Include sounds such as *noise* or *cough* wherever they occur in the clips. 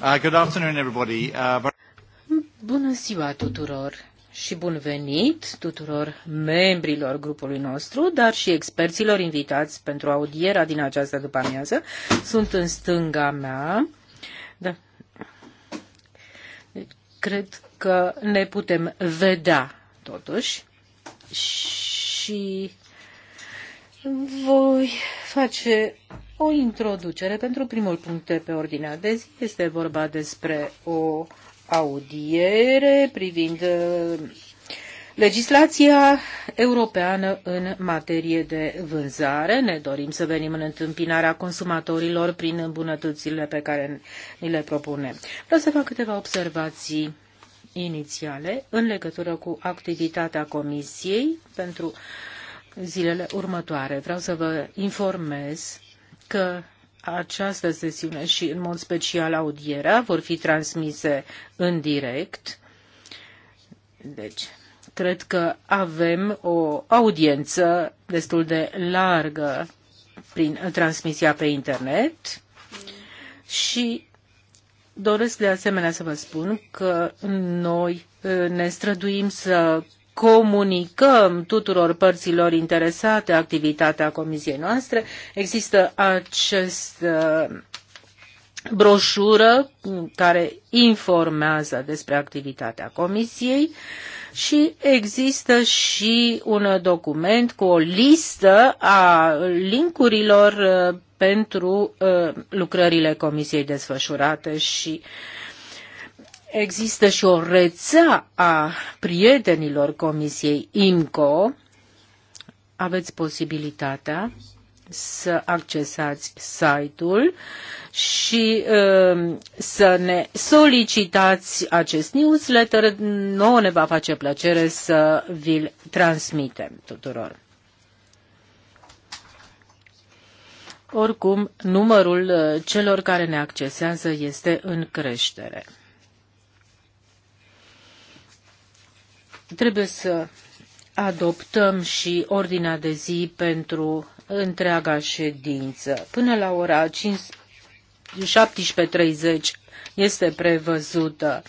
Uh, good afternoon, everybody. Uh, Bună ziua tuturor și bun venit tuturor membrilor grupului nostru, dar și experților invitați pentru audiera din această după-amiază. Sunt în stânga mea. Da. Cred că ne putem vedea totuși și voi face o introducere pentru primul punct de pe ordinea de zi. Este vorba despre o audiere privind uh, legislația europeană în materie de vânzare. Ne dorim să venim în întâmpinarea consumatorilor prin îmbunătățirile pe care ni le propunem. Vreau să fac câteva observații inițiale în legătură cu activitatea Comisiei pentru uh, zilele următoare. Vreau să vă informez că această sesiune și în mod special audierea vor fi transmise în direct. Deci, cred că avem o audiență destul de largă prin transmisia pe internet și doresc de asemenea să vă spun că noi eh, ne străduim să comunicăm tuturor părților interesate activitatea comisiei noastre. Există acest uh, broșură care informează despre activitatea comisiei și există și un document cu o listă a linkurilor uh, pentru uh, lucrările comisiei desfășurate și uh, Există și o rețea a prietenilor Comisiei IMCO. Aveți posibilitatea să accesați site-ul și uh, să ne solicitați acest newsletter. Nouă ne va face plăcere să vi-l transmitem tuturor. Oricum, numărul uh, celor care ne accesează este în creștere. Trebuie să adoptăm și ordinea de zi pentru întreaga ședință. Până la ora 5, 17.30 este prevăzută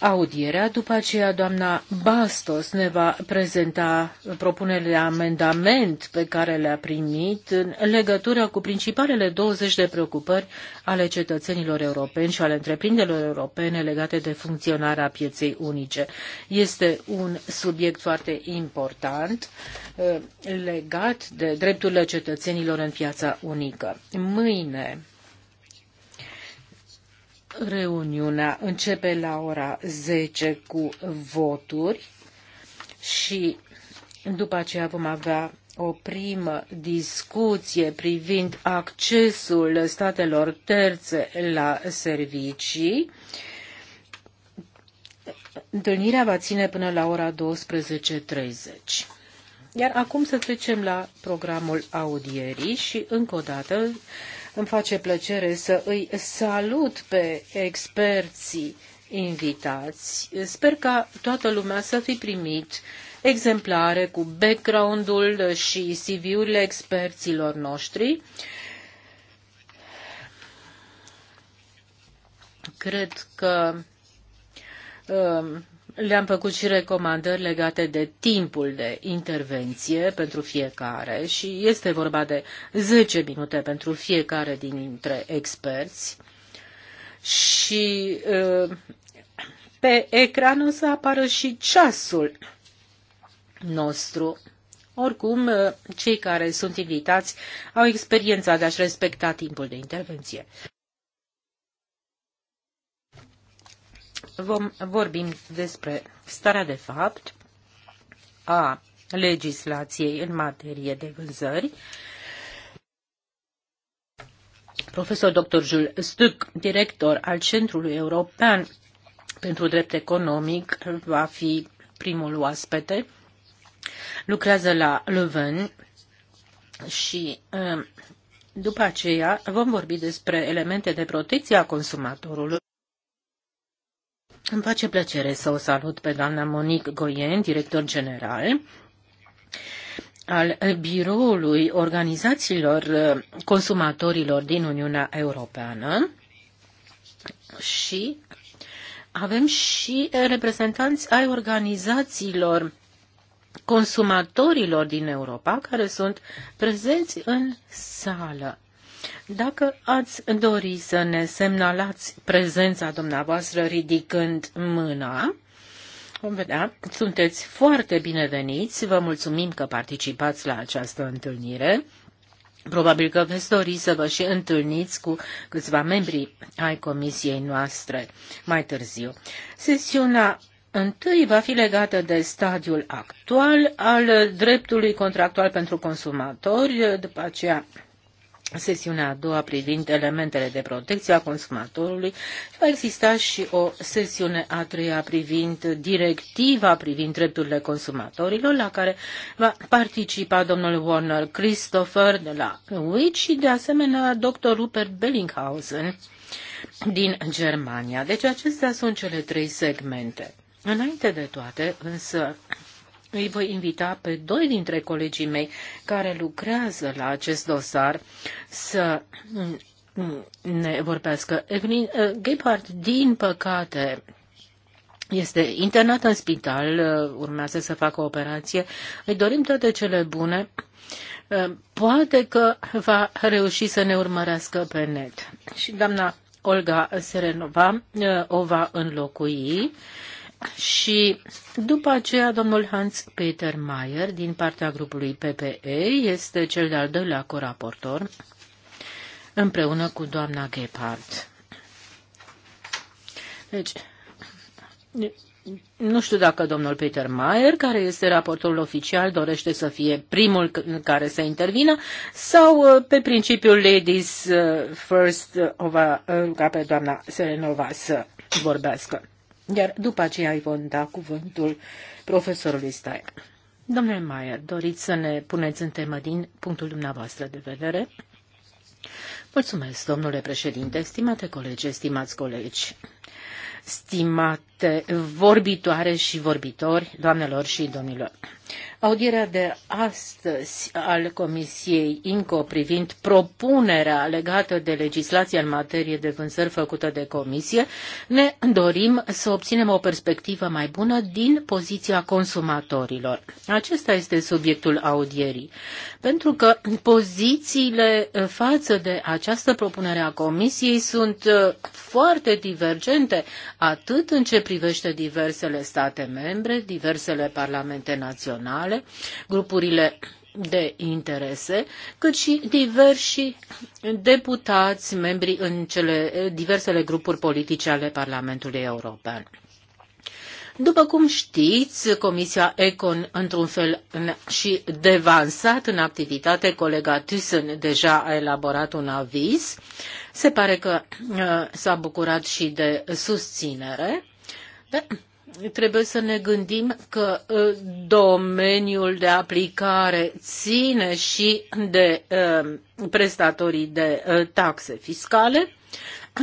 audierea. După aceea, doamna Bastos ne va prezenta propunerile de amendament pe care le-a primit în legătură cu principalele 20 de preocupări ale cetățenilor europeni și ale întreprinderilor europene legate de funcționarea pieței unice. Este un subiect foarte important eh, legat de drepturile cetățenilor în piața unică. Mâine, Reuniunea începe la ora 10 cu voturi și după aceea vom avea o primă discuție privind accesul statelor terțe la servicii. Întâlnirea va ține până la ora 12.30. Iar acum să trecem la programul audierii și încă o dată îmi face plăcere să îi salut pe experții invitați. Sper ca toată lumea să fi primit exemplare cu background-ul și CV-urile experților noștri. Cred că um, le-am făcut și recomandări legate de timpul de intervenție pentru fiecare și este vorba de 10 minute pentru fiecare dintre experți. Și uh, pe ecran o să apară și ceasul nostru. Oricum, uh, cei care sunt invitați au experiența de a-și respecta timpul de intervenție. vom vorbim despre starea de fapt a legislației în materie de vânzări. Profesor dr. Jules Stuc, director al Centrului European pentru Drept Economic, va fi primul oaspete. Lucrează la Leuven și um, după aceea vom vorbi despre elemente de protecție a consumatorului îmi face plăcere să o salut pe doamna Monique Goyen, director general al biroului organizațiilor consumatorilor din Uniunea Europeană și avem și reprezentanți ai organizațiilor consumatorilor din Europa care sunt prezenți în sală. Dacă ați dori să ne semnalați prezența dumneavoastră ridicând mâna, vom vedea, sunteți foarte bineveniți, vă mulțumim că participați la această întâlnire. Probabil că veți dori să vă și întâlniți cu câțiva membri ai comisiei noastre mai târziu. Sesiunea întâi va fi legată de stadiul actual al dreptului contractual pentru consumatori, după aceea sesiunea a doua privind elementele de protecție a consumatorului și va exista și o sesiune a treia privind directiva privind drepturile consumatorilor, la care va participa domnul Warner Christopher de la WIC și de asemenea dr. Rupert Bellinghausen din Germania. Deci acestea sunt cele trei segmente. Înainte de toate, însă, îi voi invita pe doi dintre colegii mei care lucrează la acest dosar să mm, mm, ne vorbească. Evelyn uh, Gebhardt, din păcate, este internat în spital, uh, urmează să facă o operație. Îi dorim toate cele bune. Uh, poate că va reuși să ne urmărească pe net. Și doamna Olga Serenova o va înlocui și după aceea, domnul Hans Peter Mayer, din partea grupului PPE, este cel de-al doilea coraportor, împreună cu doamna Gephardt. Deci, nu știu dacă domnul Peter Mayer, care este raportorul oficial, dorește să fie primul care să intervină, sau uh, pe principiul ladies uh, first, uh, ca pe doamna Serenova să vorbească. Iar după aceea îi vom da cuvântul profesorului Stein. Domnule Maier, doriți să ne puneți în temă din punctul dumneavoastră de vedere? Mulțumesc, domnule președinte, stimate colegi, stimați colegi. Stimat stimate vorbitoare și vorbitori, doamnelor și domnilor. Audierea de astăzi al Comisiei INCO privind propunerea legată de legislația în materie de vânzări făcută de Comisie, ne dorim să obținem o perspectivă mai bună din poziția consumatorilor. Acesta este subiectul audierii, pentru că pozițiile față de această propunere a Comisiei sunt foarte divergente, atât în ce privește diversele state membre, diversele parlamente naționale, grupurile de interese, cât și diversi deputați, membri în cele diversele grupuri politice ale Parlamentului European. După cum știți, Comisia Econ, într-un fel și devansat în activitate, colega Thyssen deja a elaborat un aviz. Se pare că uh, s-a bucurat și de susținere da? Trebuie să ne gândim că ă, domeniul de aplicare ține și de ă, prestatorii de ă, taxe fiscale.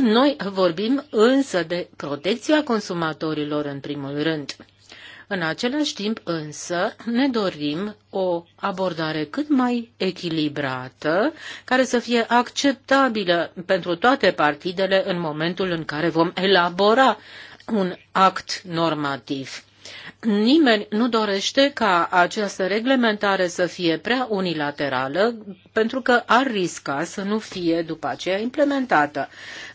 Noi vorbim însă de protecția consumatorilor în primul rând. În același timp însă ne dorim o abordare cât mai echilibrată, care să fie acceptabilă pentru toate partidele în momentul în care vom elabora un act normativ. Nimeni nu dorește ca această reglementare să fie prea unilaterală, pentru că ar risca să nu fie după aceea implementată.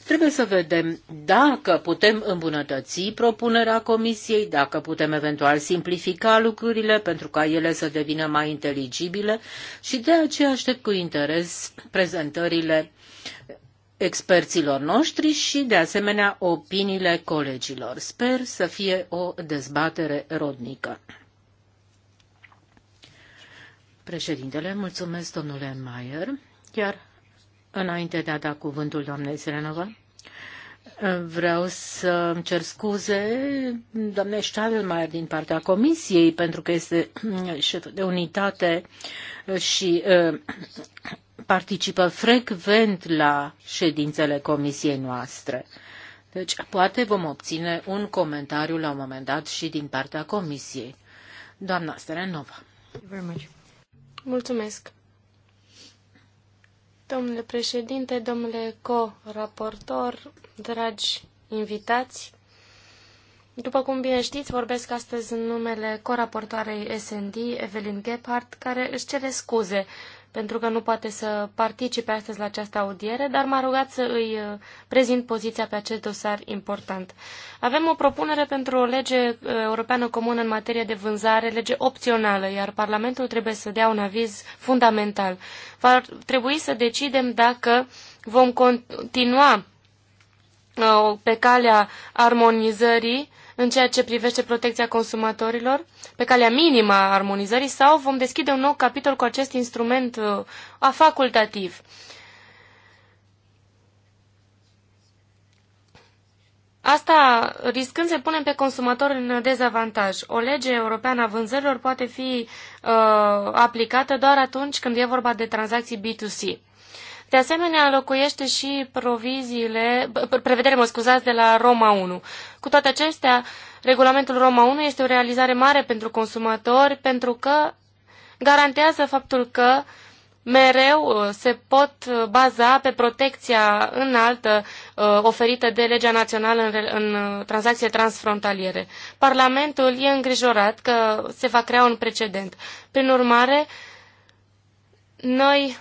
Trebuie să vedem dacă putem îmbunătăți propunerea Comisiei, dacă putem eventual simplifica lucrurile pentru ca ele să devină mai inteligibile și de aceea aștept cu interes prezentările experților noștri și, de asemenea, opiniile colegilor. Sper să fie o dezbatere rodnică. Președintele, mulțumesc, domnule Mayer. Iar înainte de a da cuvântul doamnei Serenova, vreau să cer scuze doamnei Stadelmaier din partea Comisiei, pentru că este șef de unitate și participă frecvent la ședințele comisiei noastre. Deci, poate vom obține un comentariu la un moment dat și din partea comisiei. Doamna Sterenova. Mulțumesc. Domnule președinte, domnule co-raportor, dragi invitați, după cum bine știți, vorbesc astăzi în numele coraportoarei SND, Evelyn Gephardt, care își cere scuze pentru că nu poate să participe astăzi la această audiere, dar m-a rugat să îi uh, prezint poziția pe acest dosar important. Avem o propunere pentru o lege uh, europeană comună în materie de vânzare, lege opțională, iar Parlamentul trebuie să dea un aviz fundamental. Va trebui să decidem dacă vom continua uh, pe calea armonizării în ceea ce privește protecția consumatorilor, pe calea minimă a armonizării, sau vom deschide un nou capitol cu acest instrument uh, a facultativ. Asta riscând să punem pe consumator în dezavantaj. O lege europeană a vânzărilor poate fi uh, aplicată doar atunci când e vorba de tranzacții B2C. De asemenea, locuiește și proviziile, prevedere, mă scuzați, de la Roma 1. Cu toate acestea, regulamentul Roma 1 este o realizare mare pentru consumatori pentru că garantează faptul că mereu uh, se pot uh, baza pe protecția înaltă uh, oferită de legea națională în, în tranzacție transfrontaliere. Parlamentul e îngrijorat că se va crea un precedent. Prin urmare, noi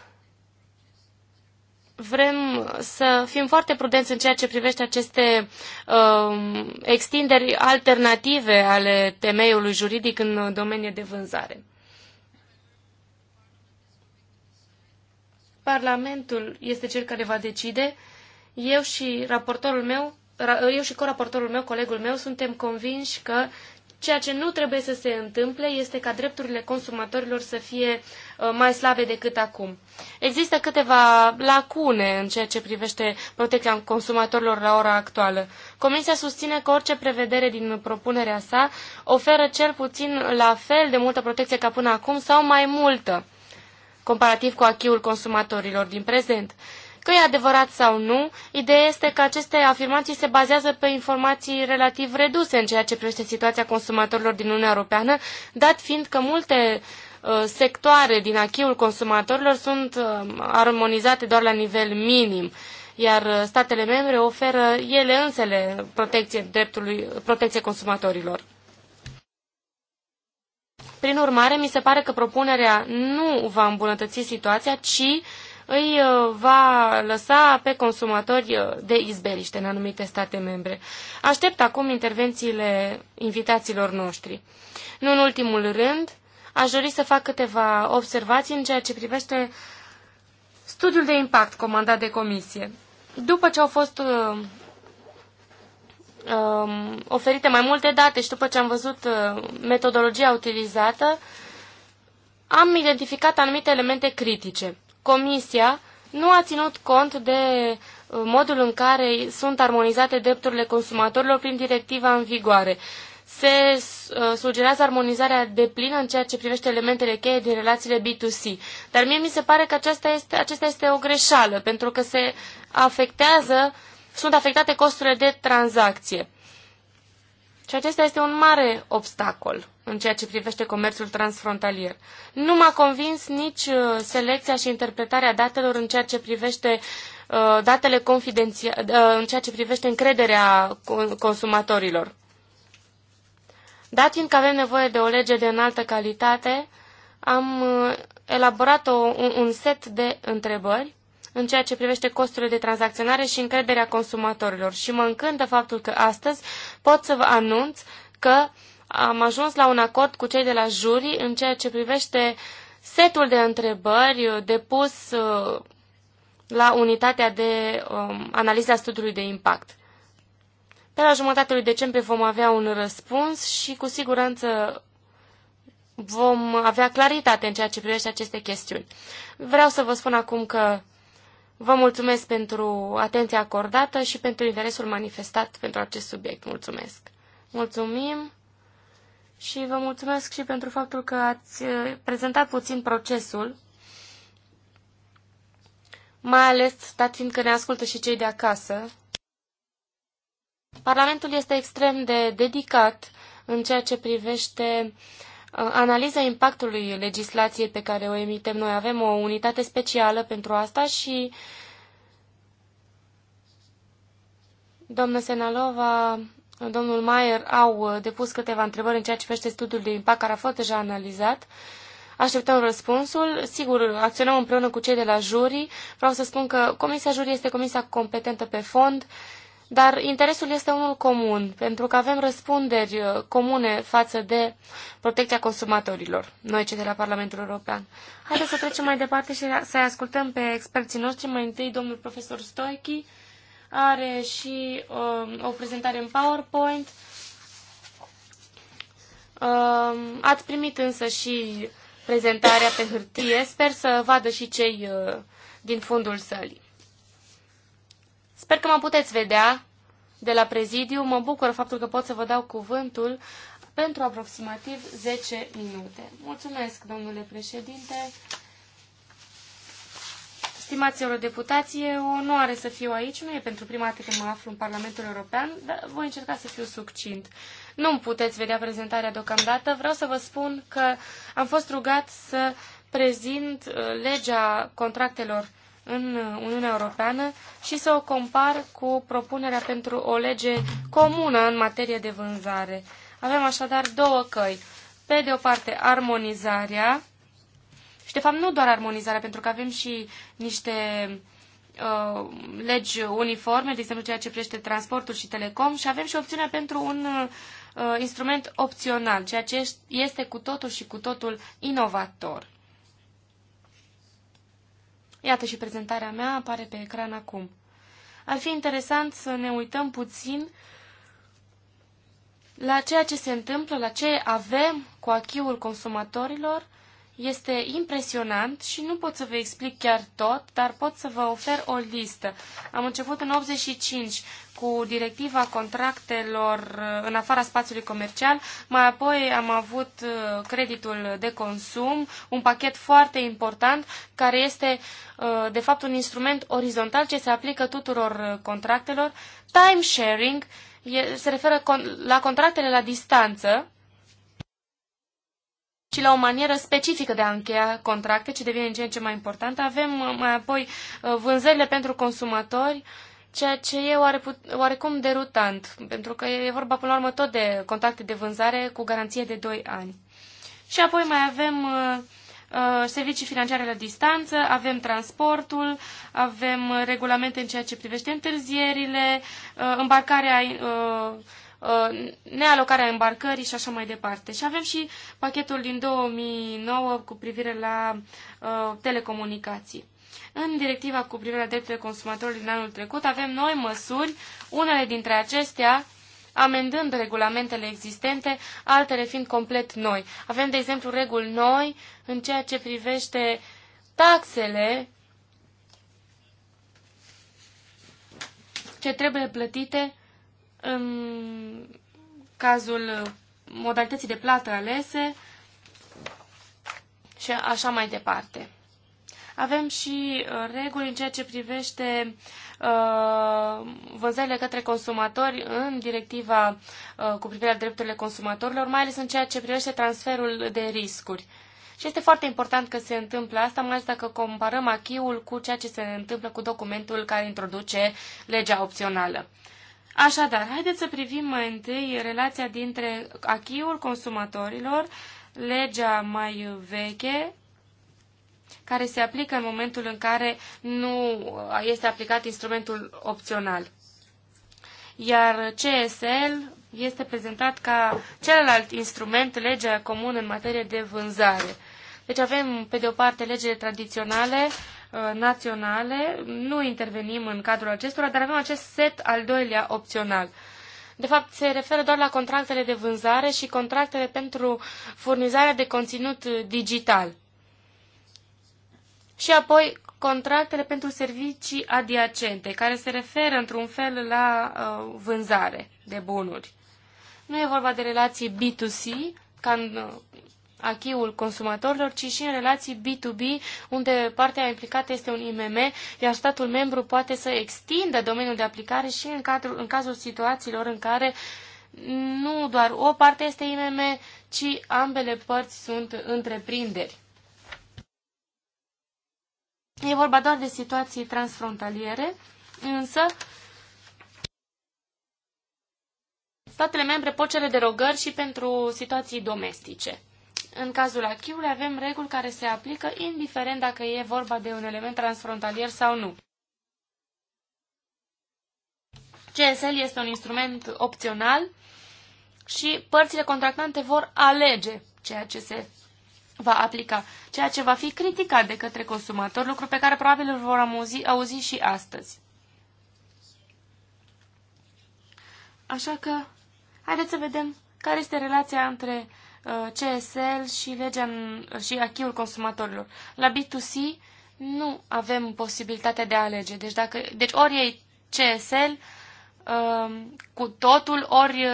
vrem să fim foarte prudenți în ceea ce privește aceste uh, extinderi alternative ale temeiului juridic în domeniul de vânzare. Parlamentul este cel care va decide. Eu și raportorul meu, eu și coraportorul meu, colegul meu, suntem convinși că Ceea ce nu trebuie să se întâmple este ca drepturile consumatorilor să fie uh, mai slabe decât acum. Există câteva lacune în ceea ce privește protecția consumatorilor la ora actuală. Comisia susține că orice prevedere din propunerea sa oferă cel puțin la fel de multă protecție ca până acum sau mai multă comparativ cu achiul consumatorilor din prezent. Că e adevărat sau nu, ideea este că aceste afirmații se bazează pe informații relativ reduse în ceea ce privește situația consumatorilor din Uniunea Europeană, dat fiind că multe uh, sectoare din achiul consumatorilor sunt uh, armonizate doar la nivel minim iar uh, statele membre oferă ele însele protecție, dreptului, protecție consumatorilor. Prin urmare, mi se pare că propunerea nu va îmbunătăți situația, ci îi uh, va lăsa pe consumatori uh, de izbeliște în anumite state membre. Aștept acum intervențiile invitațiilor noștri. Nu în ultimul rând, aș dori să fac câteva observații în ceea ce privește studiul de impact comandat de comisie. După ce au fost uh, uh, oferite mai multe date și după ce am văzut uh, metodologia utilizată, am identificat anumite elemente critice. Comisia nu a ținut cont de uh, modul în care sunt armonizate drepturile consumatorilor prin directiva în vigoare. Se uh, sugerează armonizarea de plină în ceea ce privește elementele cheie din relațiile B2C. Dar mie mi se pare că aceasta este, aceasta este o greșeală, pentru că se afectează, sunt afectate costurile de tranzacție. Și acesta este un mare obstacol în ceea ce privește comerțul transfrontalier. Nu m-a convins nici uh, selecția și interpretarea datelor în ceea ce privește uh, datele confidențiale, uh, în ceea ce privește încrederea consumatorilor. Dat fiindcă avem nevoie de o lege de înaltă calitate, am elaborat o, un set de întrebări în ceea ce privește costurile de tranzacționare și încrederea consumatorilor. Și mă încântă faptul că astăzi pot să vă anunț că am ajuns la un acord cu cei de la juri în ceea ce privește setul de întrebări depus uh, la unitatea de um, analiza studiului de impact. Pe la jumătatea lui decembrie vom avea un răspuns și cu siguranță vom avea claritate în ceea ce privește aceste chestiuni. Vreau să vă spun acum că Vă mulțumesc pentru atenția acordată și pentru interesul manifestat pentru acest subiect. Mulțumesc! Mulțumim și vă mulțumesc și pentru faptul că ați eh, prezentat puțin procesul, mai ales dat fiindcă ne ascultă și cei de acasă. Parlamentul este extrem de dedicat în ceea ce privește uh, analiza impactului legislației pe care o emitem noi. Avem o unitate specială pentru asta și doamna Senalova, domnul Maier au depus câteva întrebări în ceea ce privește studiul de impact care a fost deja analizat. Așteptăm răspunsul. Sigur, acționăm împreună cu cei de la jurii. Vreau să spun că Comisia Jurii este comisia competentă pe fond. Uh, dar interesul este unul comun, pentru că avem răspunderi uh, comune față de protecția consumatorilor, noi cei de la Parlamentul European. Haideți să trecem mai departe și să ascultăm pe experții noștri. Mai întâi, domnul profesor Stoichi are și um, o prezentare în PowerPoint. Um, ați primit însă și prezentarea pe hârtie. Sper să vadă și cei uh, din fundul sălii. Sper că mă puteți vedea de la prezidiu. Mă bucur faptul că pot să vă dau cuvântul pentru aproximativ 10 minute. Mulțumesc, domnule președinte. Stimați eurodeputații, e o onoare să fiu aici. Nu e pentru prima dată când mă aflu în Parlamentul European, dar voi încerca să fiu succint. Nu puteți vedea prezentarea deocamdată. Vreau să vă spun că am fost rugat să prezint uh, legea contractelor în Uniunea Europeană și să o compar cu propunerea pentru o lege comună în materie de vânzare. Avem așadar două căi. Pe de o parte, armonizarea și, de fapt, nu doar armonizarea, pentru că avem și niște uh, legi uniforme, de exemplu ceea ce privește transportul și telecom și avem și opțiunea pentru un uh, instrument opțional, ceea ce este cu totul și cu totul inovator. Iată și prezentarea mea apare pe ecran acum. Ar fi interesant să ne uităm puțin la ceea ce se întâmplă, la ce avem cu achiul consumatorilor este impresionant și nu pot să vă explic chiar tot, dar pot să vă ofer o listă. Am început în 85 cu directiva contractelor uh, în afara spațiului comercial, mai apoi am avut uh, creditul de consum, un pachet foarte important care este uh, de fapt un instrument orizontal ce se aplică tuturor contractelor. Time sharing se referă la contractele la distanță, ci la o manieră specifică de a încheia contracte, ce devine în ce în ce mai important. Avem uh, mai apoi uh, vânzările pentru consumatori, ceea ce e oarecum derutant, pentru că e vorba până la urmă tot de contracte de vânzare cu garanție de 2 ani. Și apoi mai avem uh, servicii financiare la distanță, avem transportul, avem regulamente în ceea ce privește întârzierile, embarcarea îmbarcarea Uh, nealocarea embarcării și așa mai departe. Și avem și pachetul din 2009 cu privire la uh, telecomunicații. În directiva cu privire la drepturile consumatorilor din anul trecut avem noi măsuri, unele dintre acestea amendând regulamentele existente, altele fiind complet noi. Avem, de exemplu, reguli noi în ceea ce privește taxele ce trebuie plătite în cazul modalității de plată alese și așa mai departe. Avem și uh, reguli în ceea ce privește uh, vânzările către consumatori în directiva uh, cu privire la drepturile consumatorilor, mai ales în ceea ce privește transferul de riscuri. Și este foarte important că se întâmplă asta, mai ales dacă comparăm achiul cu ceea ce se întâmplă cu documentul care introduce legea opțională. Așadar, haideți să privim mai întâi relația dintre achiul consumatorilor, legea mai veche, care se aplică în momentul în care nu uh, este aplicat instrumentul opțional. Iar CSL este prezentat ca celălalt instrument, legea comună în materie de vânzare. Deci avem, pe de o parte, legile tradiționale, Uh, naționale, nu intervenim în cadrul acestora, dar avem acest set al doilea opțional. De fapt, se referă doar la contractele de vânzare și contractele pentru furnizarea de conținut digital. Și apoi contractele pentru servicii adiacente, care se referă într-un fel la uh, vânzare de bunuri. Nu e vorba de relații B2C, ca în uh, achiul consumatorilor, ci și în relații B2B, unde partea implicată este un IMM, iar statul membru poate să extindă domeniul de aplicare și în, cadrul, în cazul situațiilor în care nu doar o parte este IMM, ci ambele părți sunt întreprinderi. E vorba doar de situații transfrontaliere, însă statele membre pot cere derogări și pentru situații domestice. În cazul achiului avem reguli care se aplică indiferent dacă e vorba de un element transfrontalier sau nu. CSL este un instrument opțional și părțile contractante vor alege ceea ce se va aplica, ceea ce va fi criticat de către consumator, lucru pe care probabil îl vor auzi, auzi și astăzi. Așa că, haideți să vedem care este relația între Uh, CSL și, legea, uh, și achiul consumatorilor. La B2C nu avem posibilitatea de a alege. Deci, dacă, deci ori ei CSL uh, cu totul, ori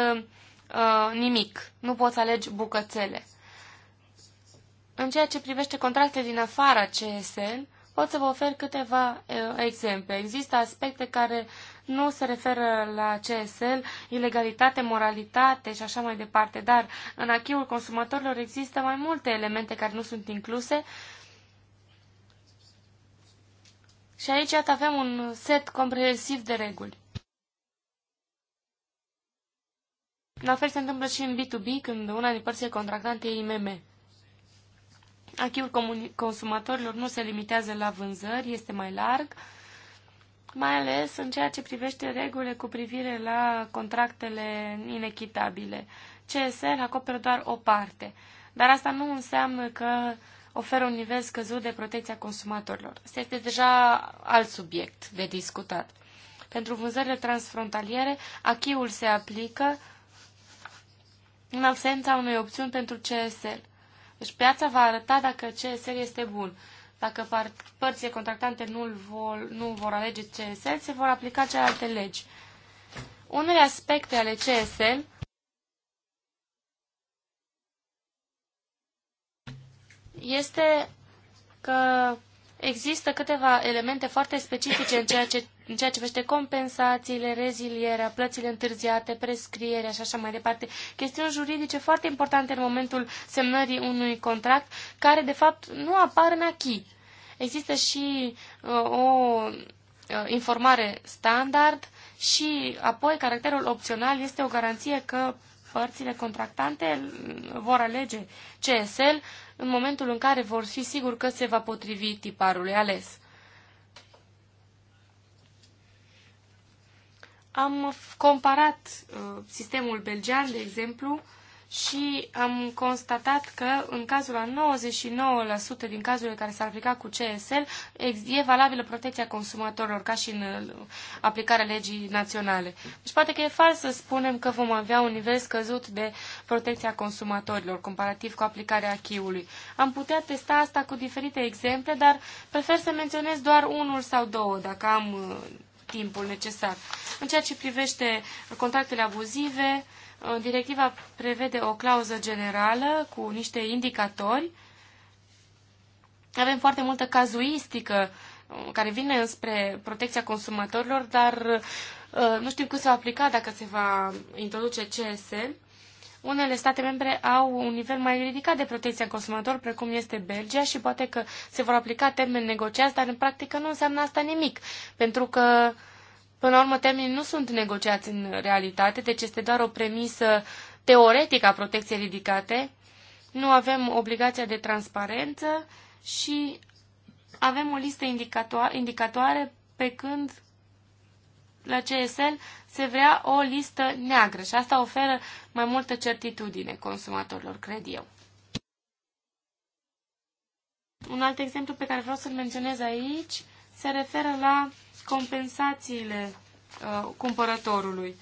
nimic. Nu poți alege bucățele. În ceea ce privește contracte din afara CSL, pot să vă ofer câteva exemple. Există aspecte care nu se referă la CSL, ilegalitate, moralitate și așa mai departe, dar în achiul consumatorilor există mai multe elemente care nu sunt incluse și aici iată avem un set comprehensiv de reguli. La fel se întâmplă și în B2B, când una din părțile contractante e IMM. Achiul consumatorilor nu se limitează la vânzări, este mai larg mai ales în ceea ce privește regulile cu privire la contractele inechitabile. CSR acoperă doar o parte, dar asta nu înseamnă că oferă un nivel scăzut de protecția consumatorilor. Asta este deja alt subiect de discutat. Pentru vânzările transfrontaliere, achiul se aplică în absența unei opțiuni pentru CSL. Deci piața va arăta dacă CSL este bun. Dacă părțile contractante nu, vor, nu vor alege CSL, se vor aplica celelalte legi. Unele aspecte ale CSL este că există câteva elemente foarte specifice în ceea ce, în ceea ce vește compensațiile, rezilierea, plățile întârziate, prescrierea și așa mai departe. Chestiuni juridice foarte importante în momentul semnării unui contract, care de fapt nu apar în achii. Există și uh, o uh, informare standard și apoi caracterul opțional este o garanție că părțile contractante uh, vor alege CSL în momentul în care vor fi siguri că se va potrivi tiparului ales. Am comparat sistemul belgean, de exemplu, și am constatat că în cazul la 99% din cazurile care s-ar aplica cu CSL e valabilă protecția consumatorilor, ca și în uh, aplicarea legii naționale. Deci poate că e fals să spunem că vom avea un nivel scăzut de protecția consumatorilor, comparativ cu aplicarea achiului. Am putea testa asta cu diferite exemple, dar prefer să menționez doar unul sau două, dacă am uh, timpul necesar. În ceea ce privește contractele abuzive, Uh, directiva prevede o clauză generală cu niște indicatori. Avem foarte multă cazuistică uh, care vine înspre protecția consumatorilor, dar uh, nu știm cum se va aplica dacă se va introduce CS. Unele state membre au un nivel mai ridicat de protecție a consumatorilor, precum este Belgia, și poate că se vor aplica termeni negociați, dar în practică nu înseamnă asta nimic, pentru că uh, Până la urmă, termenii nu sunt negociați în realitate, deci este doar o premisă teoretică a protecției ridicate. Nu avem obligația de transparență și avem o listă indicatoare, indicatoare pe când la CSL se vrea o listă neagră și asta oferă mai multă certitudine consumatorilor, cred eu. Un alt exemplu pe care vreau să-l menționez aici se referă la compensațiile uh, cumpărătorului.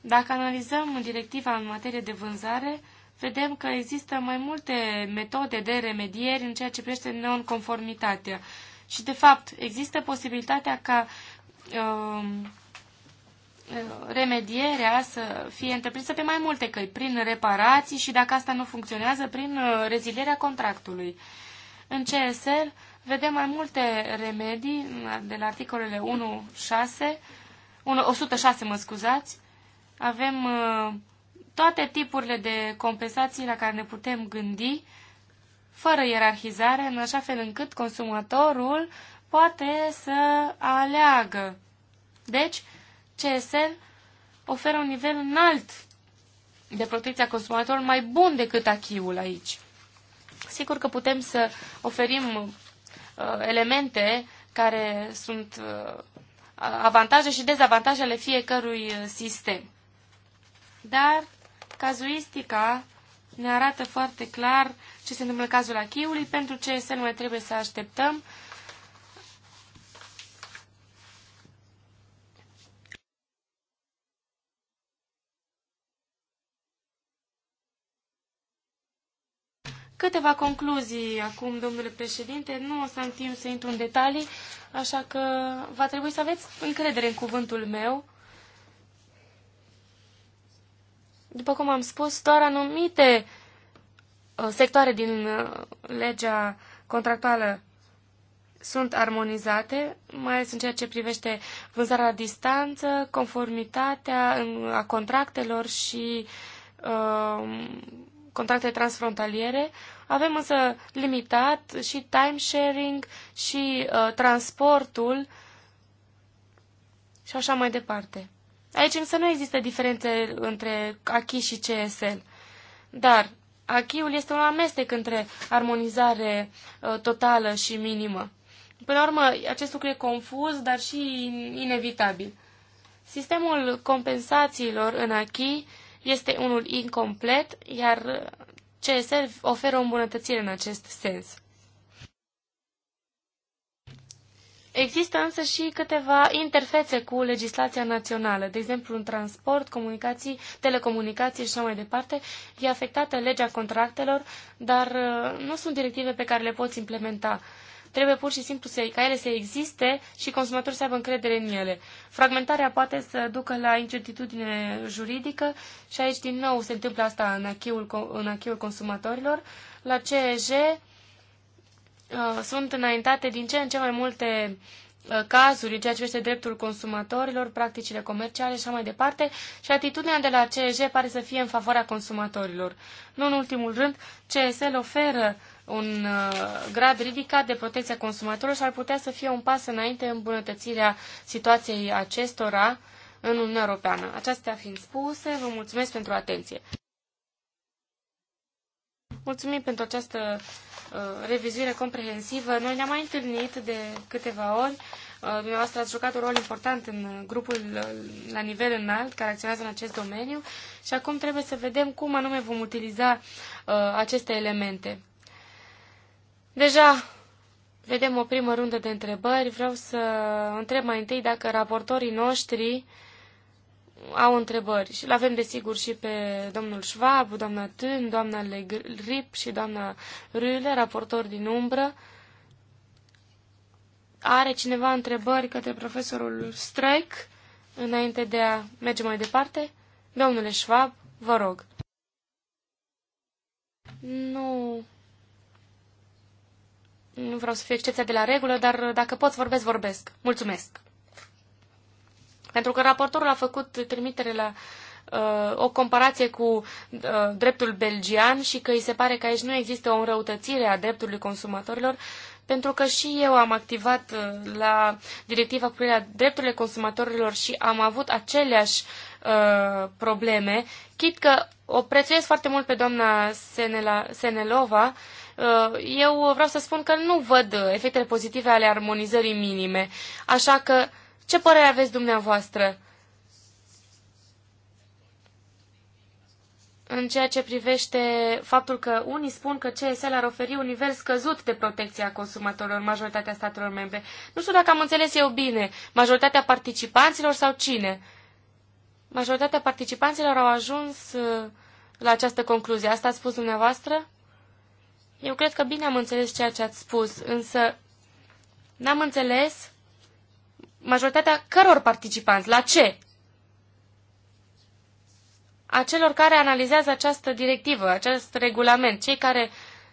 Dacă analizăm directiva în materie de vânzare, vedem că există mai multe metode de remedieri în ceea ce privește nonconformitatea. Și, de fapt, există posibilitatea ca uh, remedierea să fie întreprinsă pe mai multe căi, prin reparații și, dacă asta nu funcționează, prin uh, rezilierea contractului. În CSR vedem mai multe remedii de la articolele 1, 6, 1, 106, mă scuzați. Avem uh, toate tipurile de compensații la care ne putem gândi, fără ierarhizare, în așa fel încât consumatorul poate să aleagă. Deci, CSL oferă un nivel înalt de protecția consumatorului mai bun decât achiul aici. Sigur că putem să oferim Uh, elemente care sunt uh, avantaje și dezavantaje ale fiecărui uh, sistem. Dar cazuistica ne arată foarte clar ce se întâmplă în cazul achiului, pentru ce să nu mai trebuie să așteptăm Câteva concluzii acum, domnule președinte. Nu o să am timp să intru în detalii, așa că va trebui să aveți încredere în cuvântul meu. După cum am spus, doar anumite uh, sectoare din uh, legea contractuală sunt armonizate, mai ales în ceea ce privește vânzarea la distanță, conformitatea a contractelor și uh, contracte transfrontaliere, avem însă limitat și time sharing și uh, transportul și așa mai departe. Aici însă nu există diferențe între ACHI și CSL, dar ACHI-ul este un amestec între armonizare uh, totală și minimă. Până la urmă, acest lucru e confuz, dar și inevitabil. Sistemul compensațiilor în ACHI este unul incomplet, iar CSR oferă o îmbunătățire în acest sens. Există însă și câteva interfețe cu legislația națională, de exemplu în transport, comunicații, telecomunicații și așa mai departe, e afectată legea contractelor, dar uh, nu sunt directive pe care le poți implementa. Trebuie pur și simplu să, ca ele să existe și consumatorul să aibă încredere în ele. Fragmentarea poate să ducă la incertitudine juridică și aici din nou se întâmplă asta în acheul, în acheul consumatorilor. La CEJ uh, sunt înaintate din ce în ce mai multe uh, cazuri ceea ce este dreptul consumatorilor, practicile comerciale și așa mai departe și atitudinea de la CEJ pare să fie în favoarea consumatorilor. Nu în ultimul rând, CSL oferă un uh, grad ridicat de protecția consumatorilor și ar putea să fie un pas înainte în îmbunătățirea situației acestora în Uniunea Europeană. Acestea fiind spuse, vă mulțumesc pentru atenție. Mulțumim pentru această uh, revizuire comprehensivă. Noi ne-am mai întâlnit de câteva ori. Uh, dumneavoastră ați jucat un rol important în grupul uh, la nivel înalt care acționează în acest domeniu și acum trebuie să vedem cum anume vom utiliza uh, aceste elemente. Deja vedem o primă rundă de întrebări. Vreau să întreb mai întâi dacă raportorii noștri au întrebări. Și l-avem desigur și pe domnul Schwab, doamna Tân, doamna Legrip și doamna Rüle, raportor din umbră. Are cineva întrebări către profesorul Strike înainte de a merge mai departe? Domnule Schwab, vă rog. Nu nu vreau să fiu excepția de la regulă, dar dacă pot vorbesc, vorbesc. Mulțumesc. Pentru că raportorul a făcut trimitere la uh, o comparație cu uh, dreptul belgian și că îi se pare că aici nu există o înrăutățire a dreptului consumatorilor, pentru că și eu am activat uh, la directiva cu privire la drepturile consumatorilor și am avut aceleași uh, probleme, chit că o prețuiesc foarte mult pe doamna Senela, Senelova, uh, Uh, eu vreau să spun că nu văd efectele pozitive ale armonizării minime. Așa că, ce părere aveți dumneavoastră? în ceea ce privește faptul că unii spun că CSL ar oferi un nivel scăzut de protecție a consumatorilor în majoritatea statelor membre. Nu știu dacă am înțeles eu bine, majoritatea participanților sau cine? Majoritatea participanților au ajuns uh, la această concluzie. Asta a spus dumneavoastră? Eu cred că bine am înțeles ceea ce ați spus, însă n-am înțeles majoritatea căror participanți, la ce? A celor care analizează această directivă, acest regulament, cei care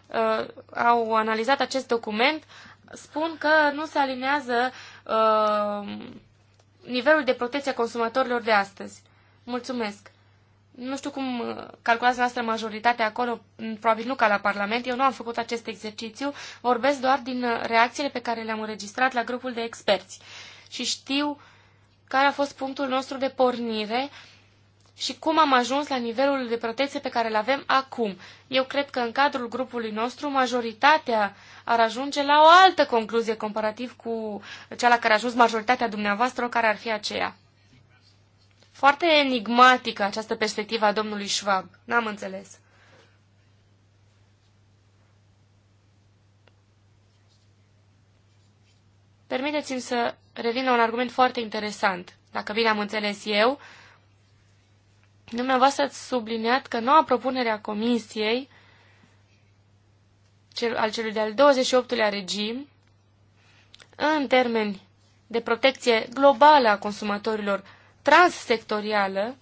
uh, au analizat acest document, spun că nu se alinează uh, nivelul de protecție a consumatorilor de astăzi. Mulțumesc! Nu știu cum uh, calculați noastră majoritatea acolo, mm, probabil nu ca la Parlament, eu nu am făcut acest exercițiu, vorbesc doar din uh, reacțiile pe care le-am înregistrat la grupul de experți. Și știu care a fost punctul nostru de pornire și cum am ajuns la nivelul de protecție pe care îl avem acum. Eu cred că în cadrul grupului nostru majoritatea ar ajunge la o altă concluzie comparativ cu cea la care a ajuns majoritatea dumneavoastră, care ar fi aceea. Foarte enigmatică această perspectivă a domnului Schwab. N-am înțeles. Permiteți-mi să revin la un argument foarte interesant. Dacă bine am înțeles eu, dumneavoastră ați subliniat că noua propunere a Comisiei cel, al celui de-al 28-lea regim, în termeni de protecție globală a consumatorilor, transsectorială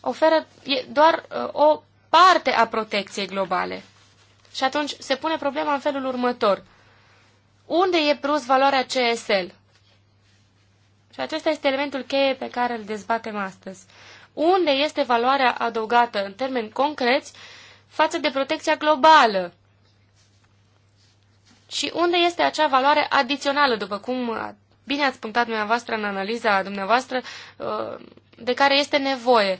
oferă doar uh, o parte a protecției globale. Și atunci se pune problema în felul următor. Unde e plus valoarea CSL? Și acesta este elementul cheie pe care îl dezbatem astăzi. Unde este valoarea adăugată în termeni concreți față de protecția globală? Și unde este acea valoare adițională, după cum bine ați punctat dumneavoastră în analiza dumneavoastră uh, de care este nevoie.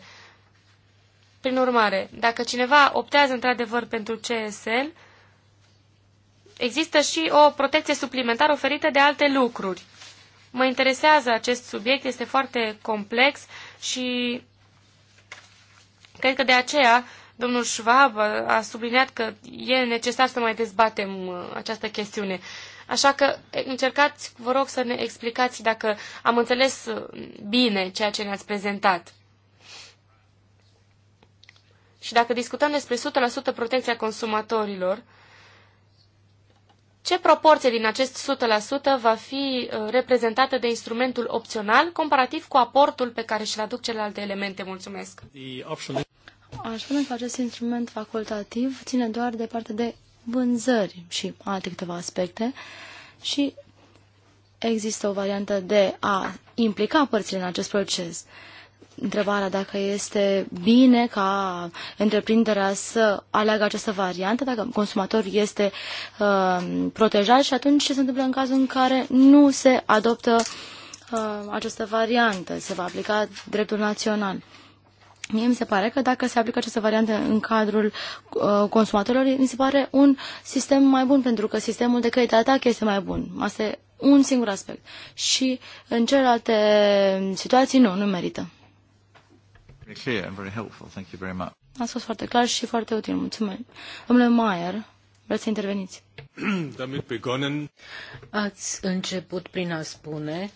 Prin urmare, dacă cineva optează într-adevăr pentru CSL, există și o protecție suplimentară oferită de alte lucruri. Mă interesează acest subiect, este foarte complex și cred că de aceea Domnul Schwab a subliniat că e necesar să mai dezbatem uh, această chestiune. Așa că încercați, vă rog, să ne explicați dacă am înțeles uh, bine ceea ce ne-ați prezentat. Și dacă discutăm despre 100% protecția consumatorilor, ce proporție din acest 100% va fi uh, reprezentată de instrumentul opțional comparativ cu aportul pe care și-l aduc celelalte elemente? Mulțumesc! aș spune că acest instrument facultativ ține doar de parte de vânzări și alte câteva aspecte și există o variantă de a implica părțile în acest proces. Întrebarea dacă este bine ca întreprinderea să aleagă această variantă, dacă consumatorul este uh, protejat și atunci ce se întâmplă în cazul în care nu se adoptă uh, această variantă, se va aplica dreptul național. Mie mi se pare că dacă se aplică această variantă în cadrul uh, consumatorilor, mi se pare un sistem mai bun, pentru că sistemul de credit atac este mai bun. Asta e un singur aspect. Și în celelalte situații, nu, nu merită. A fost foarte clar și foarte util. Mulțumesc. Domnule Maier, vreți să interveniți? *clears throat* Ați început prin a spune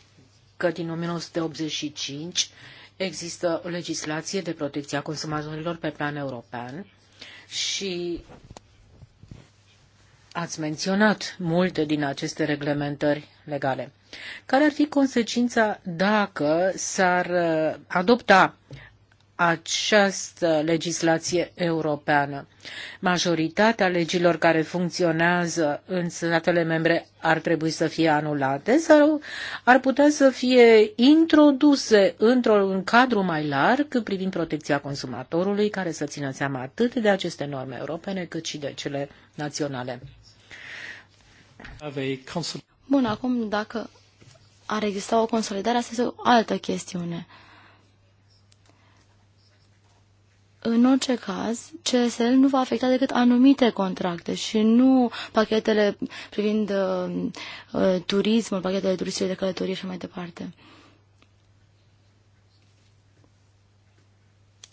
că din 1985 Există o legislație de protecție a consumatorilor pe plan european și ați menționat multe din aceste reglementări legale. Care ar fi consecința dacă s-ar uh, adopta această legislație europeană. Majoritatea legilor care funcționează în statele membre ar trebui să fie anulate sau ar putea să fie introduse într-un cadru mai larg privind protecția consumatorului, care să țină seama atât de aceste norme europene cât și de cele naționale. Bun, acum dacă ar exista o consolidare, asta este o altă chestiune. În orice caz, CSL nu va afecta decât anumite contracte și nu pachetele privind uh, uh, turismul, pachetele turistice de călătorie și mai departe.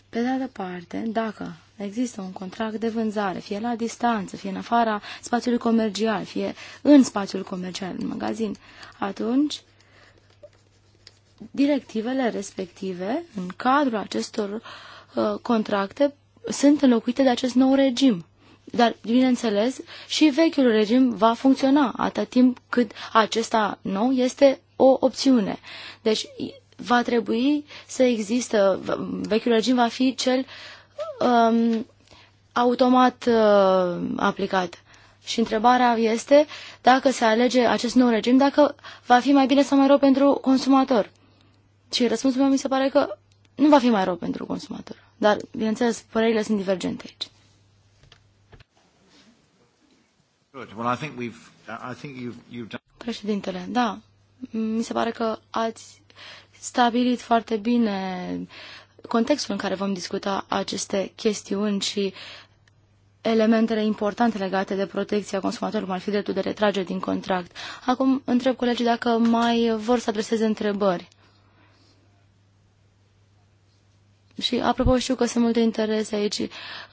Pe de altă parte, dacă există un contract de vânzare, fie la distanță, fie în afara spațiului comercial, fie în spațiul comercial, în magazin, atunci directivele respective, în cadrul acestor uh, Uh, contracte sunt înlocuite de acest nou regim. Dar, bineînțeles, și vechiul regim va funcționa atât timp cât acesta nou este o opțiune. Deci, va trebui să există, vechiul regim va fi cel um, automat uh, aplicat. Și întrebarea este dacă se alege acest nou regim, dacă va fi mai bine sau mai rău pentru consumator. Și răspunsul meu mi se pare că nu va fi mai rău pentru consumator. Dar, bineînțeles, părerile sunt divergente aici. Președintele, da, mi se pare că ați stabilit foarte bine contextul în care vom discuta aceste chestiuni și elementele importante legate de protecția consumatorului, cum ar fi dreptul de retrage din contract. Acum întreb colegii dacă mai vor să adreseze întrebări. Și, apropo, știu că sunt multe interese aici.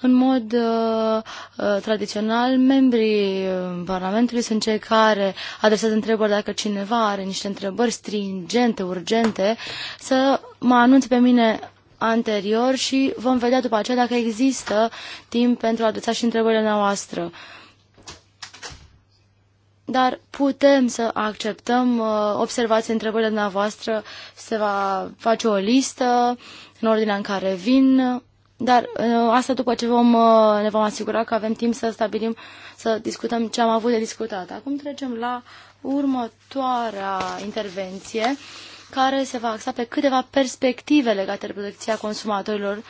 În mod uh, uh tradițional, membrii uh, Parlamentului sunt cei care adresează întrebări dacă cineva are niște întrebări stringente, urgente, să mă anunțe pe mine anterior și vom vedea după aceea dacă există timp pentru a adresa și întrebările noastre. Uh, dar putem să acceptăm uh, observați întrebările dumneavoastră, se va face o listă în ordinea în care vin, dar uh, asta după ce vom, uh, ne vom asigura că avem timp să stabilim, să discutăm ce am avut de discutat. Acum trecem la următoarea intervenție care se va axa pe câteva perspective legate de protecția consumatorilor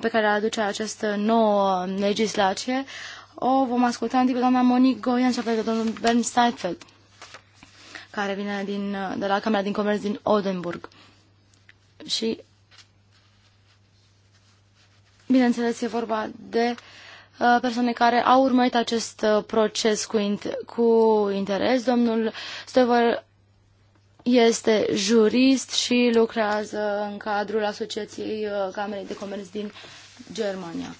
pe care le aduce această nouă legislație o vom asculta întâi pe doamna Monique Goian și apoi pe domnul Bern Steinfeld, care vine din, de la Camera din Comerț din Odenburg. Și, bineînțeles, e vorba de uh, persoane care au urmărit acest uh, proces cu, in- cu interes. Domnul Stoiver este jurist și lucrează în cadrul Asociației uh, Camerei de Comerț din Germania.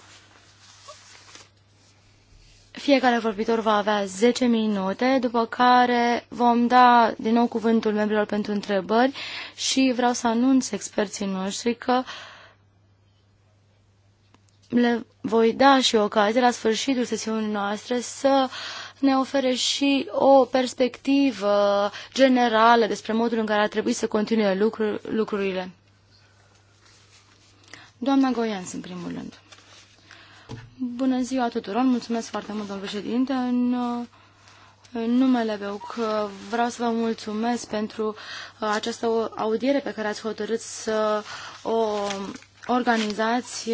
Fiecare vorbitor va avea 10 minute, după care vom da din nou cuvântul membrilor pentru întrebări și vreau să anunț experții noștri că le voi da și ocazia la sfârșitul sesiunii noastre să ne ofere și o perspectivă generală despre modul în care ar trebui să continue lucru, lucrurile. Doamna Goians, în primul rând. Bună ziua tuturor, mulțumesc foarte mult, domnul președinte. În, în numele meu vreau să vă mulțumesc pentru uh, această audiere pe care ați hotărât să o organizați.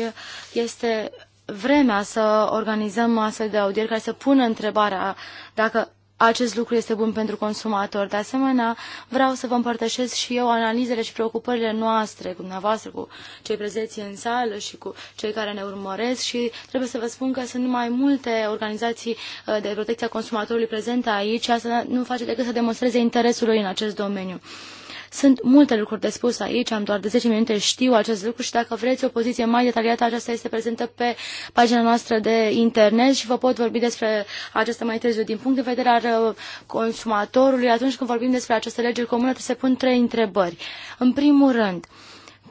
Este vremea să organizăm astfel de audieri care să pună întrebarea dacă acest lucru este bun pentru consumator. De asemenea, vreau să vă împărtășesc și eu analizele și preocupările noastre cu dumneavoastră, cu cei prezenți în sală și cu cei care ne urmăresc și trebuie să vă spun că sunt mai multe organizații uh, de protecție a consumatorului prezente aici. Asta nu face decât să demonstreze interesul lui în acest domeniu. Sunt multe lucruri de spus aici, am doar de 10 minute, știu acest lucru și dacă vreți o poziție mai detaliată, aceasta este prezentă pe pagina noastră de internet și vă pot vorbi despre acesta mai târziu. Din punct de vedere al uh, consumatorului, atunci când vorbim despre această lege comună, se pun trei întrebări. În primul rând,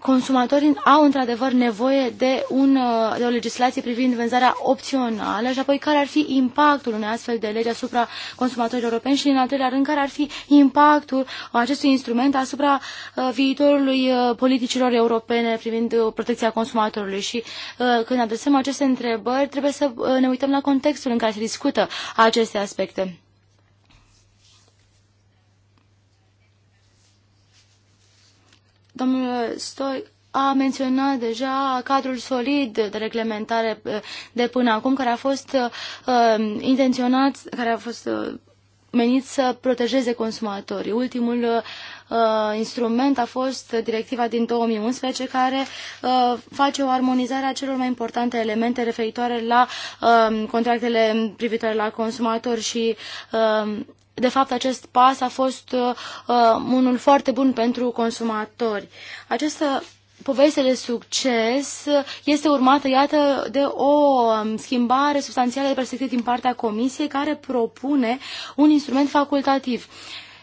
consumatorii au într-adevăr nevoie de, un, uh, de o legislație privind vânzarea opțională și apoi care ar fi impactul unei astfel de lege asupra consumatorilor europeni și în al treilea rând care ar fi impactul acestui instrument asupra uh, viitorului uh, politicilor europene privind protecția consumatorului și când adresăm aceste întrebări trebuie să ne uităm la contextul în care se discută aceste aspecte. Domnul Stoi a menționat deja cadrul solid de reglementare uh, de până acum, care a fost uh, uh, intenționat, care a fost uh, menit să protejeze consumatorii. Ultimul uh, uh instrument a fost directiva din 2011 care uh, face o armonizare a celor mai importante elemente referitoare la uh, contractele privitoare la consumatori și uh, de fapt, acest pas a fost uh, uh, unul foarte bun pentru consumatori. Această poveste de succes este urmată, iată, de o um, schimbare substanțială de perspectivă din partea Comisiei care propune un instrument facultativ.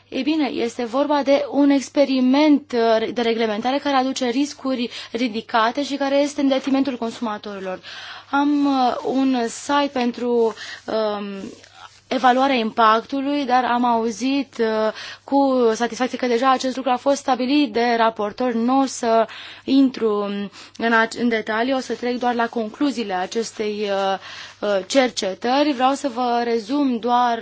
Ei bine, este vorba de un experiment uh, de reglementare care aduce riscuri ridicate și care este în detrimentul consumatorilor. Am uh, un site pentru um, evaluarea impactului, dar am auzit uh, cu satisfacție că deja acest lucru a fost stabilit de raportor. Nu o să intru um, în, în detalii, o să trec doar la concluziile acestei uh, uh, cercetări. Vreau să vă rezum doar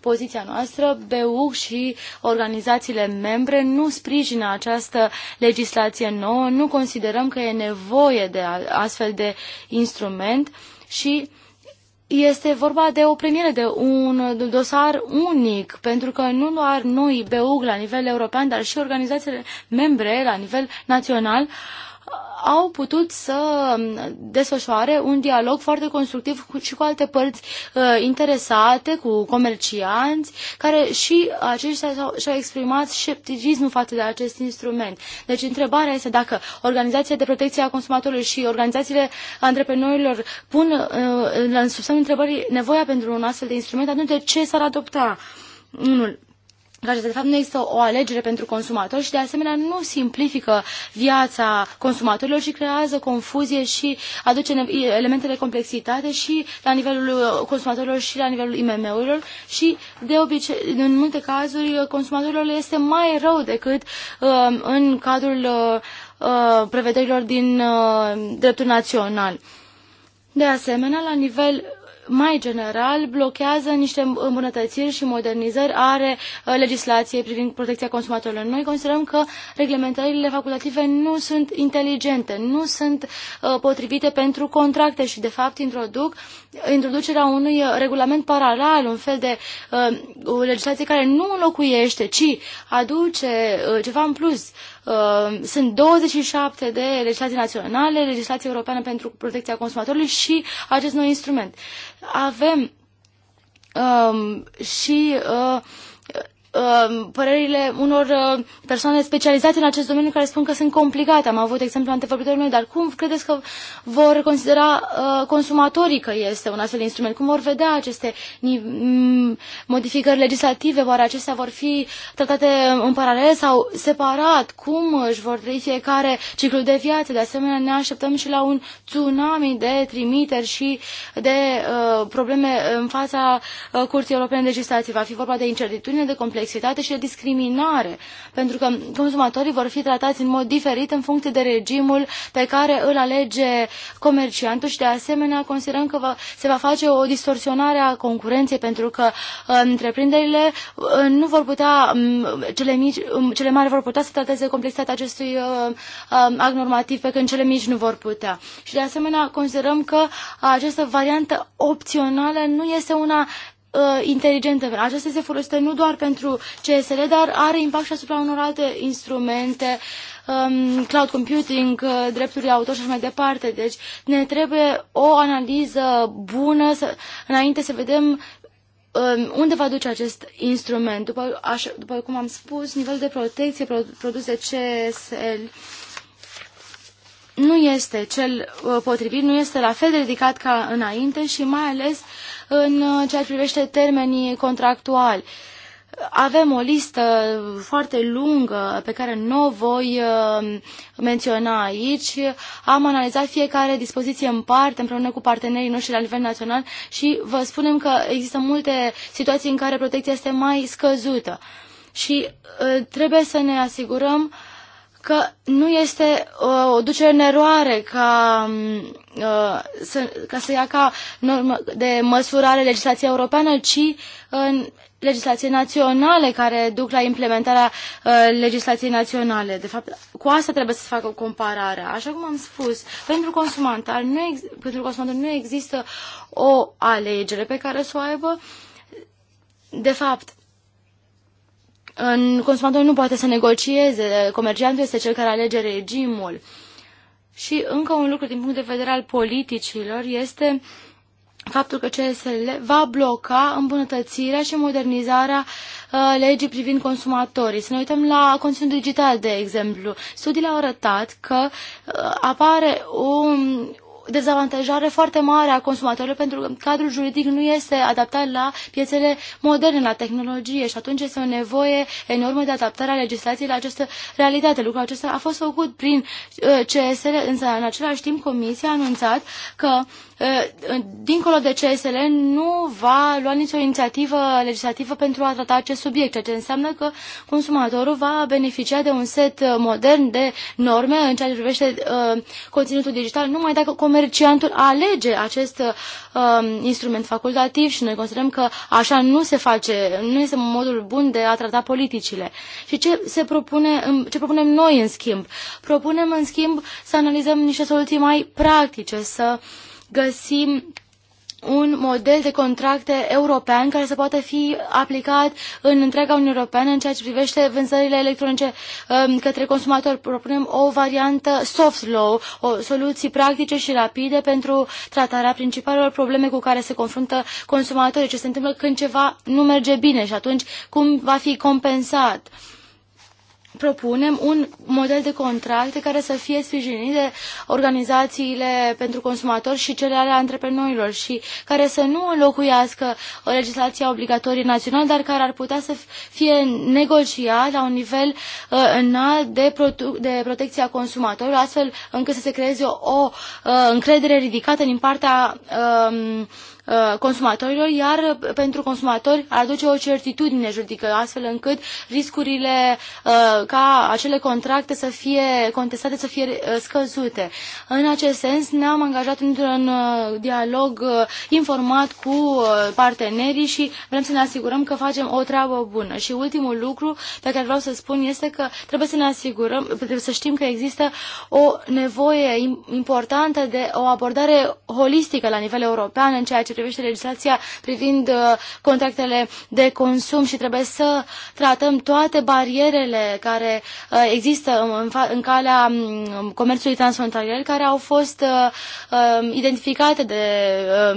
poziția noastră. BEUC și organizațiile membre nu sprijină această legislație nouă, nu considerăm că e nevoie de astfel de instrument și este vorba de o premieră de un dosar unic, pentru că nu doar noi, BEUG, la nivel european, dar și organizațiile membre, la nivel național, uh, au putut să desfășoare un dialog foarte constructiv cu, și cu alte părți uh, interesate, cu comercianți, care și aceștia și-au, și-au exprimat scepticismul față de acest instrument. Deci întrebarea este dacă organizația de protecție a consumatorului și organizațiile antreprenorilor pun uh, în subsemnul întrebării nevoia pentru un astfel de instrument, atunci de ce s-ar adopta unul? acesta. De fapt, nu este o alegere pentru consumatori și, de asemenea, nu simplifică viața consumatorilor și creează confuzie și aduce elemente de complexitate și la nivelul uh, consumatorilor și la nivelul IMM-urilor și, de obicei, în multe cazuri, consumatorilor este mai rău decât uh, în cadrul uh, uh, prevederilor din uh, dreptul național. De asemenea, la nivel mai general, blochează niște îmbunătățiri și modernizări are uh, legislației privind protecția consumatorilor. Noi considerăm că reglementările facultative nu sunt inteligente, nu sunt uh, potrivite pentru contracte și, de fapt, introduc introducerea unui regulament paralel, un fel de uh, o legislație care nu înlocuiește, ci aduce ceva în plus Uh, sunt 27 de legislații naționale, legislație europeană pentru protecția consumatorului și acest nou instrument. Avem um, și uh, Uh, părerile unor uh, persoane specializate în acest domeniu care spun că sunt complicate. Am avut exemplu antevorbitorul meu, dar cum credeți că vor considera uh, consumatorii că este un astfel de instrument? Cum vor vedea aceste modificări legislative? Oare acestea vor fi tratate în paralel sau separat? Cum își vor trăi fiecare ciclu de viață? De asemenea, ne așteptăm și la un tsunami de trimiteri și de uh, probleme în fața uh, Curții Europene de Legislație. Va fi vorba de incertitudine, de complexitate complexitate și de discriminare, pentru că consumatorii vor fi tratați în mod diferit în funcție de regimul pe care îl alege comerciantul și de asemenea considerăm că va, se va face o distorsionare a concurenței pentru că uh, întreprinderile uh, nu vor putea, um, cele, mici, um, cele mari vor putea să trateze complexitatea acestui uh, um, act normativ pe când cele mici nu vor putea. Și de asemenea considerăm că această variantă opțională nu este una uh, inteligentă. Aceasta se folosește nu doar pentru CSL, dar are impact și asupra unor alte instrumente, um, cloud computing, uh, drepturi de autor și așa mai departe. Deci ne trebuie o analiză bună să, înainte să vedem um, unde va duce acest instrument. După, așa, după cum am spus, nivel de protecție produs de CSL nu este cel uh, potrivit, nu este la fel de ridicat ca înainte și mai ales în uh, ceea ce privește termenii contractuali. Avem o listă foarte lungă pe care nu o voi uh, menționa aici. Am analizat fiecare dispoziție în parte împreună cu partenerii noștri la nivel național și vă spunem că există multe situații în care protecția este mai scăzută și trebuie să ne asigurăm uh, că nu este uh, o ducere în eroare ca, um, uh, să, ca să ia ca normă de măsurare legislația europeană, ci în legislație naționale care duc la implementarea uh, legislației naționale. De fapt, cu asta trebuie să se facă compararea. Așa cum am spus, pentru consumator nu, ex- pentru consumator nu există o alegere pe care să o aibă. De fapt, în, consumatorul nu poate să negocieze, comerciantul este cel care alege regimul. Și încă un lucru din punct de vedere al politicilor este faptul că CSL va bloca îmbunătățirea și modernizarea uh, legii privind consumatorii. Să ne uităm la conținut digital, de exemplu. Studiile au arătat că uh, apare un, dezavantajare foarte mare a consumatorilor pentru că cadrul juridic nu este adaptat la piețele moderne, la tehnologie și atunci este o nevoie enormă de adaptare a legislației la această realitate. Lucrul acesta a fost făcut prin uh, CSR, însă în același timp Comisia a anunțat că Ă, dincolo de CSL, nu va lua nicio inițiativă legislativă pentru a trata acest subiect, ceea ce înseamnă că consumatorul va beneficia de un set modern de norme în ceea ce privește uh, conținutul digital, numai dacă comerciantul alege acest uh, instrument facultativ și noi considerăm că așa nu se face, nu este modul bun de a trata politicile. Și ce se propune, ce propunem noi în schimb? Propunem în schimb să analizăm niște soluții mai practice, să uh, găsim un model de contracte european care să poată fi aplicat în întreaga Uniune Europeană în ceea ce privește vânzările electronice um, către consumatori. Propunem o variantă soft law, o soluții practice și rapide pentru tratarea principalelor probleme cu care se confruntă consumatorii, ce se întâmplă când ceva nu merge bine și atunci cum va fi compensat propunem un model de contracte care să fie sprijinit de organizațiile pentru consumatori și cele ale antreprenorilor și care să nu înlocuiască o legislație obligatorie națională, dar care ar putea să fie negociat la un nivel uh, înalt de, de protecția consumatorilor, astfel încât să se creeze o, o uh, încredere ridicată din partea uh, Uh, consumatorilor, iar pentru consumatori aduce o certitudine juridică, astfel încât riscurile uh, ca acele contracte să fie contestate să fie uh, scăzute. În acest sens ne-am angajat într-un dialog informat cu partenerii și vrem să ne asigurăm că facem o treabă bună. Și ultimul lucru pe care vreau să spun este că trebuie să ne asigurăm, trebuie să știm că există o nevoie importantă de o abordare holistică la nivel european în ceea ce ce privește legislația privind uh, contractele de consum și trebuie să tratăm toate barierele care uh, există în, în calea mm, comerțului transfrontalier, care au fost uh, identificate de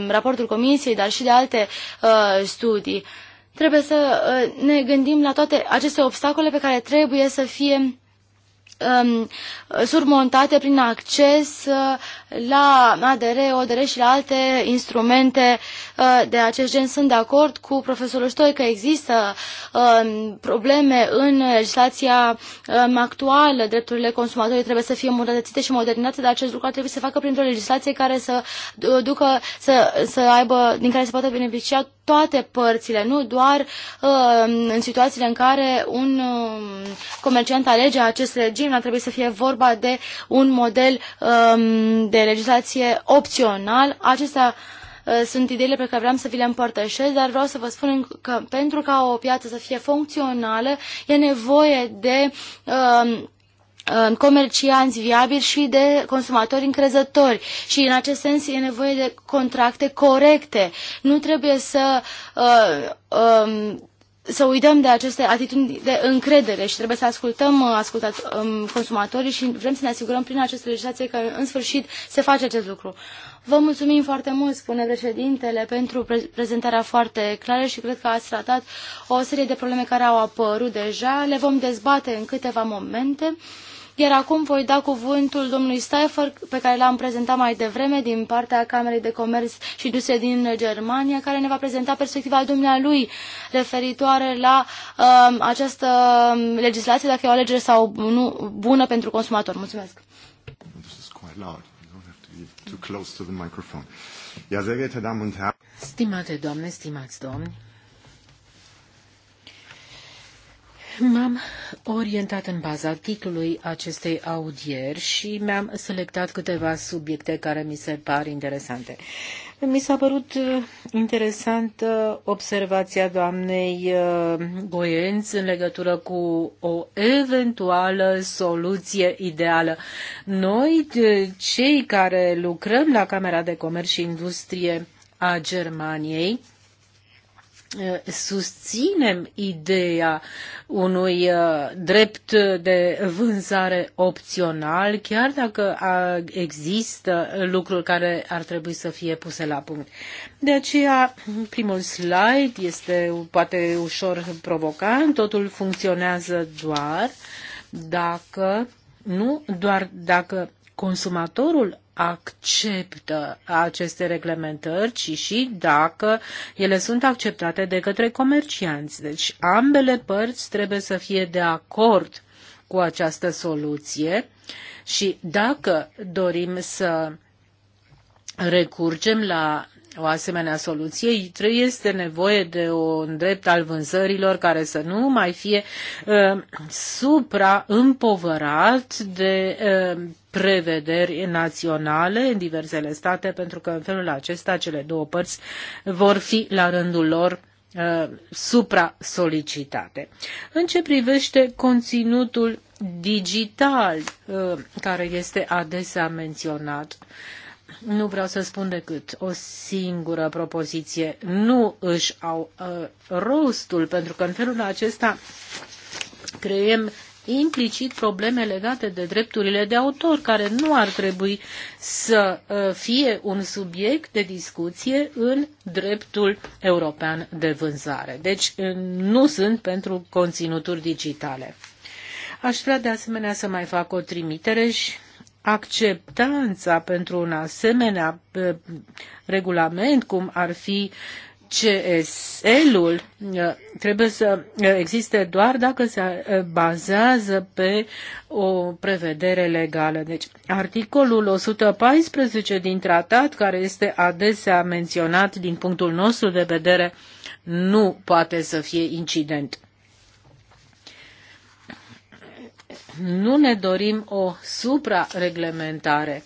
raportul Comisiei, dar și de alte studii. Trebuie să ne gândim la toate aceste obstacole pe care trebuie să fie um, surmontate prin acces la ADR, ODR și la alte instrumente uh, de acest gen. Sunt de acord cu profesorul Stoica. că există um, probleme în legislația um, actuală. Drepturile consumatorilor trebuie să fie îmbunătățite și modernizate, dar acest lucru ar trebui să facă printr-o legislație care să uh, ducă, să, să aibă, din care se poate beneficia toate părțile, nu doar um, în situațiile în care un comerciant alege acest regim, ar trebui să fie vorba de un model de legislație opțional. Acestea uh, sunt ideile pe care vreau să vi le împărtășesc, dar vreau să vă spun că pentru ca o piață să fie funcțională, e nevoie de um, um, comercianți viabili și de consumatori încrezători. Și în acest sens e nevoie de contracte corecte. Nu trebuie să uh, um, să uităm de aceste atitudini de încredere și trebuie să ascultăm uh, ascultat, um, consumatorii și vrem să ne asigurăm prin aceste legislație că în sfârșit se face acest lucru. Vă mulțumim foarte mult, spune președintele, pentru prezentarea foarte clară și cred că ați tratat o serie de probleme care au apărut deja. Le vom dezbate în câteva momente. Iar acum voi da cuvântul domnului Steifer, pe care l-am prezentat mai devreme din partea Camerei de Comerț și Industrie din Germania, care ne va prezenta perspectiva dumnealui referitoare la um, această um, legislație, dacă e o alegere sau nu bună pentru consumator. Mulțumesc! Stimate doamne, stimați domni, M-am orientat în baza titlului acestei audieri și mi-am selectat câteva subiecte care mi se par interesante. Mi s-a părut uh, interesantă observația doamnei uh, Goenț în legătură cu o eventuală soluție ideală. Noi, uh, cei care lucrăm la Camera de Comerț și Industrie a Germaniei, susținem ideea unui uh, drept de vânzare opțional, chiar dacă există lucruri care ar trebui să fie puse la punct. De aceea, primul slide este poate ușor provocant, totul funcționează doar dacă, nu doar dacă consumatorul acceptă aceste reglementări, ci și dacă ele sunt acceptate de către comercianți. Deci ambele părți trebuie să fie de acord cu această soluție și dacă dorim să recurgem la o asemenea soluție, este nevoie de un drept al vânzărilor care să nu mai fie supra uh, supraîmpovărat de uh, prevederi naționale în diversele state, pentru că în felul acesta cele două părți vor fi la rândul lor uh, supra-solicitate. În ce privește conținutul digital care este adesea menționat, nu vreau să spun decât o singură propoziție. Nu își au uh, rostul, pentru că în felul acesta creiem implicit probleme legate de drepturile de autor, care nu ar trebui să ă, fie un subiect de discuție în dreptul european de vânzare. Deci ă, nu sunt pentru conținuturi digitale. Aș vrea de asemenea să mai fac o trimitere și acceptanța pentru un asemenea regulament, cum ar fi CSL-ul, ă, trebuie să existe doar dacă se ă, bazează pe o prevedere legală. Deci, articolul 114 din tratat, care este adesea menționat din punctul nostru de vedere, nu poate să fie incident. nu ne dorim o suprareglementare.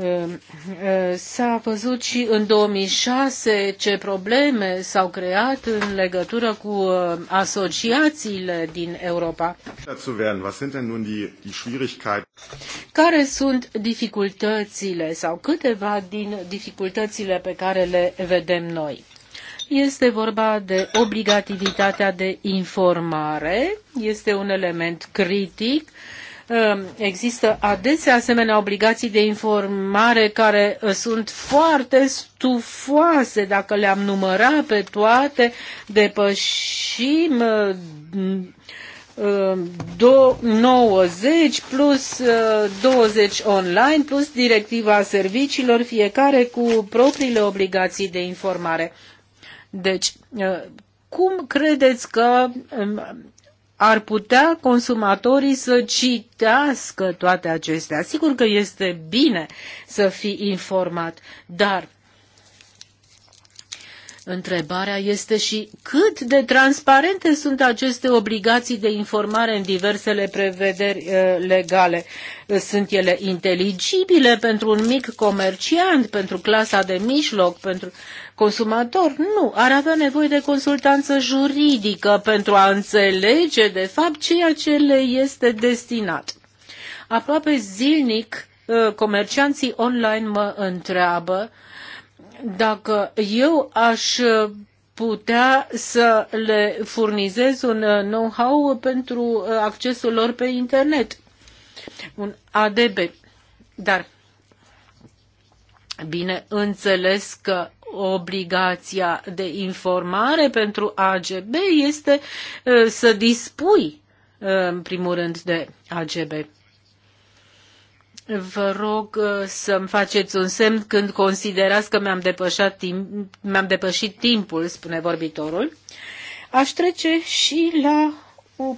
Ehm, ehm, s-a văzut și în 2006 ce probleme s-au creat în legătură cu ehm, asociațiile din Europa. Care sunt dificultățile sau câteva din dificultățile pe care le vedem noi? Este vorba de obligativitatea de informare, este un element critic. Ehm, există adesea asemenea obligații de informare care eh, sunt foarte stufoase. Dacă le-am numărat pe toate, depășim 90 eh, ehm, plus 20 eh, online plus directiva serviciilor, fiecare cu propriile obligații de informare. Deci, ă, cum credeți că ă, ar putea consumatorii să citească toate acestea? Sigur că este bine să fii informat, dar Întrebarea este și cât de transparente sunt aceste obligații de informare în diversele prevederi uh, legale. Sunt ele inteligibile pentru un mic comerciant, pentru clasa de mijloc, pentru consumator? Nu, ar avea nevoie de consultanță juridică pentru a înțelege de fapt ceea ce le este destinat. Aproape zilnic uh, comercianții online mă întreabă uh, dacă eu aș putea să le furnizez un uh, know-how pentru uh, accesul lor pe internet, un ADB. Dar, bine înțeles că obligația de informare pentru AGB este uh, să dispui, în primul rând, de AGB. Vă rog uh, să-mi faceți un semn când considerați că mi-am depășit, timp, mi-am depășit timpul, spune vorbitorul. Aș trece și la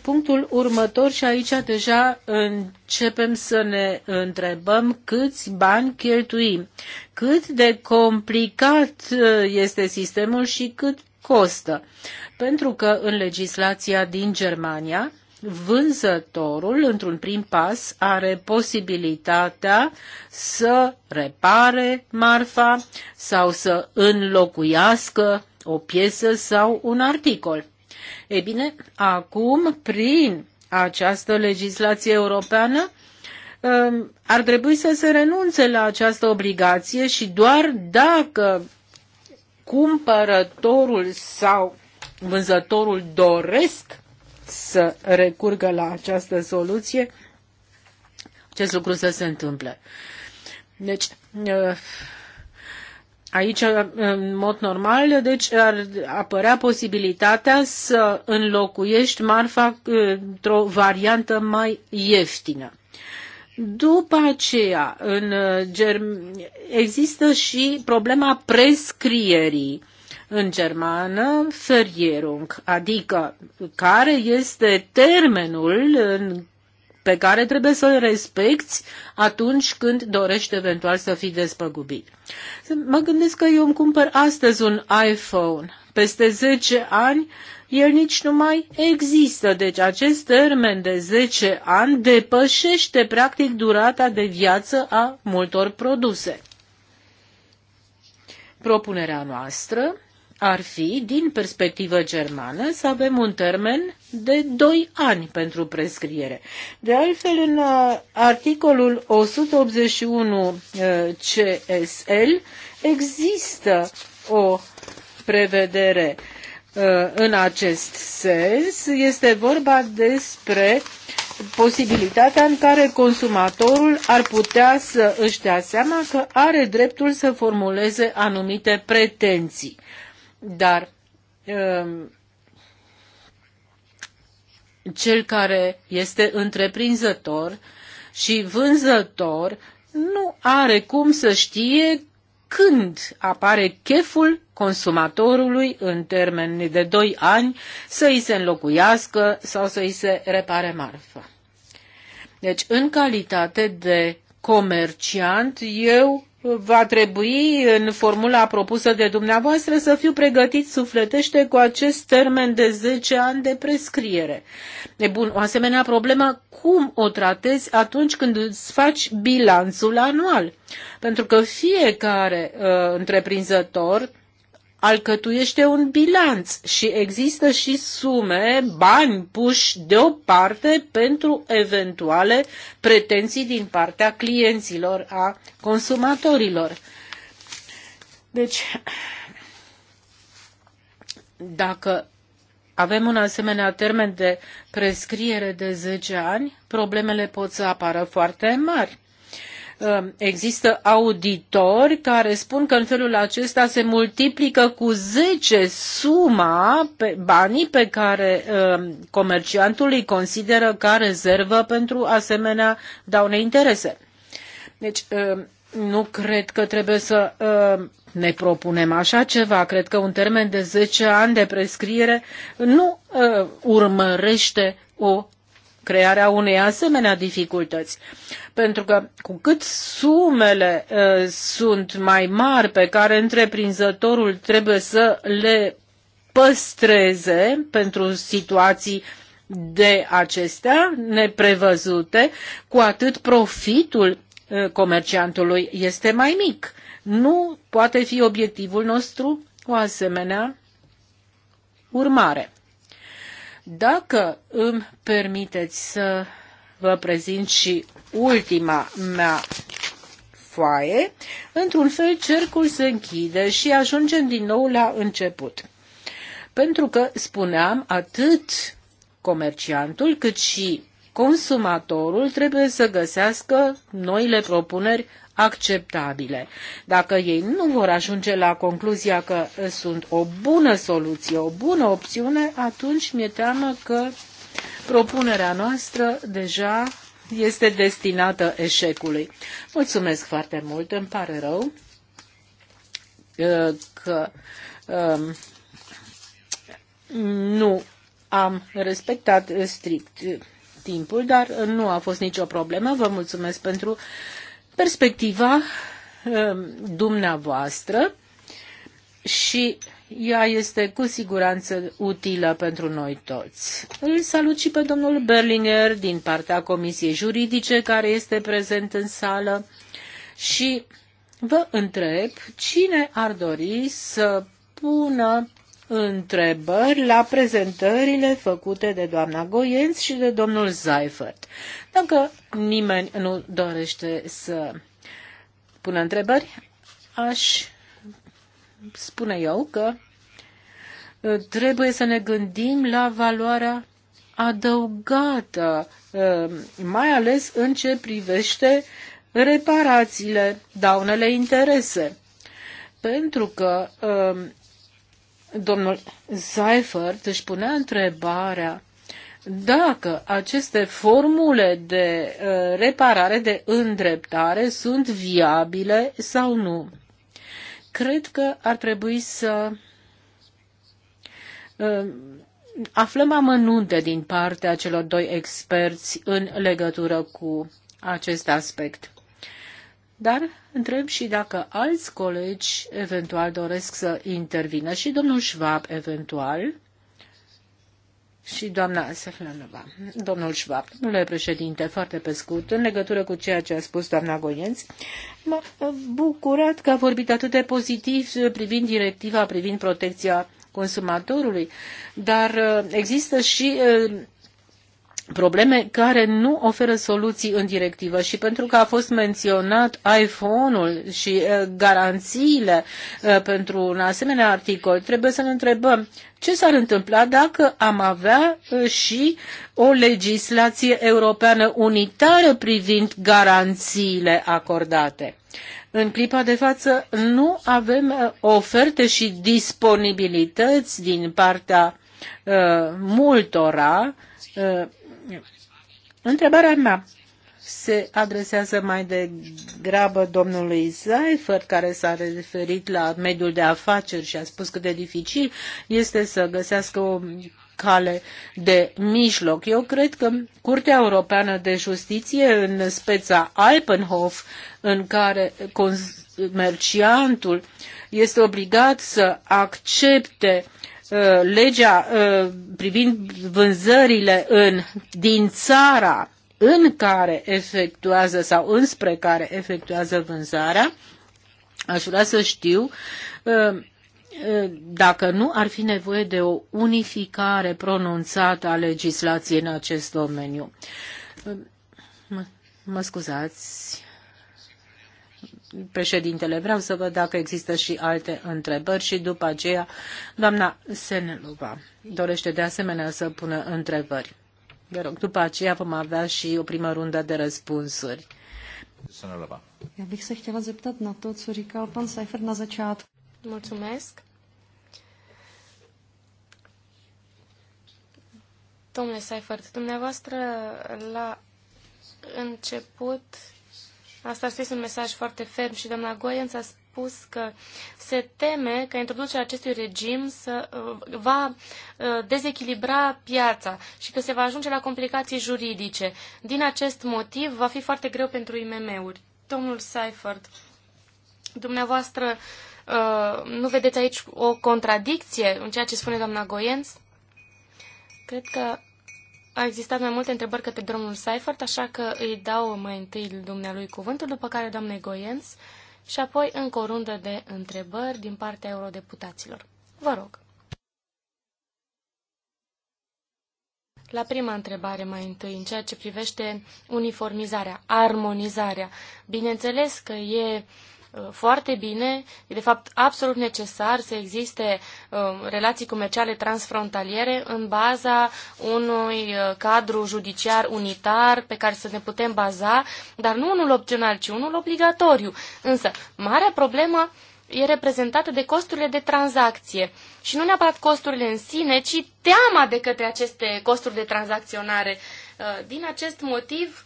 punctul următor și aici deja începem să ne întrebăm câți bani cheltuim, cât de complicat uh, este sistemul și cât costă. Pentru că în legislația din Germania vânzătorul, într-un prim pas, are posibilitatea să repare marfa sau să înlocuiască o piesă sau un articol. Ei bine, acum, prin această legislație europeană, um, ar trebui să se renunțe la această obligație și doar dacă cumpărătorul sau vânzătorul doresc să recurgă la această soluție, ce lucru să se întâmple. Deci, uh, aici, uh, în mod normal, deci ar apărea posibilitatea să înlocuiești marfa uh, într-o variantă mai ieftină. După aceea, în Germ- există și problema prescrierii în germană ferierung, adică care este termenul în pe care trebuie să-l respecti atunci când dorești eventual să fii despăgubit. Mă gândesc că eu îmi cumpăr astăzi un iPhone. Peste 10 ani el nici nu mai există. Deci acest termen de 10 ani depășește practic durata de viață a multor produse. Propunerea noastră ar fi, din perspectivă germană, să avem un termen de 2 ani pentru prescriere. De altfel, în uh, articolul 181 uh, CSL există o prevedere uh, în acest sens. Este vorba despre posibilitatea în care consumatorul ar putea să își dea seama că are dreptul să formuleze anumite pretenții. Dar um, cel care este întreprinzător și vânzător nu are cum să știe când apare cheful consumatorului în termen de 2 ani să îi se înlocuiască sau să îi se repare marfa. Deci, în calitate de comerciant, eu va trebui în formula propusă de dumneavoastră să fiu pregătit sufletește cu acest termen de 10 ani de prescriere. E bun, o asemenea problemă, cum o tratezi atunci când îți faci bilanțul anual? Pentru că fiecare uh, întreprinzător alcătuiește un bilanț și există și sume, bani puși deoparte pentru eventuale pretenții din partea clienților, a consumatorilor. Deci, dacă avem un asemenea termen de prescriere de 10 ani, problemele pot să apară foarte mari. Um, există auditori care spun că în felul acesta se multiplică cu 10 suma pe banii pe care um, comerciantul îi consideră ca rezervă pentru asemenea daune interese. Deci um, nu cred că trebuie să ne propunem așa ceva. Cred că un termen de 10 ani de prescriere nu uh, urmărește o crearea unei asemenea dificultăți. Pentru că cu cât sumele uh, sunt mai mari pe care întreprinzătorul trebuie să le păstreze pentru situații de acestea neprevăzute, cu atât profitul uh, comerciantului este mai mic. Nu poate fi obiectivul nostru o asemenea urmare. Dacă îmi permiteți să vă prezint și ultima mea foaie, într-un fel cercul se închide și ajungem din nou la început. Pentru că, spuneam, atât comerciantul cât și consumatorul trebuie să găsească noile propuneri acceptabile. Dacă ei nu vor ajunge la concluzia că sunt o bună soluție, o bună opțiune, atunci mi-e teamă că propunerea noastră deja este destinată eșecului. Mulțumesc foarte mult, îmi pare rău uh, că um, nu am respectat strict timpul, dar nu a fost nicio problemă. Vă mulțumesc pentru perspectiva um, dumneavoastră și ea este cu siguranță utilă pentru noi toți. Îl salut și pe domnul Berlinger din partea Comisiei Juridice care este prezent în sală și vă întreb cine ar dori să pună întrebări la prezentările făcute de doamna Goienț și de domnul Zaifert. Dacă nimeni nu dorește să pună întrebări, aș spune eu că uh, trebuie să ne gândim la valoarea adăugată, uh, mai ales în ce privește reparațiile, daunele interese. Pentru că uh, domnul Seifert își punea întrebarea dacă aceste formule de uh, reparare, de îndreptare sunt viabile sau nu. Cred că ar trebui să uh, aflăm amănunte din partea celor doi experți în legătură cu acest aspect. Dar întreb și dacă alți colegi eventual doresc să intervină și domnul Schwab eventual și doamna Seflanova. Domnul Schwab, domnule președinte, foarte pe scurt, în legătură cu ceea ce a spus doamna Goienț, m-a bucurat că a vorbit atât de pozitiv privind directiva, privind protecția consumatorului, dar uh, există și uh, probleme care nu oferă soluții în directivă și pentru că a fost menționat iPhone-ul și uh, garanțiile uh, pentru un asemenea articol, trebuie să ne întrebăm ce s-ar întâmpla dacă am avea uh, și o legislație europeană unitară privind garanțiile acordate. În clipa de față nu avem oferte și disponibilități din partea uh, multora uh, Întrebarea mea se adresează mai degrabă domnului Seifert, care s-a referit la mediul de afaceri și a spus cât de dificil este să găsească o cale de mijloc. Eu cred că Curtea Europeană de Justiție în speța Alpenhof, în care comerciantul este obligat să accepte uh, Uh, legea uh, privind vânzările în, din țara în care efectuează sau înspre care efectuează vânzarea, aș vrea să știu uh, dacă nu ar fi nevoie de o unificare pronunțată a legislației în acest domeniu. Mă, mă scuzați, președintele. Vreau să văd dacă există și alte întrebări și după aceea doamna Senelova dorește de asemenea să pună întrebări. Vă rog, după aceea vom avea și o primă rundă de răspunsuri. Senelova. Já bych se chtěla zeptat na to, co říkal pan Seifer na začátku. Mulțumesc. Domnule Seifert, dumneavoastră la început Asta ar fi un mesaj foarte ferm și doamna Goyens a spus că se teme că introducerea acestui regim să, uh, va uh, dezechilibra piața și că se va ajunge la complicații juridice. Din acest motiv va fi foarte greu pentru IMM-uri. Domnul Seifert, dumneavoastră uh, nu vedeți aici o contradicție în ceea ce spune doamna Goyens? Cred că au existat mai multe întrebări către domnul Seifert, așa că îi dau mai întâi dumnealui cuvântul, după care doamnei Goiens, și apoi încă o rundă de întrebări din partea eurodeputaților. Vă rog. La prima întrebare mai întâi, în ceea ce privește uniformizarea, armonizarea, bineînțeles că e Uh, foarte bine. E de fapt absolut necesar să existe uh, relații comerciale transfrontaliere în baza unui uh, cadru judiciar unitar pe care să ne putem baza, dar nu unul opțional, ci unul obligatoriu. Însă, marea problemă e reprezentată de costurile de tranzacție. Și nu neapărat costurile în sine, ci teama de către aceste costuri de tranzacționare. Din acest motiv,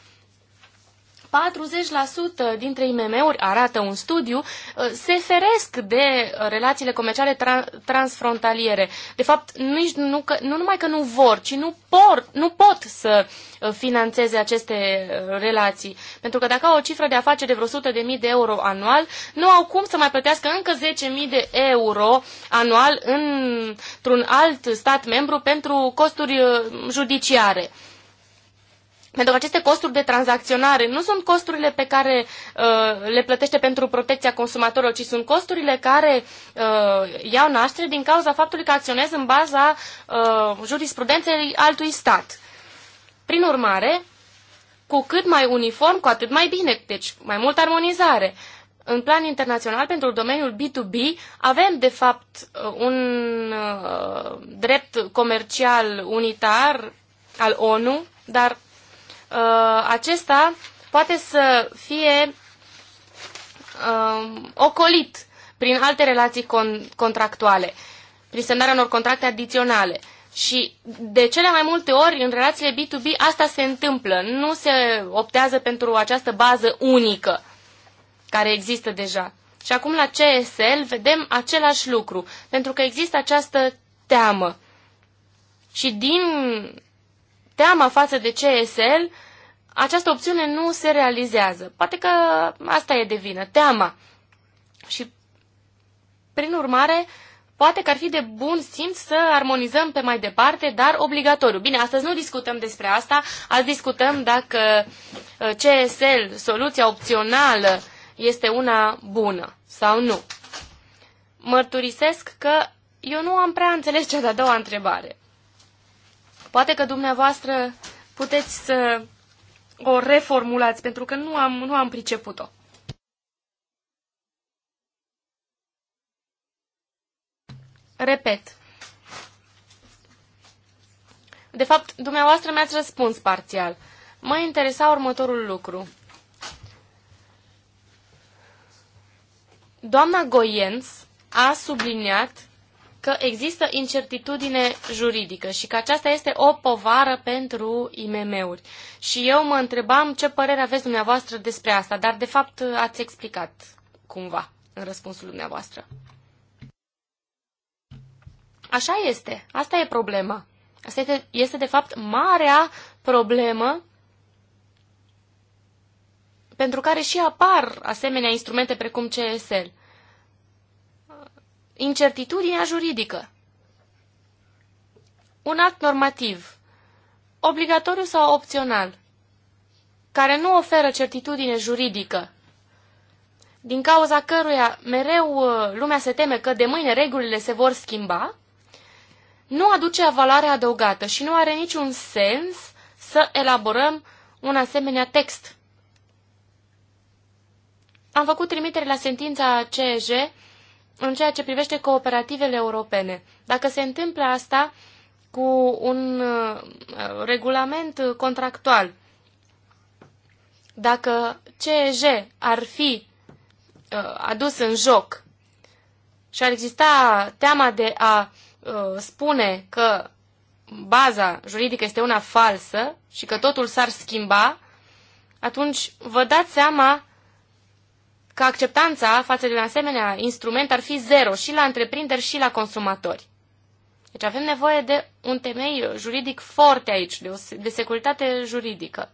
40% dintre IMM-uri, arată un studiu, uh, se feresc de uh, relațiile comerciale tra- transfrontaliere. De fapt, nici nu, că, nu numai că nu vor, ci nu, por, nu pot să uh, financeze aceste relații. Pentru că dacă au o cifră de afaceri de vreo 100 de mii de euro anual, nu au cum să mai plătească încă 10.000 de euro anual într-un alt stat membru pentru costuri judiciare. Pentru că aceste costuri de tranzacționare nu sunt costurile pe care uh, le plătește pentru protecția consumatorilor, ci sunt costurile care uh, iau naștere din cauza faptului că acționez în baza uh, jurisprudenței altui stat. Prin urmare, cu cât mai uniform, cu atât mai bine, deci mai multă armonizare. În plan internațional, pentru domeniul B2B, avem, de fapt, uh, un uh, drept comercial unitar al ONU, dar Uh, acesta poate să fie um, ocolit prin alte relații con contractuale, prin semnarea unor contracte adiționale. Și de cele mai multe ori, în relațiile B2B, asta se întâmplă. Nu se optează pentru această bază unică care există deja. Și acum la CSL vedem același lucru, pentru că există această teamă. Și din teama față de CSL, această opțiune nu se realizează. Poate că asta e de vină, teama. Și, prin urmare, poate că ar fi de bun simț să armonizăm pe mai departe, dar obligatoriu. Bine, astăzi nu discutăm despre asta, azi discutăm dacă uh, CSL, soluția opțională, este una bună sau nu. Mărturisesc că eu nu am prea înțeles cea de-a doua întrebare. Poate că dumneavoastră puteți să o reformulați, pentru că nu am, nu am priceput-o. Repet. De fapt, dumneavoastră mi-ați răspuns parțial. Mă interesa următorul lucru. Doamna Goienz a subliniat că există incertitudine juridică și că aceasta este o povară pentru IMM-uri. Și eu mă întrebam ce părere aveți dumneavoastră despre asta, dar de fapt ați explicat cumva în răspunsul dumneavoastră. Așa este. Asta e problema. Asta este, este de fapt marea problemă pentru care și apar asemenea instrumente precum CSL incertitudinea juridică. Un act normativ, obligatoriu sau opțional, care nu oferă certitudine juridică, din cauza căruia mereu uh, lumea se teme că de mâine regulile se vor schimba, nu aduce valoare adăugată și nu are niciun sens să elaborăm un asemenea text. Am făcut trimitere la sentința CEJ în ceea ce privește cooperativele europene. Dacă se întâmplă asta cu un uh, regulament contractual, dacă CEJ ar fi uh, adus în joc și ar exista teama de a uh, spune că baza juridică este una falsă și că totul s-ar schimba, atunci vă dați seama că acceptanța față de un asemenea instrument ar fi zero și la întreprinderi și la consumatori. Deci avem nevoie de un temei juridic foarte aici, de, o, de securitate juridică.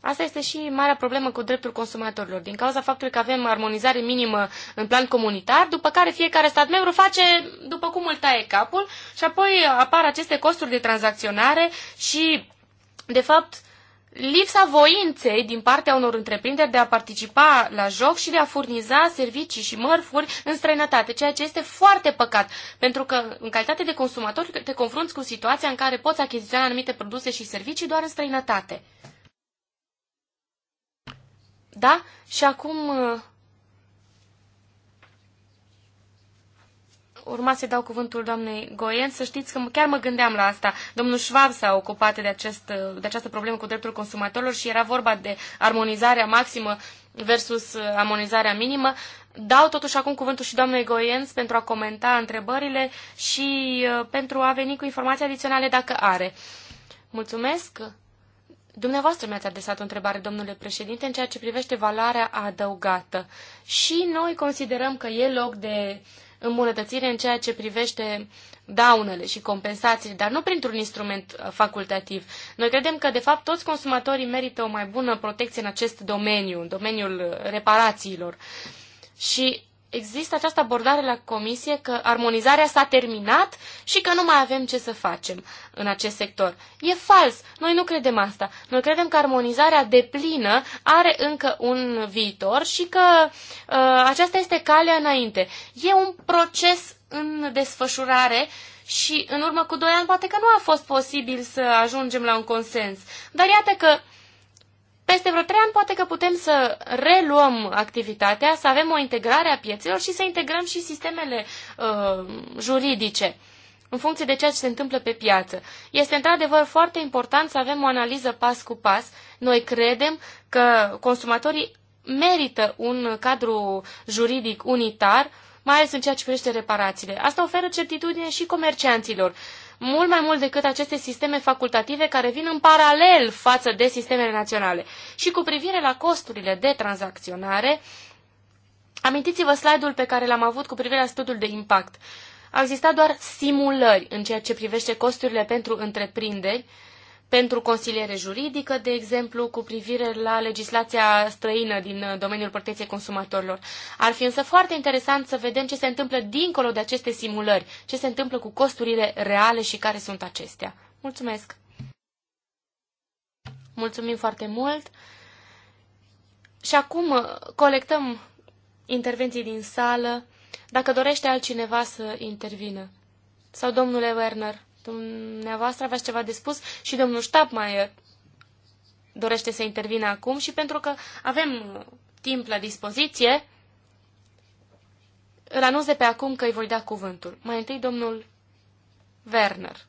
Asta este și marea problemă cu dreptul consumatorilor, din cauza faptului că avem armonizare minimă în plan comunitar, după care fiecare stat membru face după cum îl taie capul și apoi apar aceste costuri de tranzacționare și, de fapt, uh, lipsa voinței din partea unor întreprinderi de a participa la joc și de a furniza servicii și mărfuri în străinătate, ceea ce este foarte păcat, pentru că în calitate de consumator te confrunți cu situația în care poți achiziționa anumite produse și servicii doar în străinătate. Da? Și acum uh, urma să dau cuvântul doamnei Goien. Să știți că chiar mă gândeam la asta. Domnul Schwab s-a ocupat de, acest, de această problemă cu dreptul consumatorilor și era vorba de armonizarea maximă versus uh, armonizarea minimă. Dau totuși acum cuvântul și doamnei Goienț pentru a comenta întrebările și uh, pentru a veni cu informații adiționale dacă are. Mulțumesc! Dumneavoastră mi-ați adresat o întrebare, domnule președinte, în ceea ce privește valoarea adăugată. Și noi considerăm că e loc de îmbunătățire în ceea ce privește daunele și compensațiile, dar nu printr-un instrument uh, facultativ. Noi credem că, de fapt, toți consumatorii merită o mai bună protecție în acest domeniu, în domeniul uh, reparațiilor. Și există această abordare la comisie că armonizarea s-a terminat și că nu mai avem ce să facem în acest sector. E fals! Noi nu credem asta. Noi credem că armonizarea deplină are încă un viitor și că uh, aceasta este calea înainte. E un proces în desfășurare și în urmă cu doi ani poate că nu a fost posibil să ajungem la un consens. Dar iată că peste vreo trei ani poate că putem să reluăm activitatea, să avem o integrare a piețelor și să integrăm și sistemele uh, juridice în funcție de ceea ce se întâmplă pe piață. Este într-adevăr foarte important să avem o analiză pas cu pas. Noi credem că consumatorii merită un cadru juridic unitar, mai ales în ceea ce privește reparațiile. Asta oferă certitudine și comercianților mult mai mult decât aceste sisteme facultative care vin în paralel față de sistemele naționale. Și cu privire la costurile de tranzacționare, amintiți-vă slide-ul pe care l-am avut cu privire la studiul de impact. Au existat doar simulări în ceea ce privește costurile pentru întreprinderi, pentru consiliere juridică, de exemplu, cu privire la legislația străină din uh, domeniul protecției consumatorilor. Ar fi însă foarte interesant să vedem ce se întâmplă dincolo de aceste simulări, ce se întâmplă cu costurile reale și care sunt acestea. Mulțumesc! Mulțumim foarte mult! Și acum uh, colectăm intervenții din sală, dacă dorește altcineva să intervină. Sau domnule Werner, Dumneavoastră aveți ceva de spus și domnul Stabmaier uh, dorește să intervină acum și pentru că avem uh, timp la dispoziție, îl anunț de pe acum că îi voi da cuvântul. Mai întâi domnul Werner.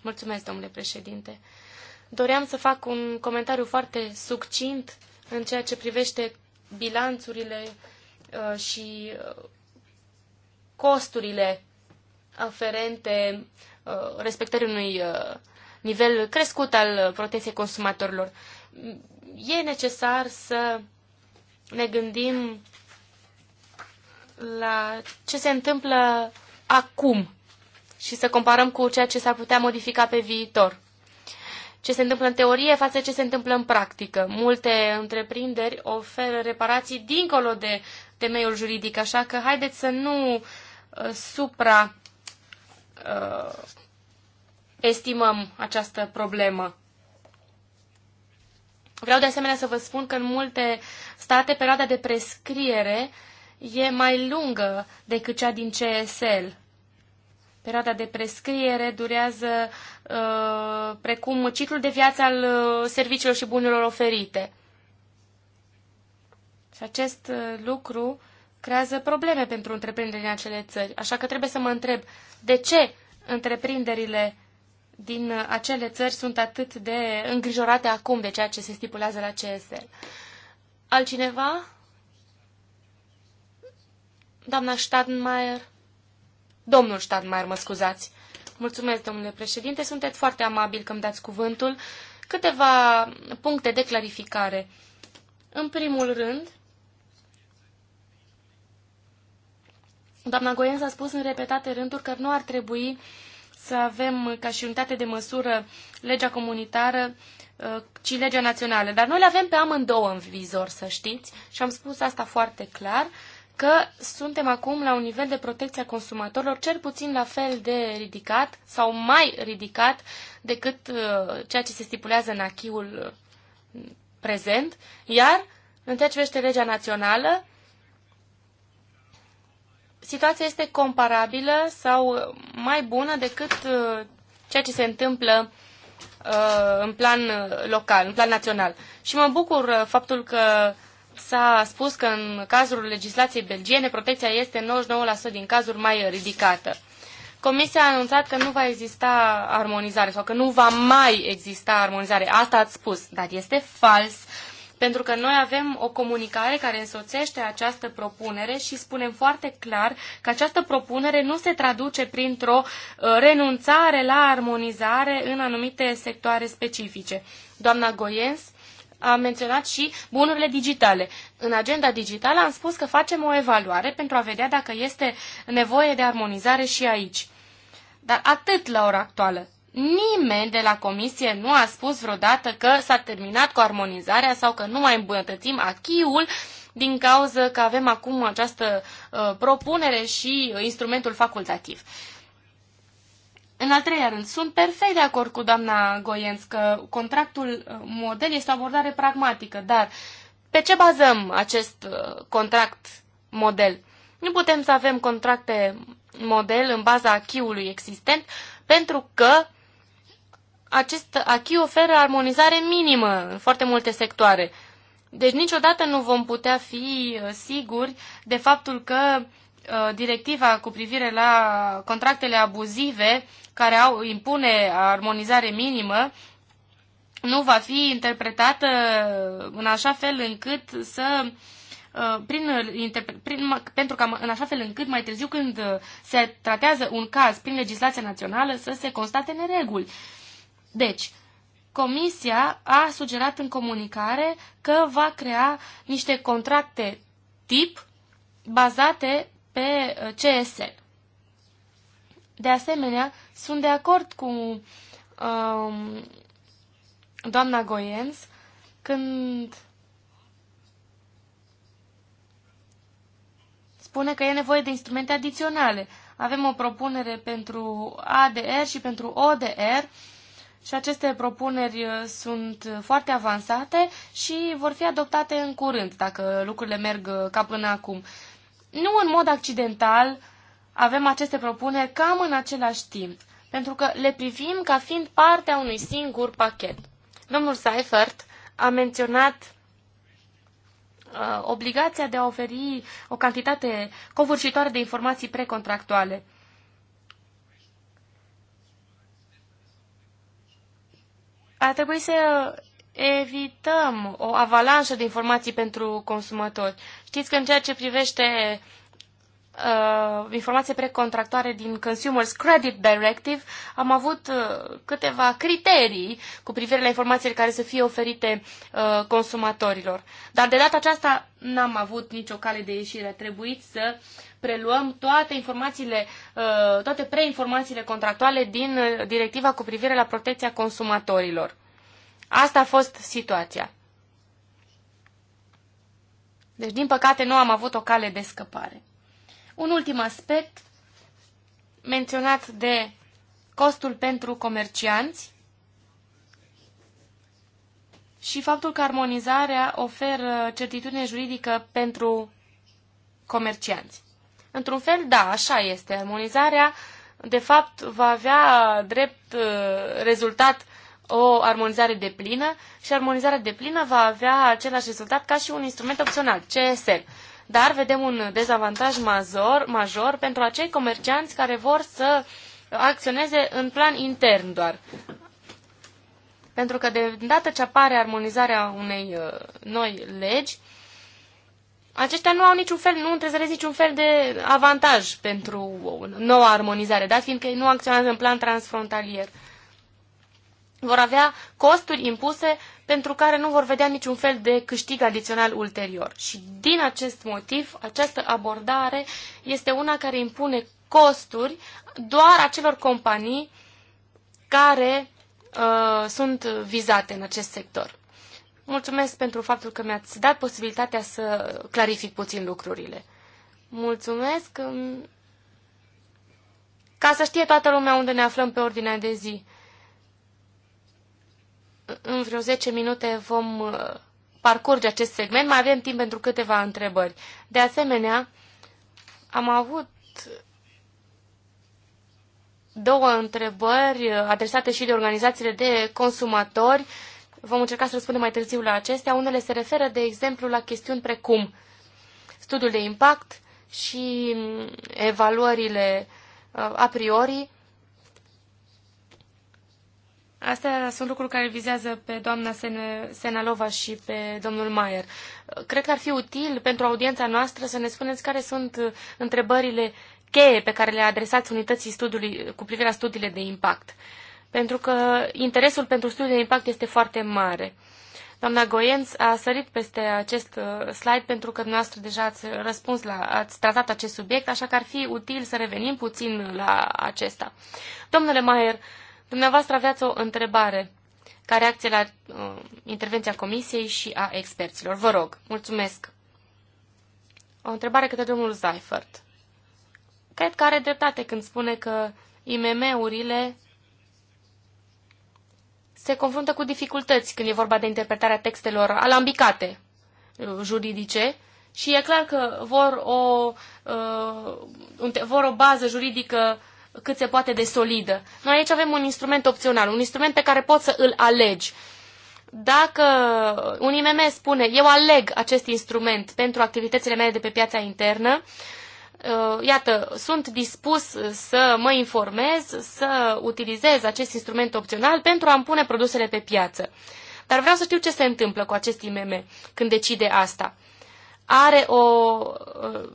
Mulțumesc, domnule președinte. Doream să fac un comentariu foarte succint în ceea ce privește bilanțurile uh, și costurile aferente uh, respectării unui uh, nivel crescut al protecției consumatorilor. E necesar să ne gândim la ce se întâmplă acum și să comparăm cu ceea ce s-ar putea modifica pe viitor. Ce se întâmplă în teorie față ce se întâmplă în practică. Multe întreprinderi oferă reparații dincolo de temeiul juridic, așa că haideți să nu uh, supra uh, estimăm această problemă. Vreau de asemenea să vă spun că în multe state perioada de prescriere e mai lungă decât cea din CSL. Perioada de prescriere durează uh, precum ciclul de viață al uh, serviciilor și bunurilor oferite. Și acest uh, lucru uh, creează probleme pentru întreprinderile în acele țări. Așa că trebuie să mă întreb de ce întreprinderile din acele țări sunt atât de îngrijorate acum de ceea ce se stipulează la CSL. Altcineva? Doamna Stadmeier? Domnul Stadmeier, mă scuzați. Mulțumesc, domnule președinte, sunteți foarte amabil că îmi dați cuvântul. Câteva puncte de clarificare. În primul rând, Doamna s a spus în repetate rânduri că nu ar trebui să avem ca și unitate de măsură legea comunitară uh, ci legea națională. Dar noi le avem pe amândouă în vizor, să știți, și am spus asta foarte clar, că suntem acum la un nivel de protecție a consumatorilor cel puțin la fel de ridicat sau mai ridicat decât uh, ceea ce se stipulează în achiul uh, prezent, iar în ceea ce vește legea națională, situația este comparabilă sau mai bună decât uh, ceea ce se întâmplă uh, în plan local, în plan național. Și mă bucur uh, faptul că s-a spus că în cazul legislației belgiene protecția este 99% din cazuri mai ridicată. Comisia a anunțat că nu va exista armonizare sau că nu va mai exista armonizare. Asta ați spus, dar este fals. Uh, pentru că noi avem o comunicare care însoțește această propunere și spunem foarte clar că această propunere nu se traduce printr-o uh, renunțare la armonizare în anumite sectoare specifice. Doamna Goiens a menționat și bunurile digitale. În agenda digitală am spus că facem o evaluare pentru a vedea dacă este nevoie de armonizare și aici. Dar atât la ora actuală. Nimeni de la comisie nu a spus vreodată că s-a terminat cu armonizarea sau că nu mai îmbunătățim achiul din cauză că avem acum această uh, propunere și uh, instrumentul facultativ. În al treilea rând, sunt perfect de acord cu doamna Goienț că contractul uh, model este o abordare pragmatică, dar pe ce bazăm acest uh, contract model? Nu putem să avem contracte model în baza achiului existent pentru că acest acquis oferă armonizare minimă în foarte multe sectoare. Deci niciodată nu vom putea fi uh, siguri de faptul că uh, directiva cu privire la contractele abuzive care au, impune armonizare minimă nu va fi interpretată uh, în așa fel încât să prin, prin, pentru că în așa fel încât mai târziu când se tratează un caz prin legislația națională să se constate nereguli. Deci, Comisia a sugerat în comunicare că va crea niște contracte tip bazate pe uh, CSL. De asemenea, sunt de acord cu um, doamna Goiens când spune că e nevoie de instrumente adiționale. Avem o propunere pentru ADR și pentru ODR și aceste propuneri uh, sunt foarte avansate și vor fi adoptate în curând, dacă lucrurile merg uh, ca până acum. Nu în mod accidental avem aceste propuneri cam în același timp, pentru că le privim ca fiind partea unui singur pachet. Domnul Seifert a menționat uh, obligația de a oferi o cantitate covârșitoare de informații precontractuale. ar trebui să evităm o avalanșă de informații pentru consumatori. Știți că în ceea ce privește uh, informație precontractoare din Consumers Credit Directive, am avut uh, câteva criterii cu privire la informațiile care să fie oferite uh, consumatorilor. Dar de data aceasta n-am avut nicio cale de ieșire. A trebuit să preluăm toate informațiile, uh, toate preinformațiile contractuale din uh, directiva cu privire la protecția consumatorilor. Asta a fost situația. Deci, din păcate, nu am avut o cale de scăpare. Un ultim aspect menționat de costul pentru comercianți și faptul că armonizarea oferă certitudine juridică pentru comercianți. Într-un fel, da, așa este. Armonizarea, de fapt, va avea drept uh, rezultat o armonizare de plină și armonizarea de plină va avea același rezultat ca și un instrument opțional, CSL dar vedem un dezavantaj major, major pentru acei comercianți care vor să acționeze în plan intern doar. Pentru că de îndată ce apare armonizarea unei uh, noi legi, aceștia nu au niciun fel, nu întrezăresc niciun fel de avantaj pentru noua armonizare, dat fiindcă ei nu acționează în plan transfrontalier vor avea costuri impuse pentru care nu vor vedea niciun fel de câștig adițional ulterior. Și din acest motiv, această abordare este una care impune costuri doar acelor companii care uh, sunt vizate în acest sector. Mulțumesc pentru faptul că mi-ați dat posibilitatea să clarific puțin lucrurile. Mulțumesc. Ca să știe toată lumea unde ne aflăm pe ordinea de zi în vreo 10 minute vom uh, parcurge acest segment, mai avem timp pentru câteva întrebări. De asemenea, am avut două întrebări uh, adresate și de organizațiile de consumatori. Vom încerca să răspundem mai târziu la acestea. Unele se referă, de exemplu, la chestiuni precum studiul de impact și mm, evaluările uh, a priori Astea sunt lucruri care vizează pe doamna Sen Senalova și pe domnul Maier. Cred că ar fi util pentru audiența noastră să ne spuneți care sunt uh, întrebările cheie pe care le adresați unității studiului cu privire la studiile de impact. Pentru că interesul pentru studiile de impact este foarte mare. Doamna Goienț a sărit peste acest uh, slide pentru că dumneavoastră deja ați răspuns la, ați tratat acest subiect, așa că ar fi util să revenim puțin la acesta. Domnule Maier, Dumneavoastră aveați o întrebare ca reacție la uh, intervenția comisiei și a experților. Vă rog, mulțumesc. O întrebare către domnul Zaifert. Cred că are dreptate când spune că IMM-urile se confruntă cu dificultăți când e vorba de interpretarea textelor alambicate uh, juridice și e clar că vor o, uh, vor o bază juridică uh, cât se poate de solidă. Noi aici avem un instrument opțional, un instrument pe care poți să îl alegi. Dacă un IMM spune, eu aleg acest instrument pentru activitățile mele de pe piața internă, uh, iată, sunt dispus să mă informez, să utilizez acest instrument opțional pentru a-mi pune produsele pe piață. Dar vreau să știu ce se întâmplă cu acest IMM când decide asta are o,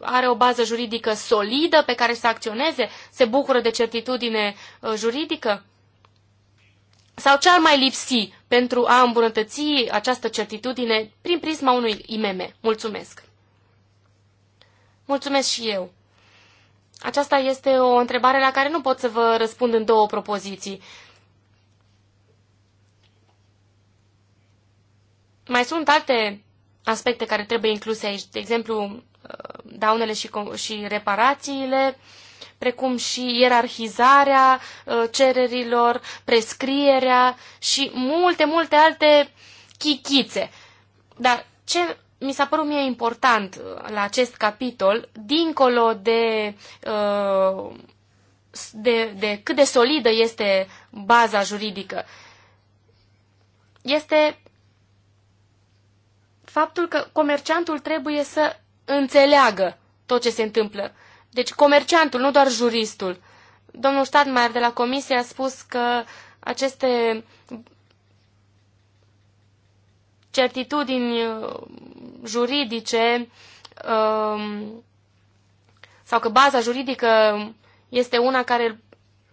are o bază juridică solidă pe care să acționeze? Se bucură de certitudine uh, juridică? Sau ce ar mai lipsi pentru a îmbunătăți această certitudine prin prisma unui IMM? Mulțumesc! Mulțumesc și eu! Aceasta este o întrebare la care nu pot să vă răspund în două propoziții. Mai sunt alte aspecte care trebuie incluse aici, de exemplu, uh, daunele și, și reparațiile, precum și ierarhizarea uh, cererilor, prescrierea și multe, multe alte chichițe. Dar ce mi s-a părut mie important uh, la acest capitol, dincolo de, de, de cât de solidă este baza juridică, este faptul că comerciantul trebuie să înțeleagă tot ce se întâmplă. Deci comerciantul, nu doar juristul. Domnul Stadmaier de la comisie a spus că aceste certitudini uh, juridice um, sau că baza juridică este una care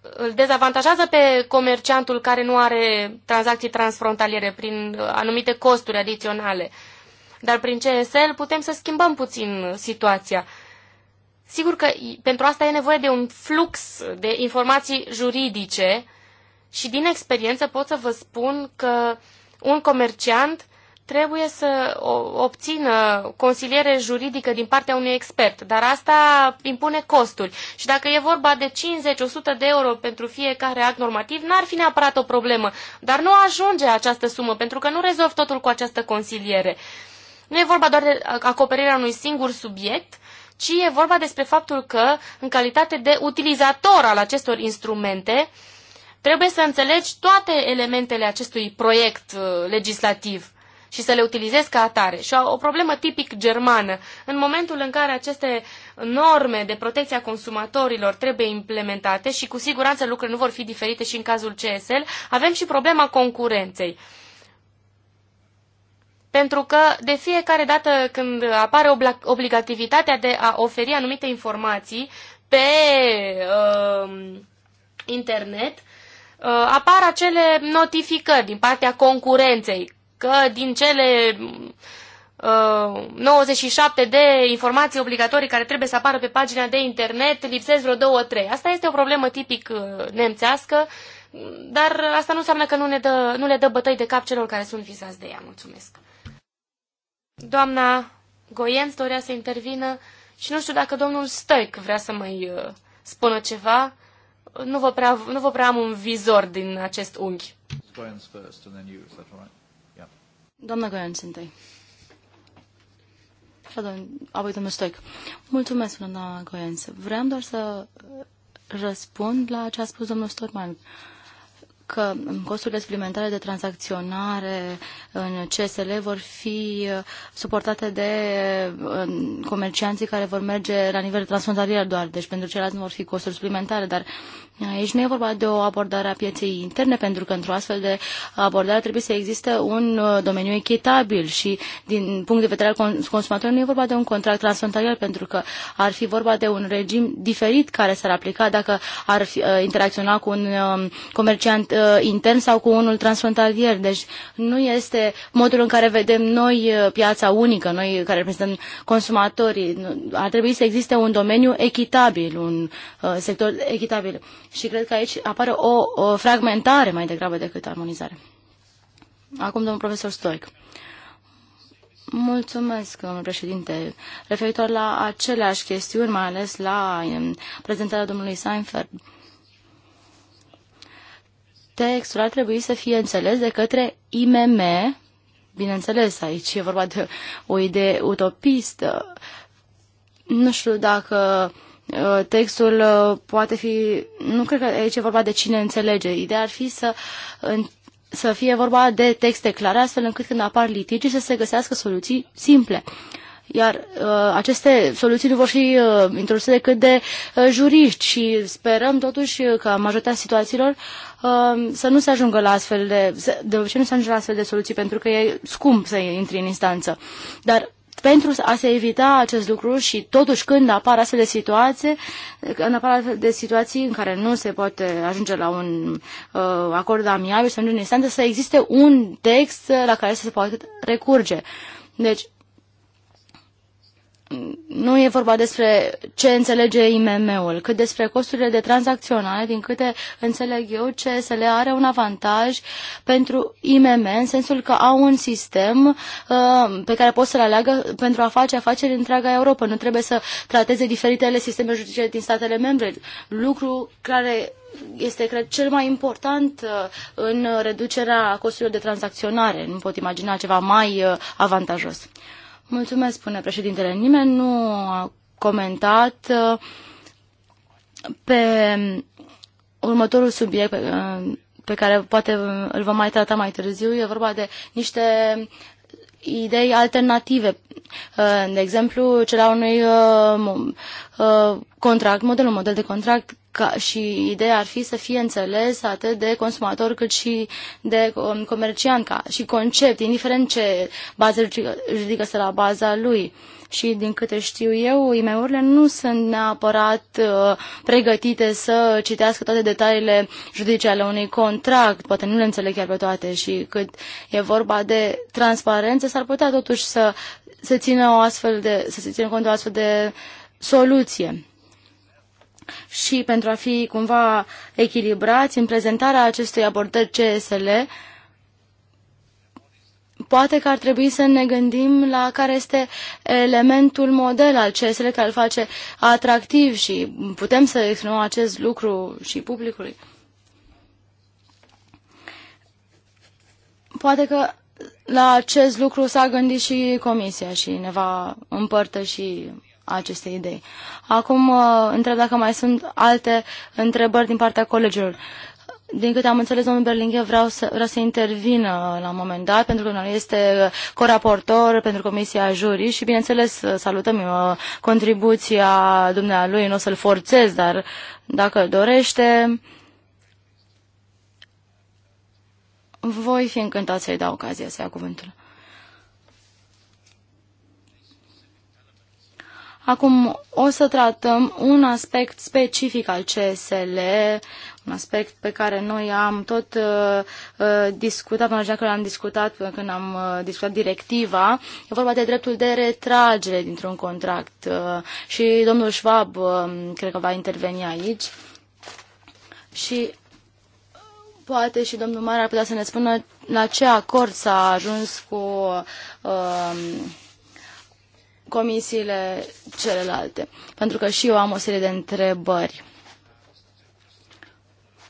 îl dezavantajează pe comerciantul care nu are tranzacții transfrontaliere prin uh, anumite costuri adiționale. Dar prin CSL putem să schimbăm puțin situația. Sigur că pentru asta e nevoie de un flux de informații juridice și din experiență pot să vă spun că un comerciant trebuie să obțină consiliere juridică din partea unui expert, dar asta impune costuri. Și dacă e vorba de 50-100 de euro pentru fiecare act normativ, n-ar fi neapărat o problemă, dar nu ajunge această sumă, pentru că nu rezolv totul cu această consiliere. Uh, nu e vorba doar de acoperirea unui singur subiect, ci e vorba despre faptul că, în calitate de utilizator al acestor instrumente, trebuie să înțelegi toate elementele acestui proiect uh, legislativ și să le utilizezi ca atare. Și o, problemă tipic germană, în momentul în care aceste norme de protecție a consumatorilor trebuie implementate și cu siguranță lucrurile nu vor fi diferite și în cazul CSL, avem și problema concurenței. Uh, pentru că de fiecare dată când apare obligativitatea de a oferi anumite informații pe uh, internet, uh, apar acele notificări din partea concurenței că din cele uh, 97 de informații obligatorii care trebuie să apară pe pagina de internet lipsesc vreo două, trei. Asta este o problemă tipic uh, nemțească, dar asta nu înseamnă că nu, ne dă, nu le dă bătăi de cap celor care sunt vizați de ea. Mulțumesc! Doamna Goienț dorea să intervină și nu știu dacă domnul Stoic vrea să mai uh, spună ceva. Nu vă, prea, nu vă prea am un vizor din acest unghi. Doamna Goienț întâi. Și apoi domnul Stoic. Mulțumesc, doamna Goienț. Vreau doar să uh, răspund la ce a spus domnul Stoic că costurile suplimentare de tranzacționare în CSL vor fi uh, suportate de uh, comercianții care vor merge la nivel transfrontalier doar, deci pentru ceilalți nu vor fi costuri suplimentare, dar Aici nu e vorba de o abordare a pieței interne, pentru că într-o astfel de abordare trebuie să existe un uh, domeniu echitabil și din punct de vedere al consumatorului nu e vorba de un contract transfrontalier, pentru că ar fi vorba de un regim diferit care s-ar aplica dacă ar fi, uh, interacționa cu un um, comerciant uh, intern sau cu unul transfrontalier. Deci nu este modul în care vedem noi piața unică, noi care reprezentăm consumatorii. Ar trebui să existe un domeniu echitabil, un sector echitabil. Și cred că aici apare o, o fragmentare mai degrabă decât armonizare. Acum, domnul profesor Stoic. Mulțumesc, domnul președinte. Referitor la aceleași chestiuni, mai ales la prezentarea domnului Seinfeld, textul ar trebui să fie înțeles de către IMM, bineînțeles, aici e vorba de o idee utopistă. Nu știu dacă Uh, textul uh, poate fi, nu cred că aici e vorba de cine înțelege. Ideea ar fi să, să fie vorba de texte clare, astfel încât când apar litigi să se găsească soluții simple. Iar uh, aceste soluții nu vor fi uh, introduse decât de uh, juriști și sperăm totuși ca majoritatea situațiilor uh, să nu se ajungă la astfel de, de obicei nu se ajungă la astfel de soluții pentru că e scump să intri în instanță. Dar pentru a se evita acest lucru și totuși când apar astfel de situații, când apar astfel de situații în care nu se poate ajunge la un uh, acord amiabil sau în instanță, să existe un text la care să se poate recurge. Deci, nu e vorba despre ce înțelege IMM-ul, cât despre costurile de tranzacționare, din câte înțeleg eu, CSL are un avantaj pentru IMM, în sensul că au un sistem uh, pe care pot să-l aleagă pentru a face afaceri în întreaga Europa. Nu trebuie să trateze diferitele sisteme juridice din statele membre, lucru care este, cred, cel mai important uh, în reducerea costurilor de tranzacționare. Nu pot imagina ceva mai uh, avantajos. Mulțumesc, spune președintele. Nimeni nu a comentat uh, pe următorul subiect uh, pe care poate îl vom mai trata mai târziu. E vorba de niște idei alternative. Uh, de exemplu, cel al unui contract, modelul model de contract ca, și ideea ar fi să fie înțeles atât de consumator cât și de um, comerciant ca și concept, indiferent ce bază juridică stă la baza lui. Și din câte știu eu, IME-urile nu sunt neapărat uh, pregătite să citească toate detaliile juridice ale unui contract, poate nu le înțeleg chiar pe toate și cât e vorba de transparență, s-ar putea totuși să se țină o astfel de, să se țină cont de o astfel de soluție și pentru a fi cumva echilibrați în prezentarea acestui abordări CSL, poate că ar trebui să ne gândim la care este elementul model al CSL care îl face atractiv și putem să exprimăm acest lucru și publicului. Poate că la acest lucru s-a gândit și Comisia și ne va împărtăși aceste idei. Acum uh, întreb dacă mai sunt alte întrebări din partea colegilor. Din câte am înțeles, domnul Berlinghe vreau să, vreau să intervină la un moment dat, pentru că el este coraportor pentru Comisia Jurii și, bineînțeles, salutăm uh, contribuția dumnealui, nu o să-l forțez, dar dacă dorește, voi fi încântat să-i dau ocazia să ia cuvântul. Acum o să tratăm un aspect specific al CSL, un aspect pe care noi am tot uh, uh discutat, până că l am discutat, până când am uh, discutat directiva, e vorba de dreptul de retragere dintr-un contract uh, și domnul Schwab uh, cred că va interveni aici și poate și domnul Mare ar putea să ne spună la ce acord s-a ajuns cu uh, comisiile celelalte, pentru că și eu am o serie de întrebări.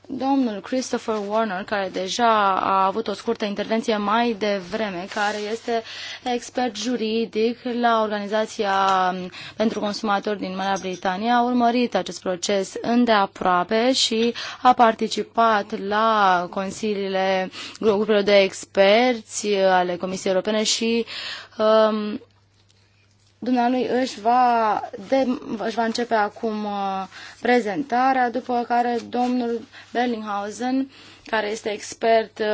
Domnul Christopher Warner, care deja a avut o scurtă intervenție mai devreme, care este expert juridic la Organizația pentru Consumatori din Marea Britanie, a urmărit acest proces îndeaproape și a participat la consiliile grupurilor de experți ale Comisiei Europene și um, dumnealui își va, de, își va începe acum uh, prezentarea, după care domnul Bellinghausen care este expert uh,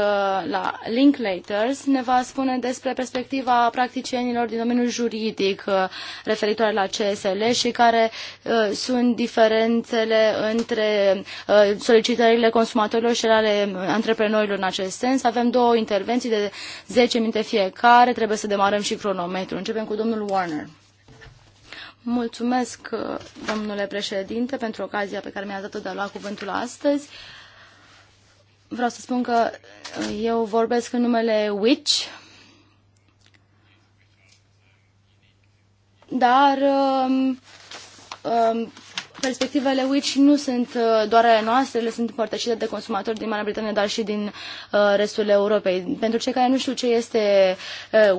la Linklaters, ne va spune despre perspectiva practicienilor din domeniul juridic uh, referitoare la CSL și care uh, sunt diferențele între solicitările consumatorilor și ale antreprenorilor în acest sens. Avem două intervenții de 10 minute fiecare, trebuie să demarăm și cronometru. Începem cu domnul Warner. Mulțumesc, domnule președinte, pentru ocazia pe care mi-a dat-o de a lua cuvântul astăzi. Uh, vreau să spun că eu vorbesc în numele Witch, dar um, um, perspectivele which nu sunt uh, doar ale noastre, le sunt împărtășite de consumatori din Marea Britanie, dar și din uh, restul Europei. Pentru cei care nu știu ce este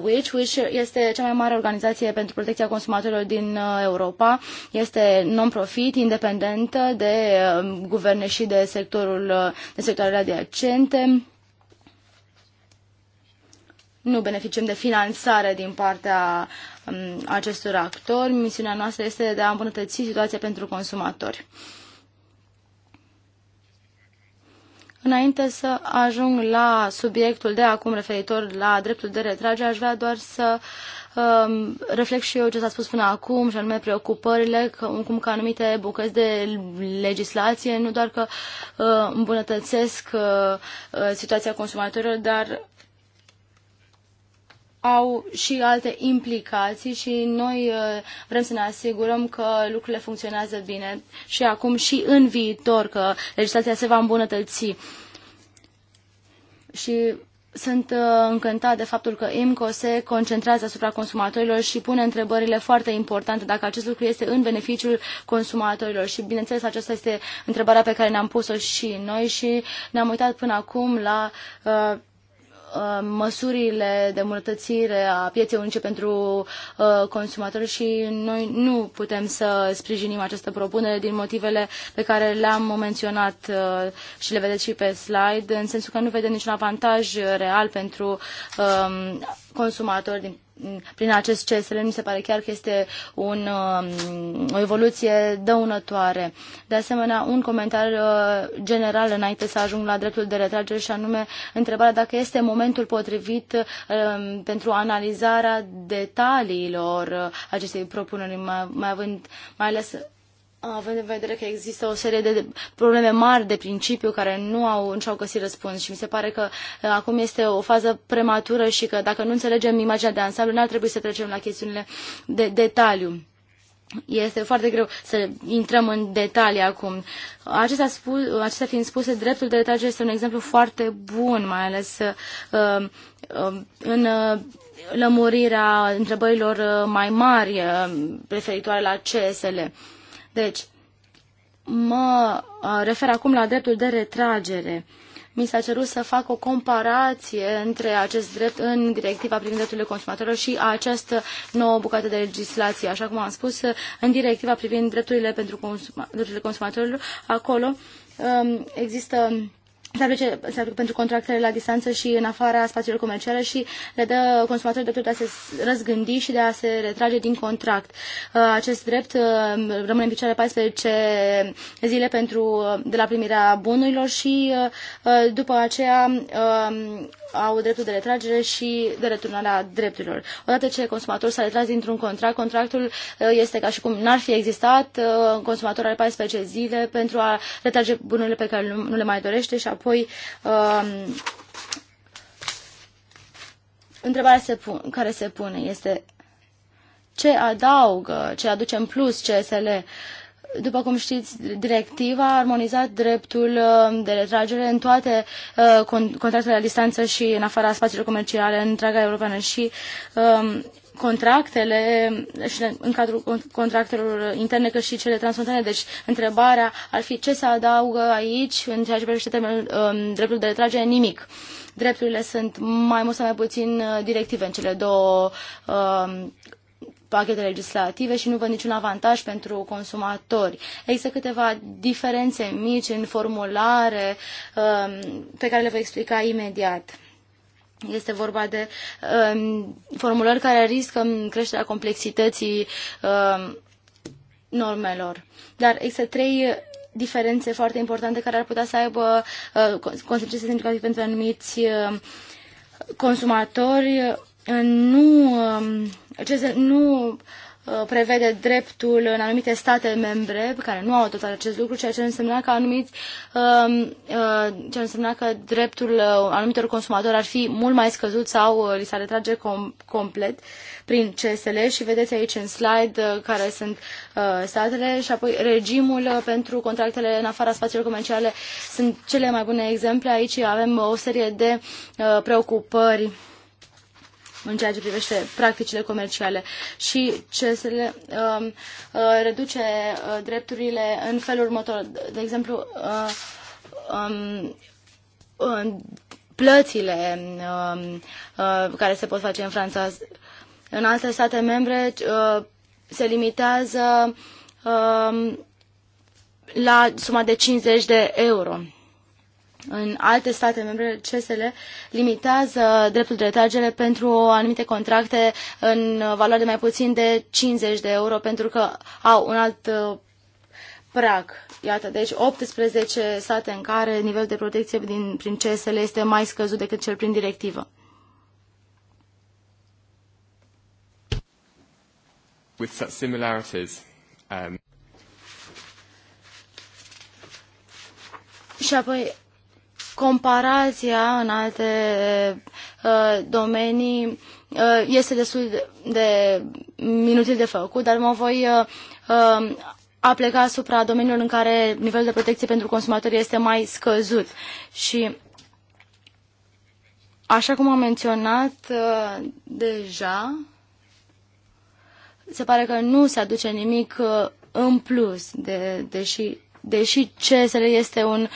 which, uh, which este cea mai mare organizație pentru protecția consumatorilor din Europa. Este non-profit, independentă de guverne și de sectorul de sectoarele adiacente nu beneficiem de finanțare din partea Um, acestor actori. Misiunea noastră este de a îmbunătăți situația pentru consumatori. Înainte să ajung la subiectul de acum referitor la dreptul de retragere, aș vrea doar să um, reflect și eu ce s-a spus până acum, și anume preocupările, că, cum că anumite bucăți de legislație nu doar că uh, îmbunătățesc uh, uh situația consumatorilor, dar au și alte implicații și noi uh, vrem să ne asigurăm că lucrurile funcționează bine și acum și în viitor, că legislația se va îmbunătăți. Și sunt uh, încântat de faptul că IMCO se concentrează asupra consumatorilor și pune întrebările foarte importante dacă acest lucru este în beneficiul consumatorilor. Și bineînțeles, aceasta este întrebarea pe care ne-am pus-o și noi și ne-am uitat până acum la uh, Uh, măsurile de îmbunătățire a pieței unice pentru uh, consumatori și noi nu putem să sprijinim această propunere din motivele pe care le-am menționat uh, și le vedeți și pe slide, în sensul că nu vedem niciun avantaj real pentru um, consumatori din prin acest CSL, mi se pare chiar că este un, um, o evoluție dăunătoare. De asemenea, un comentariu uh, general înainte să ajung la dreptul de retragere și anume întrebarea dacă este momentul potrivit um, pentru analizarea detaliilor uh, acestei propuneri, mai, mai având mai ales având în vedere că există o serie de probleme mari de principiu care nu au, nu au găsit răspuns și mi se pare că uh, acum este o fază prematură și că dacă nu înțelegem imaginea de ansamblu, nu ar trebui să trecem la chestiunile de detaliu. Este foarte greu să intrăm în detalii acum. Acestea, spus, acestea fiind spuse, dreptul de retragere este un exemplu foarte bun, mai ales uh, uh, în uh, lămurirea întrebărilor uh, mai mari uh, referitoare la CSL. Uh, deci, mă refer acum la dreptul de retragere. Mi s-a cerut să fac o comparație între acest drept în directiva privind drepturile consumatorilor și această nouă bucată de legislație. Așa cum am spus, în directiva privind drepturile pentru consuma, drepturile consumatorilor, acolo um, există se aplice, se aplică pentru contractele la distanță și în afara spațiilor comerciale și le dă consumatorilor dreptul de a se răzgândi și de a se retrage din contract. Uh, acest drept uh, rămâne în picioare 14 zile pentru, uh, de la primirea bunurilor și după aceea au dreptul de retragere și de returnarea drepturilor. Odată ce consumatorul s-a retras dintr-un contract, contractul este ca și cum n-ar fi existat, consumatorul are 14 zile pentru a retrage bunurile pe care nu le mai dorește și apoi Apoi, um, întrebarea se pun, care se pune este ce adaugă, ce aduce în plus CSL. După cum știți, directiva a armonizat dreptul um, de retragere în toate uh, contractele la distanță și în afara spațiilor comerciale în întreaga europeană și um, contractele și în cadrul contractelor interne cât și cele transfrontaliere. Deci întrebarea ar fi ce se adaugă aici în ceea ce privește termenul, um, dreptul de retragere, nimic. Drepturile sunt mai mult sau mai puțin uh, directive în cele două um, pachete legislative și nu văd niciun avantaj pentru consumatori. Există câteva diferențe mici în formulare um, pe care le voi explica imediat. Este vorba de um, formulări care riscă creșterea complexității um, normelor. Dar există trei diferențe foarte importante care ar putea să aibă uh, consecințe semnificative pentru anumiți uh, consumatori. Uh, nu, uh, um, ce se, nu Uh, prevede dreptul în anumite state membre care nu au tot acest lucru, ceea ce însemna că anumiți, um, uh, ce însemna că dreptul uh, anumitor consumatori ar fi mult mai scăzut sau li s-ar retrage com- complet prin CSL și vedeți aici în slide care sunt statele și apoi regimul pentru contractele în afara spațiilor comerciale sunt cele mai bune exemple. Aici avem o serie de preocupări în ceea ce privește practicile comerciale și ce se le, um, uh, uh, reduce uh, drepturile în felul următor. De exemplu, uh, um, uh, plățile uh, uh, care se pot face în Franța, în alte state membre uh, se limitează uh, la suma de 50 de euro în alte state membre, CSL limitează dreptul de retragere pentru anumite contracte în valoare de mai puțin de 50 de euro pentru că au un alt uh, prag. Iată, deci 18 state în care nivelul de protecție din, prin CSL este mai scăzut decât cel prin directivă. With such similarities, um... Și apoi comparația în alte uh, domenii uh, este destul de, de minutil de făcut, dar mă voi uh, apleca asupra domeniilor în care nivelul de protecție pentru consumatori este mai scăzut. Și așa cum am menționat uh, deja, se pare că nu se aduce nimic uh, în plus, de, deși, deși CSR este un uh,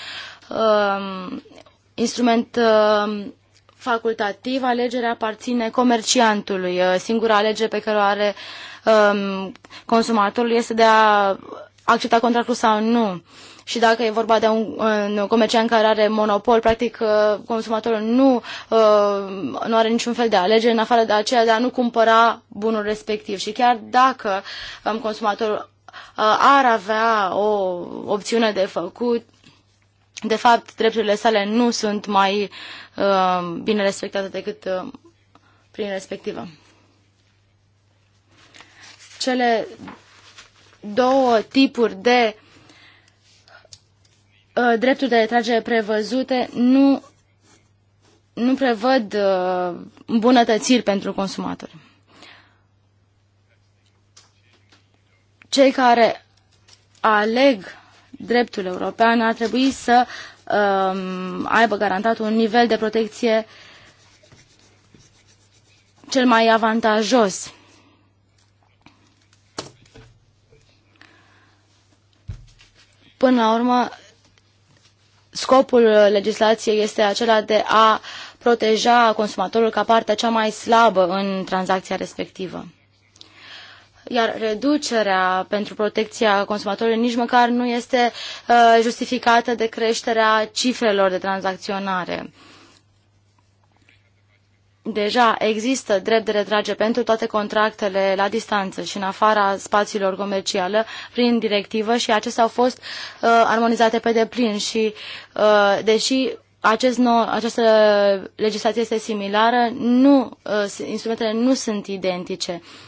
Um, instrument um, facultativ, alegerea aparține comerciantului. Uh, singura alegere pe care o are um, consumatorul este de a accepta contractul sau nu. Și dacă e vorba de un, un comerciant care are monopol, practic uh, consumatorul nu, uh, nu are niciun fel de alegere în afară de aceea de a nu cumpăra bunul respectiv. Și chiar dacă consumatorul ar avea o opțiune de făcut, de fapt, drepturile sale nu sunt mai uh, bine respectate decât uh, prin respectivă. Cele două tipuri de uh, drepturi de retragere prevăzute nu, nu prevăd uh, îmbunătățiri pentru consumatori. Cei care aleg dreptul european ar trebui să um, aibă garantat un nivel de protecție cel mai avantajos. Până la urmă, scopul legislației este acela de a proteja consumatorul ca partea cea mai slabă în tranzacția respectivă iar reducerea pentru protecția consumatorilor nici măcar nu este uh, justificată de creșterea cifrelor de tranzacționare. Deja există drept de retrage pentru toate contractele la distanță și în afara spațiilor comerciale prin directivă și acestea au fost uh, armonizate pe deplin și uh, deși acest nou, această legislație este similară, nu, uh, instrumentele nu sunt identice. Uh,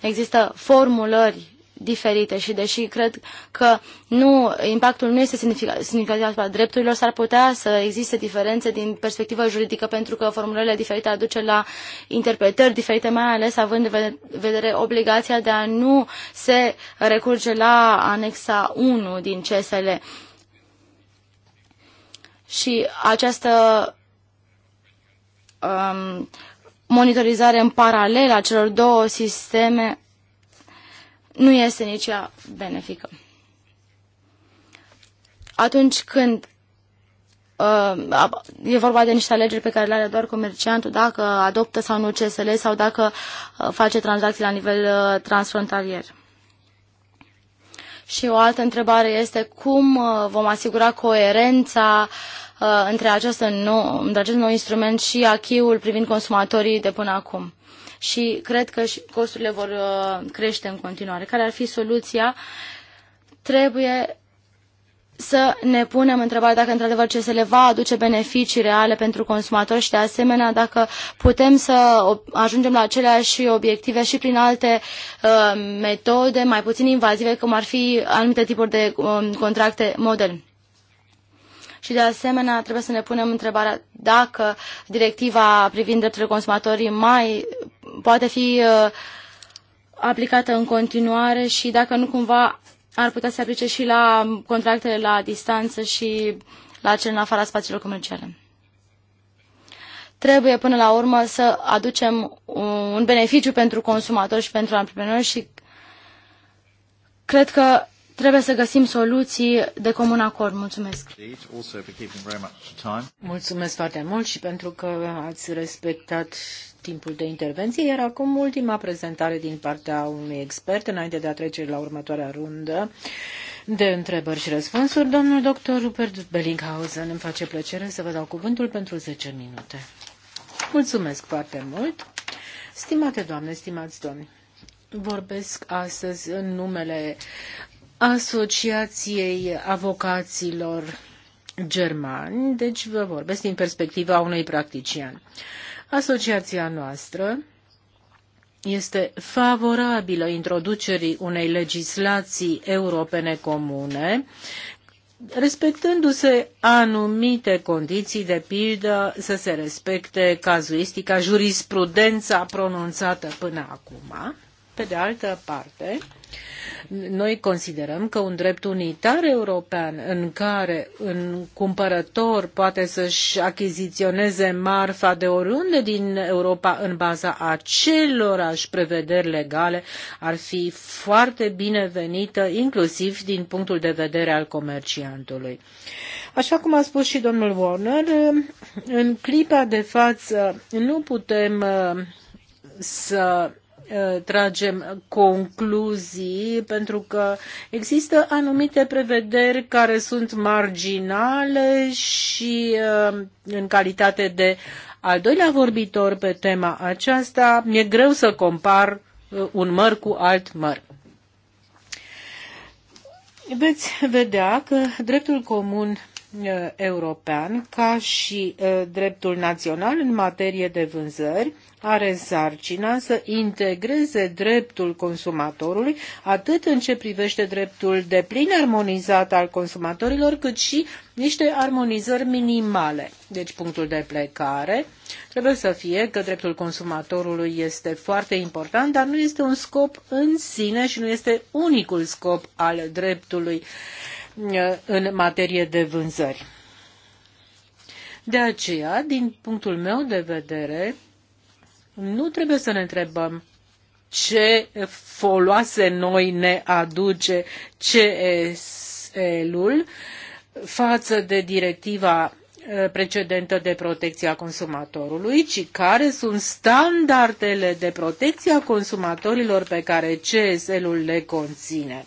există formulări diferite și deși cred că nu, impactul nu este semnificativ asupra drepturilor, s-ar putea să existe diferențe din perspectivă juridică pentru că formulările diferite aduce la interpretări diferite, mai ales având în vedere obligația de a nu se recurge la anexa 1 din CSL. Și această um, monitorizare în paralel a celor două sisteme nu este nici ea benefică. Atunci când uh, e vorba de niște alegeri pe care le are doar comerciantul, dacă adoptă sau nu CSL sau dacă uh, face tranzacții la nivel uh, transfrontalier. Și o altă întrebare este cum uh, vom asigura coerența uh, Uh, între, această nou, între acest nou instrument și achiul privind consumatorii de până acum. Și cred că și costurile vor uh, crește în continuare. Care ar fi soluția? Trebuie să ne punem întrebarea dacă într-adevăr CSL va aduce beneficii reale pentru consumatori și de asemenea dacă putem să ajungem la aceleași obiective și prin alte uh, metode mai puțin invazive, cum ar fi anumite tipuri de uh, contracte moderne și de asemenea trebuie să ne punem întrebarea dacă directiva privind drepturile consumatorii mai poate fi uh, aplicată în continuare și dacă nu cumva ar putea să aplice și la contractele la distanță și la cele în afara spațiilor comerciale. Trebuie până la urmă să aducem un beneficiu pentru consumatori și pentru antreprenori și cred că Trebuie să găsim soluții de comun acord. Mulțumesc! Mulțumesc foarte mult și pentru că ați respectat timpul de intervenție, iar acum ultima prezentare din partea unui expert, înainte de a trece la următoarea rundă de întrebări și răspunsuri. Domnul doctor Rupert Bellinghausen, îmi face plăcere să vă dau cuvântul pentru 10 minute. Mulțumesc foarte mult! Stimate doamne, stimați domni, vorbesc astăzi în numele Asociației Avocaților Germani, deci vă vorbesc din perspectiva unui practician. Asociația noastră este favorabilă introducerii unei legislații europene comune, respectându-se anumite condiții, de pildă să se respecte cazuistica, jurisprudența pronunțată până acum. Pe de altă parte, noi considerăm că un drept unitar european în care un cumpărător poate să-și achiziționeze marfa de oriunde din Europa în baza acelorași prevederi legale ar fi foarte binevenită, inclusiv din punctul de vedere al comerciantului. Așa cum a spus și domnul Warner, în clipa de față nu putem uh, să Eh, tragem concluzii, pentru că există anumite prevederi care sunt marginale și eh, în calitate de al doilea vorbitor pe tema aceasta, mi-e greu să compar eh, un măr cu alt măr. Veți vedea că dreptul comun Uh, european, ca și uh, dreptul național în materie de vânzări, are sarcina să integreze dreptul consumatorului atât în ce privește dreptul de plin armonizat al consumatorilor, cât și niște armonizări minimale. Deci punctul de plecare trebuie să fie că dreptul consumatorului este foarte important, dar nu este un scop în sine și nu este unicul scop al dreptului uh, Eh, în materie de vânzări. De aceea, din punctul meu de vedere, nu trebuie să ne întrebăm ce foloase noi ne aduce CSL-ul față de directiva eh, precedentă de protecție a consumatorului, ci care sunt standardele de protecție a consumatorilor pe care CSL-ul le conține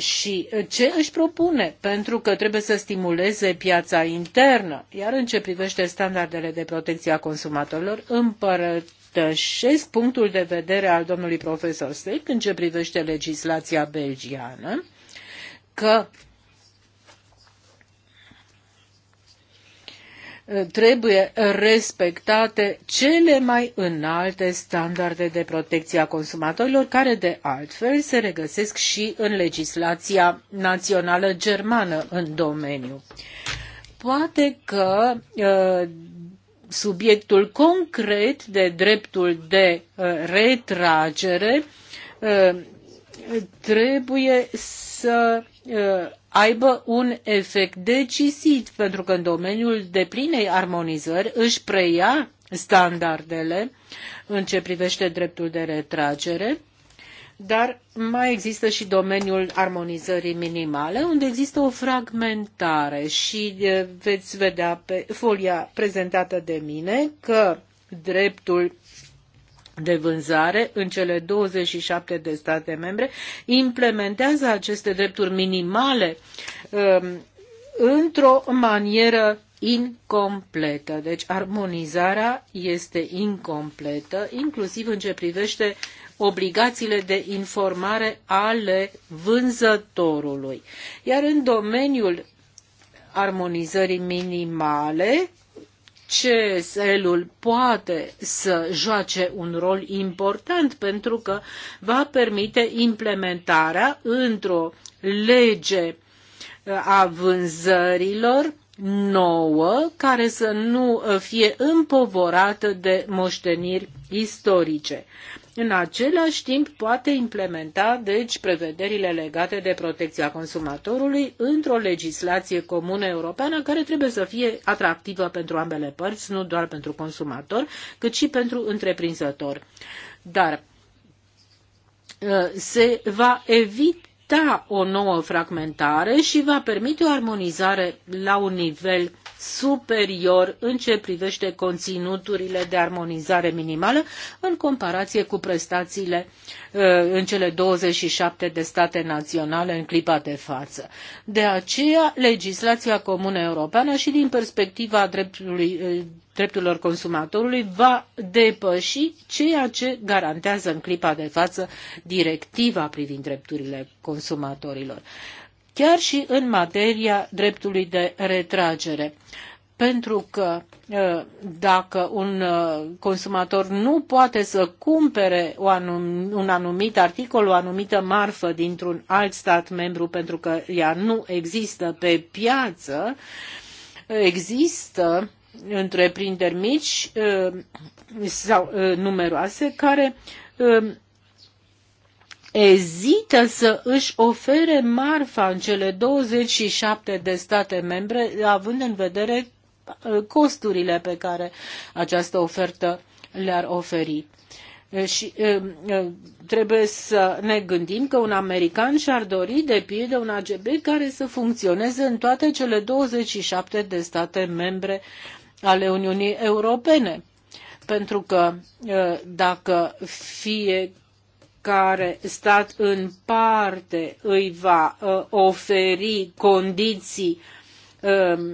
și uh, ce își propune, pentru că trebuie să stimuleze piața internă. Iar în ce privește standardele de protecție a consumatorilor, împărtășesc punctul de vedere al domnului profesor Steck în ce privește legislația belgiană, că trebuie respectate cele mai înalte standarde de protecție a consumatorilor, care de altfel se regăsesc și în legislația națională germană în domeniu. Poate că uh, subiectul concret de dreptul de uh, retragere uh, trebuie să aibă un efect decisiv, pentru că în domeniul deplinei armonizări își preia standardele în ce privește dreptul de retragere, dar mai există și domeniul armonizării minimale, unde există o fragmentare și veți vedea pe folia prezentată de mine că dreptul de vânzare în cele 27 de state membre implementează aceste drepturi minimale um, într-o manieră incompletă. Deci armonizarea este incompletă, inclusiv în ce privește obligațiile de informare ale vânzătorului. Iar în domeniul armonizării minimale, CSL-ul poate să joace un rol important pentru că va permite implementarea într-o lege a vânzărilor nouă care să nu fie împovorată de moșteniri istorice în același timp poate implementa deci prevederile legate de protecția consumatorului într-o legislație comună europeană care trebuie să fie atractivă pentru ambele părți, nu doar pentru consumator, cât și pentru întreprinzător. Dar uh, se va evita o nouă fragmentare și va permite o armonizare la un nivel superior în ce privește conținuturile de armonizare minimală în comparație cu prestațiile uh, în cele 27 de state naționale în clipa de față. De aceea, legislația comună europeană și din perspectiva dreptului uh, drepturilor consumatorului va depăși ceea ce garantează în clipa de față directiva privind drepturile consumatorilor chiar și în materia dreptului de retragere. Pentru că ă, dacă un ă, consumator nu poate să cumpere un anumit articol, o anumită marfă dintr-un alt stat membru pentru că ea nu există pe piață, există întreprinderi mici ă, sau numeroase care ezită să își ofere marfa în cele 27 de state membre, având în vedere uh, costurile pe care această ofertă le-ar oferi. Uh, și uh, trebuie să ne gândim că un american și-ar dori, de pildă, un AGB care să funcționeze în toate cele 27 de state membre ale Uniunii Europene. Pentru că dacă fie care stat în parte îi va uh, oferi condiții uh,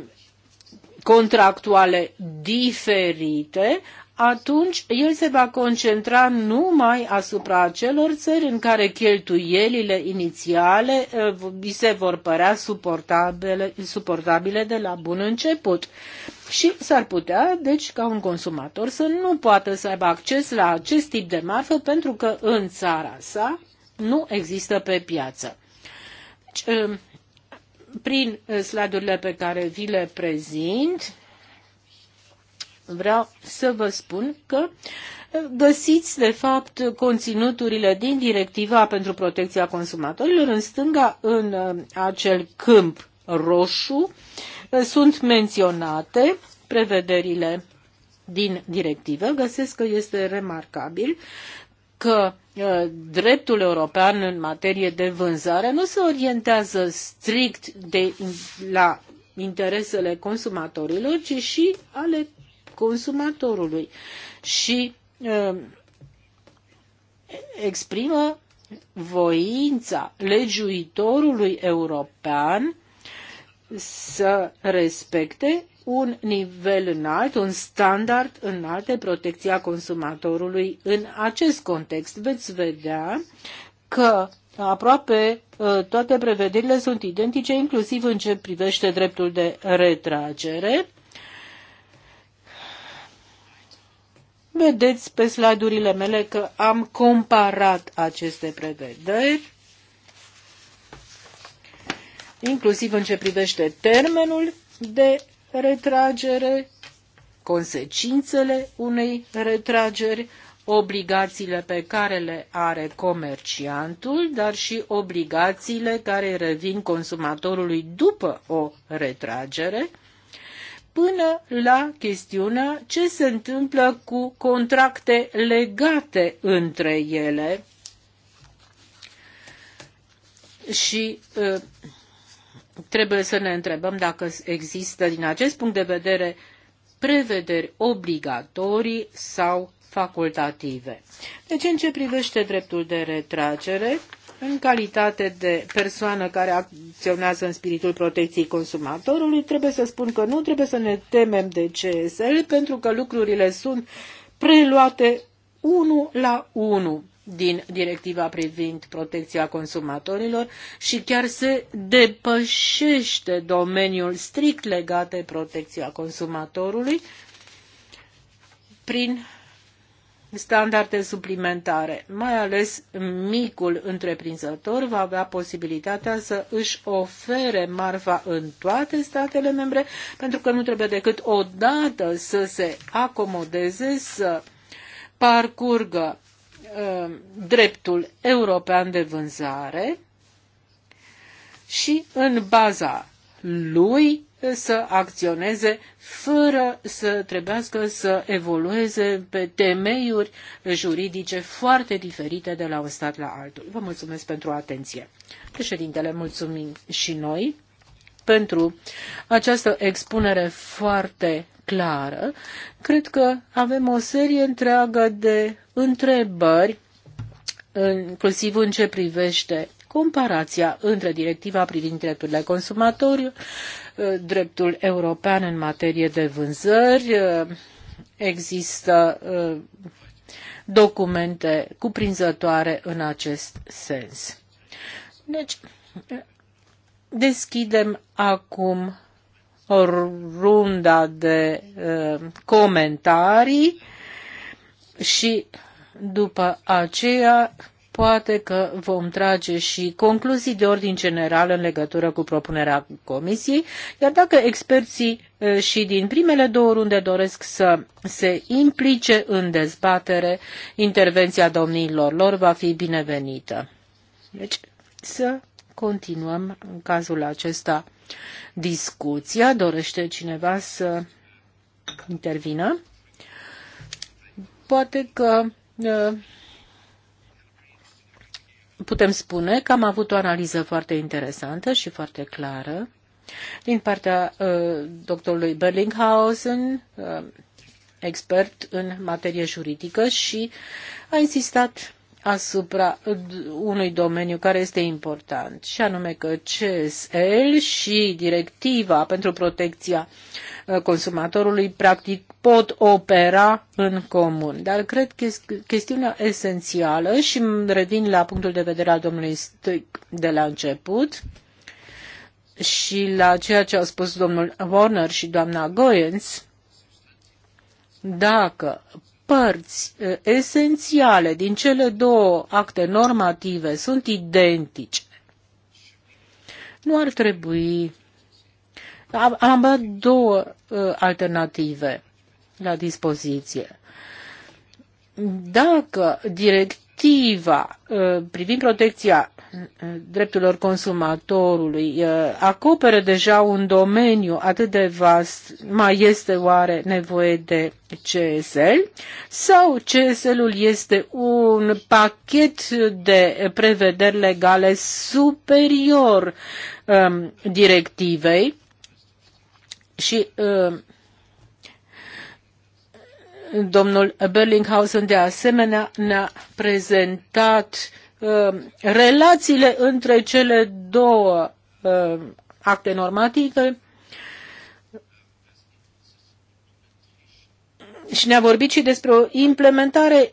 contractuale diferite, atunci el se va concentra numai asupra acelor țări în care cheltuielile inițiale îi eh, se vor părea suportabile, suportabile de la bun început. Și s-ar putea, deci, ca un consumator să nu poată să aibă acces la acest tip de marfă pentru că în țara sa nu există pe piață. Deci, eh, prin eh, slide-urile pe care vi le prezint, vreau să vă spun că eh, găsiți, de fapt, conținuturile din directiva pentru protecția consumatorilor în stânga, în eh, acel câmp roșu, eh, sunt menționate prevederile din directivă. Găsesc că este remarcabil că dreptul european în materie de vânzare nu se orientează strict de, la interesele consumatorilor, ci și ale consumatorului și uh, exprimă voința legiuitorului european să respecte un nivel înalt, un standard înalt de protecție a consumatorului. În acest context veți vedea că aproape uh, toate prevederile sunt identice, inclusiv în ce privește dreptul de retragere Vedeți pe slide-urile mele că am comparat aceste prevederi, inclusiv în ce privește termenul de retragere, consecințele unei retrageri, obligațiile pe care le are comerciantul, dar și obligațiile care revin consumatorului după o retragere până la chestiunea ce se întâmplă cu contracte legate între ele și uh, trebuie să ne întrebăm dacă există din acest punct de vedere prevederi obligatorii sau facultative. Deci în ce privește dreptul de retragere, în calitate de persoană care acționează în spiritul protecției consumatorului, trebuie să spun că nu trebuie să ne temem de CSL, pentru că lucrurile sunt preluate unul la unul din directiva privind protecția consumatorilor și chiar se depășește domeniul strict legat de protecția consumatorului prin standarde suplimentare. Mai ales micul întreprinzător va avea posibilitatea să își ofere marfa în toate statele membre, pentru că nu trebuie decât o dată să se acomodeze, să parcurgă uh, dreptul european de vânzare și în baza lui să acționeze fără să trebuiască să evolueze pe temeiuri juridice foarte diferite de la un stat la altul. Vă mulțumesc pentru atenție. Președintele, mulțumim și noi pentru această expunere foarte clară. Cred că avem o serie întreagă de întrebări, inclusiv în ce privește comparația între directiva privind drepturile consumatorilor Uh, dreptul european în materie de vânzări. Uh, există uh, documente cuprinzătoare în acest sens. Deci, deschidem acum o runda de comentarii și după aceea poate că vom trage și concluzii de ordin general în legătură cu propunerea Comisiei, iar dacă experții și din primele două runde doresc să se implice în dezbatere, intervenția domnilor lor va fi binevenită. Deci, să continuăm în cazul acesta discuția. Dorește cineva să intervină? Poate că putem spune că am avut o analiză foarte interesantă și foarte clară din partea uh, doctorului Berlinghausen, uh, expert în materie juridică și a insistat asupra unui domeniu care este important, și anume că CSL și directiva pentru protecția Uh, consumatorului practic pot opera în comun. Dar cred că chestiunea esențială și revin la punctul de vedere al domnului Stoic de la început și la ceea ce au spus domnul Warner și doamna Goenz, dacă părți uh, esențiale din cele două acte normative sunt identice, nu ar trebui am, am două uh, alternative la dispoziție. Dacă directiva uh, privind protecția ă, drepturilor consumatorului acoperă deja un domeniu atât de vast, mai este oare nevoie de CSL sau CSL-ul este un pachet de prevederi legale superior um, directivei și uh, domnul Bellinghausen de asemenea ne-a prezentat uh, relațiile între cele două uh, acte normative și ne-a vorbit și despre o implementare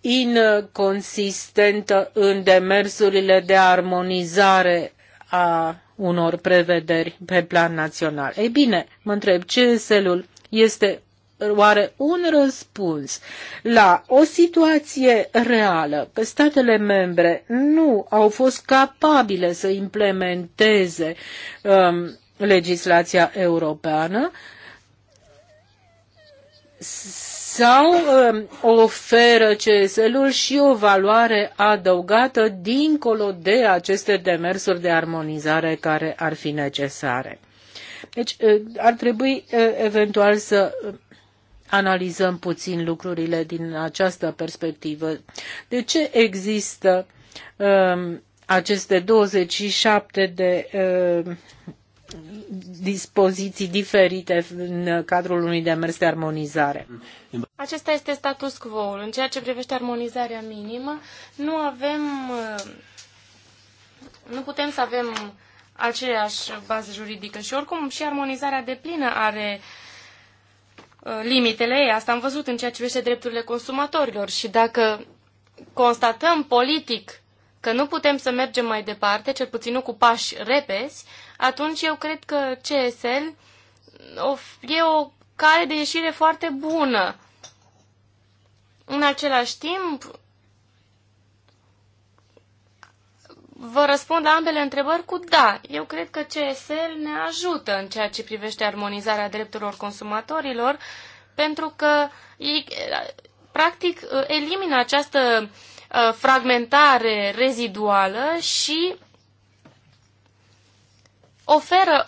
inconsistentă în demersurile de armonizare a unor prevederi pe plan național. Ei bine, mă întreb, CSL-ul este oare un răspuns la o situație reală că statele membre nu au fost capabile să implementeze um, legislația europeană sau um, oferă CSL-ul și o valoare adăugată dincolo de aceste demersuri de armonizare care ar fi necesare. Deci uh, ar trebui uh, eventual să uh, analizăm puțin lucrurile din această perspectivă. De ce există um, aceste 27 de uh, dispoziții diferite în cadrul unui demers de armonizare. Acesta este status quo În ceea ce privește armonizarea minimă, nu avem, uh, nu putem să avem aceeași bază juridică și oricum și armonizarea de plină are uh, limitele ei. Asta am văzut în ceea ce privește drepturile consumatorilor și dacă constatăm politic că nu putem să mergem mai departe, cel puțin nu cu pași repezi, atunci eu cred că CSL e o cale de ieșire foarte bună. În același timp, vă răspund la ambele întrebări cu da. Eu cred că CSL ne ajută în ceea ce privește armonizarea drepturilor consumatorilor, pentru că ei, practic, elimină această uh, fragmentare reziduală și oferă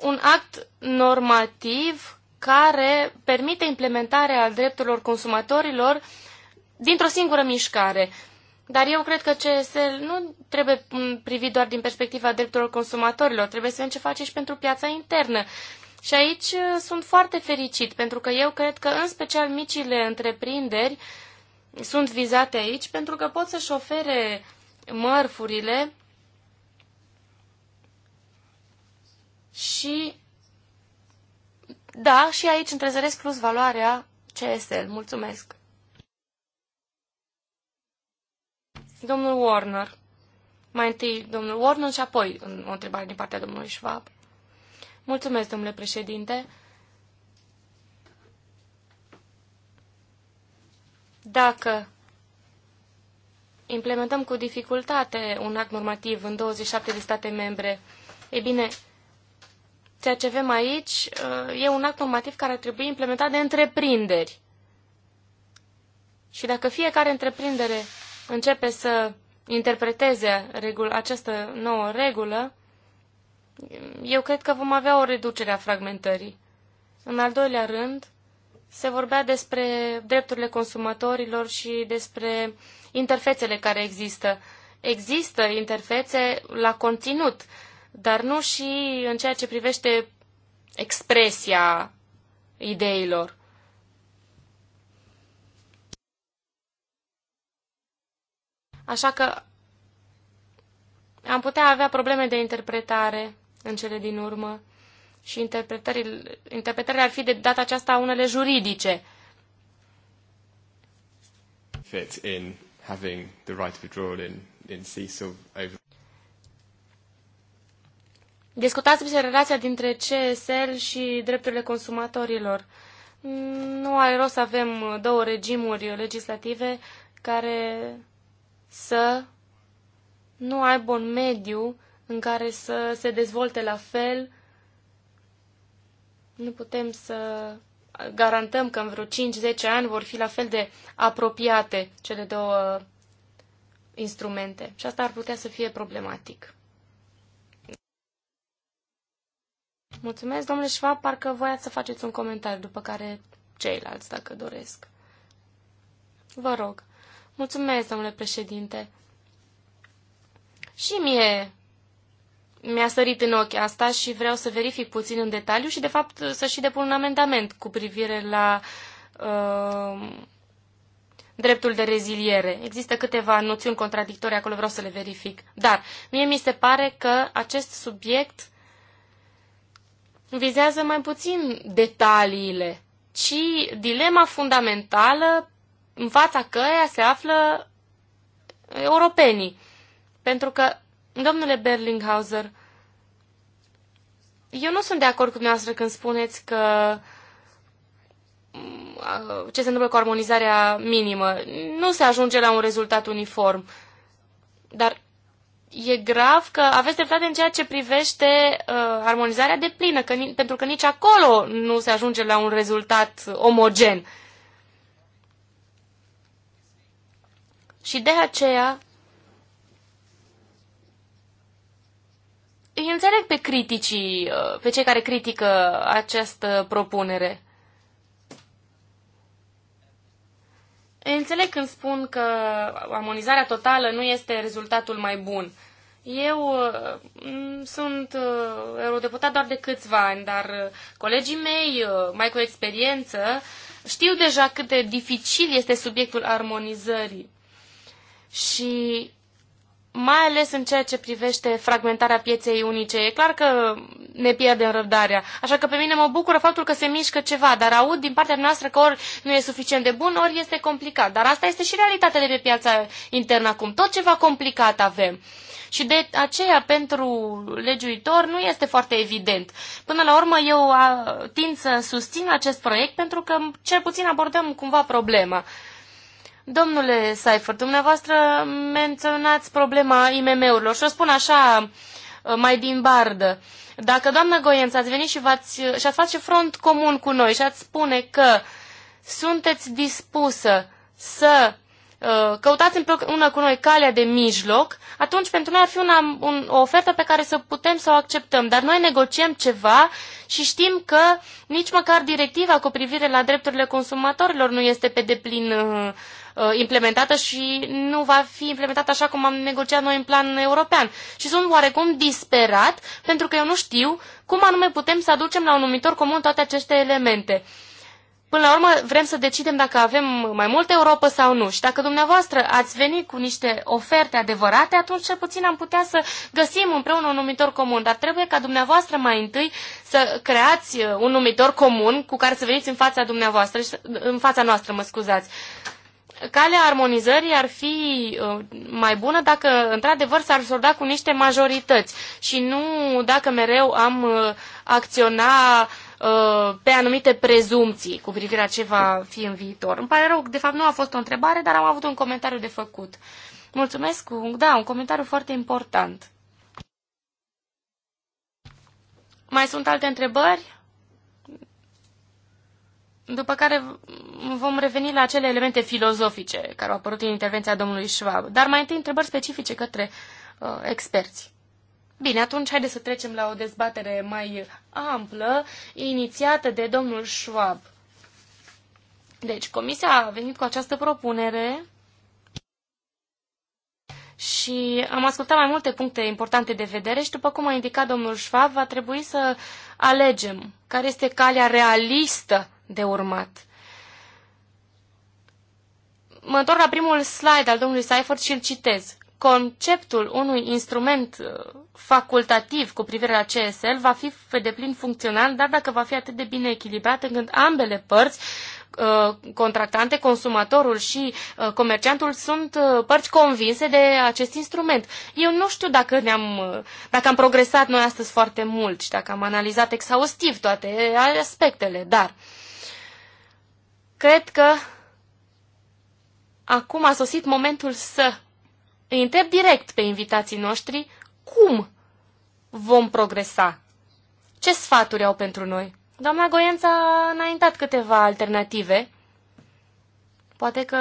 un act normativ care permite implementarea drepturilor consumatorilor dintr-o singură mișcare. Dar eu cred că CSL nu trebuie privit doar din perspectiva drepturilor consumatorilor, trebuie să vedem ce face și pentru piața internă. Și aici uh, sunt foarte fericit, pentru că eu cred că în special micile întreprinderi sunt vizate aici, pentru că pot să-și ofere mărfurile și da, și aici întrezăresc plus valoarea CSL. Mulțumesc. Domnul Warner. Mai întâi domnul Warner și apoi o întrebare din partea domnului Schwab. Mulțumesc, domnule președinte. Dacă implementăm cu dificultate un act normativ în 27 de state membre, e bine, Ceea ce avem aici uh, e un act normativ care trebuie implementat de întreprinderi. Și dacă fiecare întreprindere începe să interpreteze regul, această nouă regulă, eu cred că vom avea o reducere a fragmentării. În al doilea rând, se vorbea despre drepturile consumatorilor și despre interfețele care există. Există interfețe la conținut, dar nu și în ceea ce privește expresia ideilor. Așa că am putea avea probleme de interpretare în cele din urmă și interpretările, interpretările ar fi de data aceasta unele juridice. Fit in having the right of withdrawal in, in CECL over Discutați despre relația dintre CSL și drepturile consumatorilor. Nu are rost să avem două regimuri legislative care să nu aibă un mediu în care să se dezvolte la fel. Nu putem să garantăm că în vreo 5-10 ani vor fi la fel de apropiate cele două instrumente. Și asta ar putea să fie problematic. Mulțumesc, domnule Șfab, parcă voiați să faceți un comentariu, după care ceilalți, dacă doresc. Vă rog. Mulțumesc, domnule președinte. Și mie mi-a sărit în ochi asta și vreau să verific puțin în detaliu și, de fapt, să și depun un amendament cu privire la uh, dreptul de reziliere. Există câteva noțiuni contradictorii acolo, vreau să le verific. Dar mie mi se pare că acest subiect vizează mai puțin detaliile, ci dilema fundamentală în fața căreia se află europenii. Pentru că, domnule Berlinghauser, eu nu sunt de acord cu dumneavoastră când spuneți că mm, ce se întâmplă cu armonizarea minimă. Nu se ajunge la un rezultat uniform. Dar e grav că aveți dreptate în ceea ce privește uh, armonizarea de plină, că, pentru că nici acolo nu se ajunge la un rezultat omogen. Și de aceea îi înțeleg pe criticii, uh, pe cei care critică această propunere. Înțeleg când spun că armonizarea totală nu este rezultatul mai bun. Eu mm, sunt uh, eurodeputat doar de câțiva ani, dar uh, colegii mei, uh, mai cu experiență, știu deja cât de dificil este subiectul armonizării. Și mai ales în ceea ce privește fragmentarea pieței unice. E clar că ne pierdem răbdarea. Așa că pe mine mă bucură faptul că se mișcă ceva, dar aud din partea noastră că ori nu e suficient de bun, ori este complicat. Dar asta este și realitatea de pe piața internă acum. Tot ceva complicat avem. Și de aceea, pentru legiuitor, nu este foarte evident. Până la urmă, eu tind să susțin acest proiect pentru că cel puțin abordăm cumva problema. Domnule Seifert, dumneavoastră menționați problema IMM-urilor și o spun așa uh, mai din bardă. Dacă, doamnă Goienț, ați venit și, v-ați, uh, și ați face front comun cu noi și ați spune că sunteți dispusă să uh, căutați împreună cu noi calea de mijloc, atunci pentru noi ar fi una, un, o ofertă pe care să putem să o acceptăm. Dar noi negociem ceva și știm că nici măcar directiva cu privire la drepturile consumatorilor nu este pe deplin uh, Uh, implementată și nu va fi implementată așa cum am negociat noi în plan european. Și sunt oarecum disperat pentru că eu nu știu cum anume putem să aducem la un numitor comun toate aceste elemente. Până la urmă, vrem să decidem dacă avem mai multă Europa sau nu. Și dacă dumneavoastră ați venit cu niște oferte adevărate, atunci cel puțin am putea să găsim împreună un numitor comun. Dar trebuie ca dumneavoastră mai întâi să creați uh, un numitor comun cu care să veniți în fața dumneavoastră, în fața noastră, mă scuzați calea armonizării ar fi uh, mai bună dacă într-adevăr s-ar sorda cu niște majorități și nu dacă mereu am uh, acționa uh, pe anumite prezumții cu privire la ce va fi în viitor. Îmi pare rău, de fapt nu a fost o întrebare, dar am avut un comentariu de făcut. Mulțumesc, da, un comentariu foarte important. Mai sunt alte întrebări? După care vom reveni la acele elemente filozofice care au apărut în intervenția domnului Schwab, dar mai întâi întrebări specifice către uh, experți. Bine, atunci haideți să trecem la o dezbatere mai amplă, inițiată de domnul Schwab. Deci, comisia a venit cu această propunere și am ascultat mai multe puncte importante de vedere și, după cum a indicat domnul Schwab, va trebui să alegem care este calea realistă de urmat. Mă întorc la primul slide al domnului Seifert și îl citez. Conceptul unui instrument uh, facultativ cu privire la CSL va fi pe deplin funcțional, dar dacă va fi atât de bine echilibrat încât ambele părți uh, contractante, consumatorul și uh, comerciantul sunt părți convinse de acest instrument. Eu nu știu dacă, ne-am, dacă am progresat noi astăzi foarte mult și dacă am analizat exhaustiv toate aspectele, dar uh, Cred că acum a sosit momentul să îi întreb direct pe invitații noștri cum vom progresa. Ce sfaturi au pentru noi? Doamna Goiența a înaintat câteva alternative. Poate că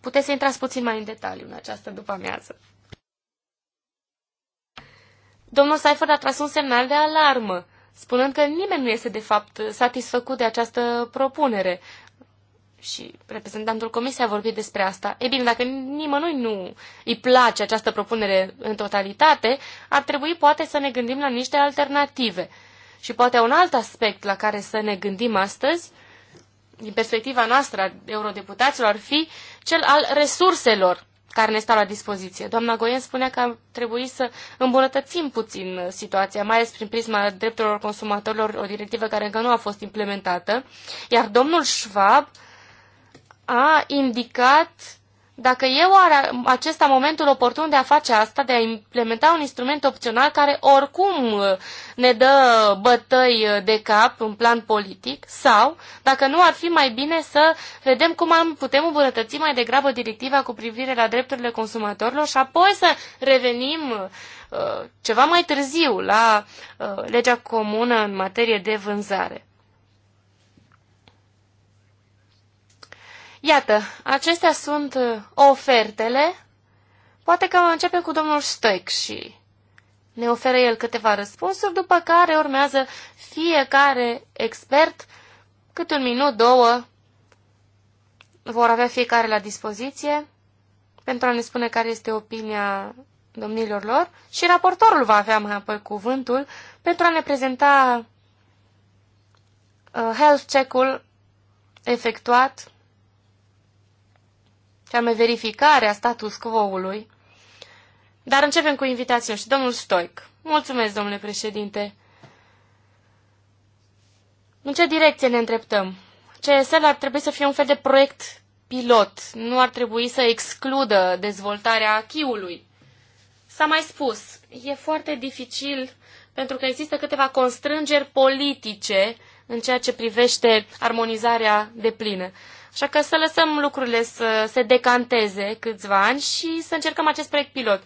puteți să intrați puțin mai în detaliu în această după-amiază. Domnul Seifert a tras un semnal de alarmă, spunând că nimeni nu este de fapt satisfăcut de această propunere și reprezentantul Comisiei a vorbit despre asta. E bine, dacă nimănui nu îi place această propunere în totalitate, ar trebui poate să ne gândim la niște alternative. Și poate un alt aspect la care să ne gândim astăzi, din perspectiva noastră a eurodeputaților, ar fi cel al resurselor care ne stau la dispoziție. Doamna Goien spunea că ar trebui să îmbunătățim puțin situația, mai ales prin prisma drepturilor consumatorilor, o directivă care încă nu a fost implementată, iar domnul Schwab uh, a indicat dacă eu are acesta momentul oportun de a face asta, de a implementa un instrument opțional care oricum ne dă bătăi de cap în plan politic, sau dacă nu ar fi mai bine să vedem cum am putem îmbunătăți mai degrabă directiva cu privire la drepturile consumatorilor și apoi să revenim uh, ceva mai târziu la uh, legea comună în materie de vânzare. Iată, acestea sunt uh, ofertele. Poate că începem cu domnul Stoic și ne oferă el câteva răspunsuri, după care urmează fiecare expert cât un minut, două, vor avea fiecare la dispoziție pentru a ne spune care este opinia domnilor lor și raportorul va avea mai apoi cuvântul pentru a ne prezenta uh, health check-ul efectuat mai verificare a status quo-ului. Dar începem cu invitația și domnul Stoic. Mulțumesc, domnule președinte. În ce direcție ne îndreptăm? CSL ar trebui să fie un fel de proiect pilot. Nu ar trebui să excludă dezvoltarea achiului. S-a mai spus, e foarte dificil pentru că există câteva constrângeri politice în ceea ce privește armonizarea plină. Așa că să lăsăm lucrurile să se decanteze câțiva ani și să încercăm acest proiect pilot.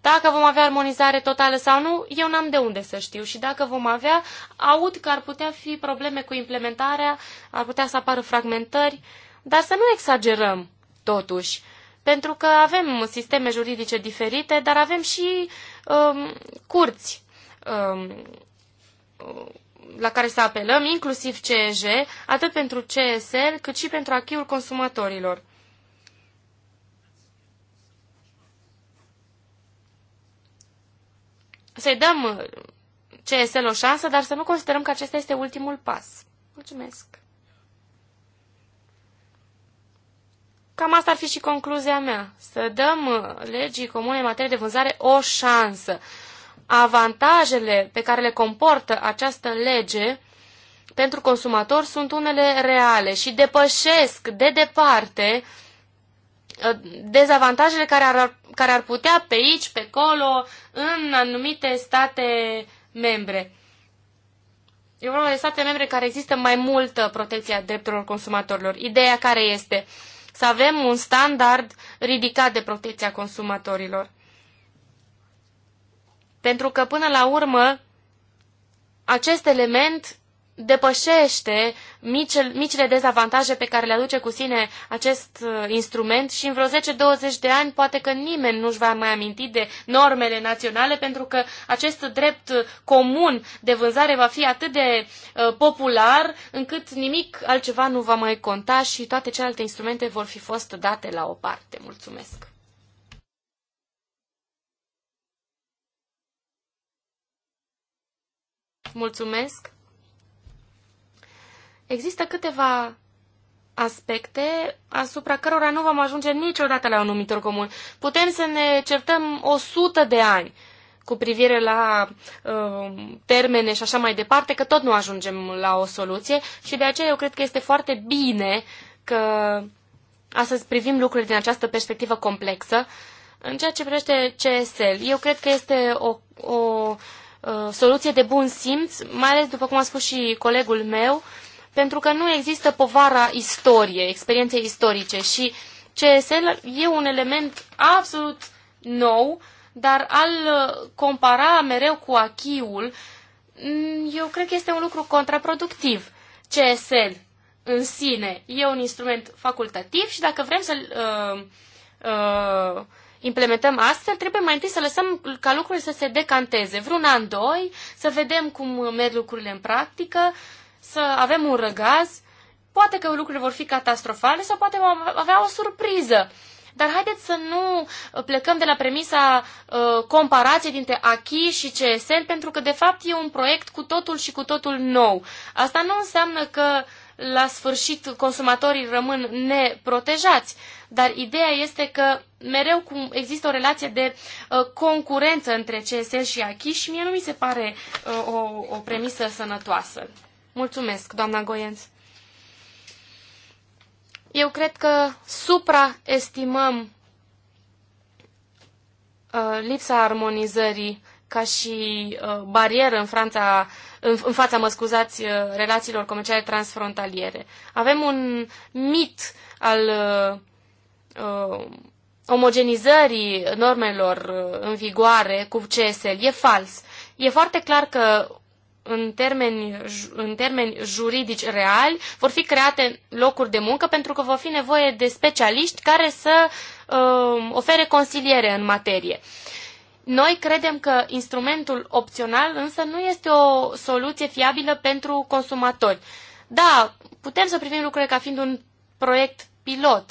Dacă vom avea armonizare totală sau nu, eu n-am de unde să știu. Și dacă vom avea, aud că ar putea fi probleme cu implementarea, ar putea să apară fragmentări, dar să nu exagerăm, totuși. Pentru că avem sisteme juridice diferite, dar avem și um, curți um, la care să apelăm, inclusiv CEJ, atât pentru CSR, cât și pentru achiul consumatorilor. Să-i dăm CSL o șansă, dar să nu considerăm că acesta este ultimul pas. Mulțumesc! Cam asta ar fi și concluzia mea. Să dăm legii comune în materie de vânzare o șansă avantajele pe care le comportă această lege pentru consumator sunt unele reale și depășesc de departe uh, dezavantajele care ar, care ar putea pe aici, pe acolo, în anumite state membre. E vorba de state membre care există mai multă protecție a drepturilor consumatorilor. Ideea care este să avem un standard ridicat de protecția consumatorilor. Pentru că, până la urmă, acest element depășește micile, micile dezavantaje pe care le aduce cu sine acest uh, instrument și în vreo 10-20 de ani poate că nimeni nu-și va mai aminti de normele naționale pentru că acest drept uh, comun de vânzare va fi atât de uh, popular încât nimic altceva nu va mai conta și toate celelalte instrumente vor fi fost date la o parte. Mulțumesc! mulțumesc. Există câteva aspecte asupra cărora nu vom ajunge niciodată la un numitor comun. Putem să ne certăm 100 de ani cu privire la uh, termene și așa mai departe, că tot nu ajungem la o soluție și de aceea eu cred că este foarte bine că astăzi privim lucrurile din această perspectivă complexă. În ceea ce privește CSL, eu cred că este o, o Uh, soluție de bun simț, mai ales, după cum a spus și colegul meu, pentru că nu există povara istoriei, experienței istorice și CSL e un element absolut nou, dar al uh, compara mereu cu achiul, mm, eu cred că este un lucru contraproductiv. CSL în sine e un instrument facultativ și dacă vrem să uh, uh, implementăm astfel, trebuie mai întâi să lăsăm ca lucrurile să se decanteze. Vreun an, doi, să vedem cum merg lucrurile în practică, să avem un răgaz. Poate că lucrurile vor fi catastrofale sau poate vom avea o surpriză. Dar haideți să nu plecăm de la premisa uh, comparației dintre ACHI și CSN, pentru că, de fapt, e un proiect cu totul și cu totul nou. Asta nu înseamnă că la sfârșit consumatorii rămân neprotejați dar ideea este că mereu cum există o relație de uh, concurență între CSL și Achi și mie nu mi se pare uh, o, o premisă sănătoasă. Mulțumesc, doamna Goienț. Eu cred că supraestimăm uh, lipsa armonizării ca și uh, barieră în Franța în, în fața, mă scuzați, uh, relațiilor comerciale transfrontaliere. Avem un mit al uh, uh, omogenizării normelor uh, în vigoare cu CSL. E fals. E foarte clar că în termeni, în termeni juridici reali, vor fi create locuri de muncă pentru că vor fi nevoie de specialiști care să uh, ofere consiliere în materie. Noi credem că instrumentul opțional însă nu este o soluție fiabilă pentru consumatori. Da, putem să privim lucrurile ca fiind un proiect pilot,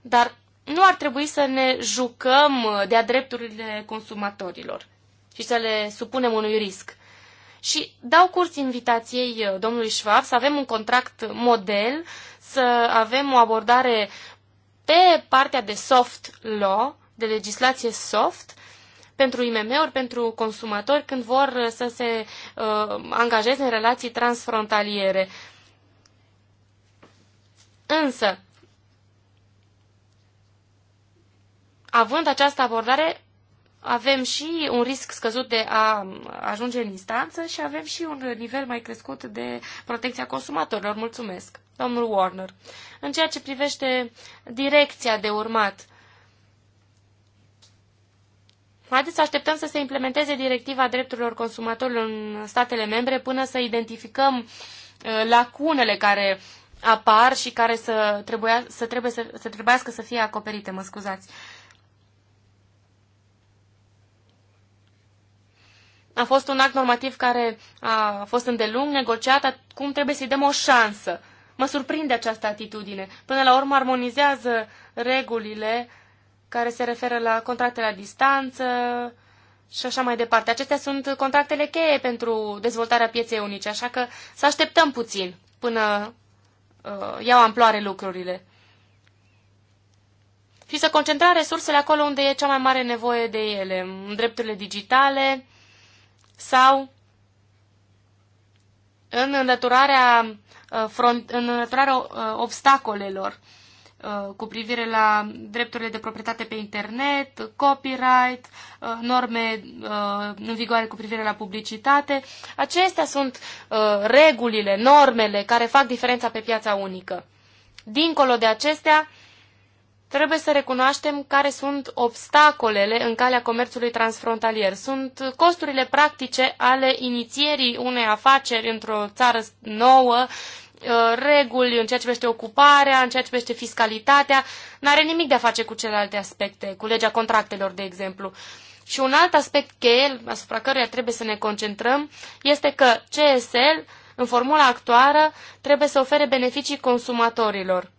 dar nu ar trebui să ne jucăm uh, de-a drepturile consumatorilor și să le supunem unui risc. Și dau curs invitației uh, domnului Schwab să avem un contract model, să avem o abordare pe partea de soft law, de legislație soft, pentru IMM-uri, pentru consumatori, când vor uh, să se uh, angajeze în relații transfrontaliere. Însă, având această abordare, avem și un risc scăzut de a ajunge în instanță și avem și un nivel mai crescut de protecția consumatorilor. Mulțumesc, domnul Warner. În ceea ce privește direcția de urmat, Haideți să așteptăm să se implementeze directiva drepturilor consumatorilor în statele membre până să identificăm uh, lacunele care apar și care să, trebuia, să, trebuie, să, să trebuiască să fie acoperite, mă scuzați. A fost un act normativ care a fost îndelung negociat, acum trebuie să-i dăm o șansă. Mă surprinde această atitudine. Până la urmă armonizează regulile care se referă la contracte la distanță și așa mai departe. Acestea sunt contractele cheie pentru dezvoltarea pieței unice, așa că să așteptăm puțin până uh, iau amploare lucrurile. Și să concentrăm resursele acolo unde e cea mai mare nevoie de ele, în drepturile digitale, sau în înlăturarea, uh, front, în înlăturarea uh, obstacolelor uh, cu privire la drepturile de proprietate pe internet, copyright, norme în vigoare cu privire la publicitate. Acestea sunt regulile, normele care fac diferența pe piața unică. Dincolo de acestea, trebuie să recunoaștem care sunt obstacolele în calea comerțului transfrontalier. Sunt costurile practice ale inițierii unei afaceri într-o țară nouă, uh, reguli în ceea ce privește ocuparea, în ceea ce privește fiscalitatea. N-are nimic de a face cu celelalte aspecte, cu legea contractelor, de exemplu. Și un alt aspect cheie asupra căruia trebuie să ne concentrăm este că CSL, în formula actuală, trebuie să ofere beneficii consumatorilor.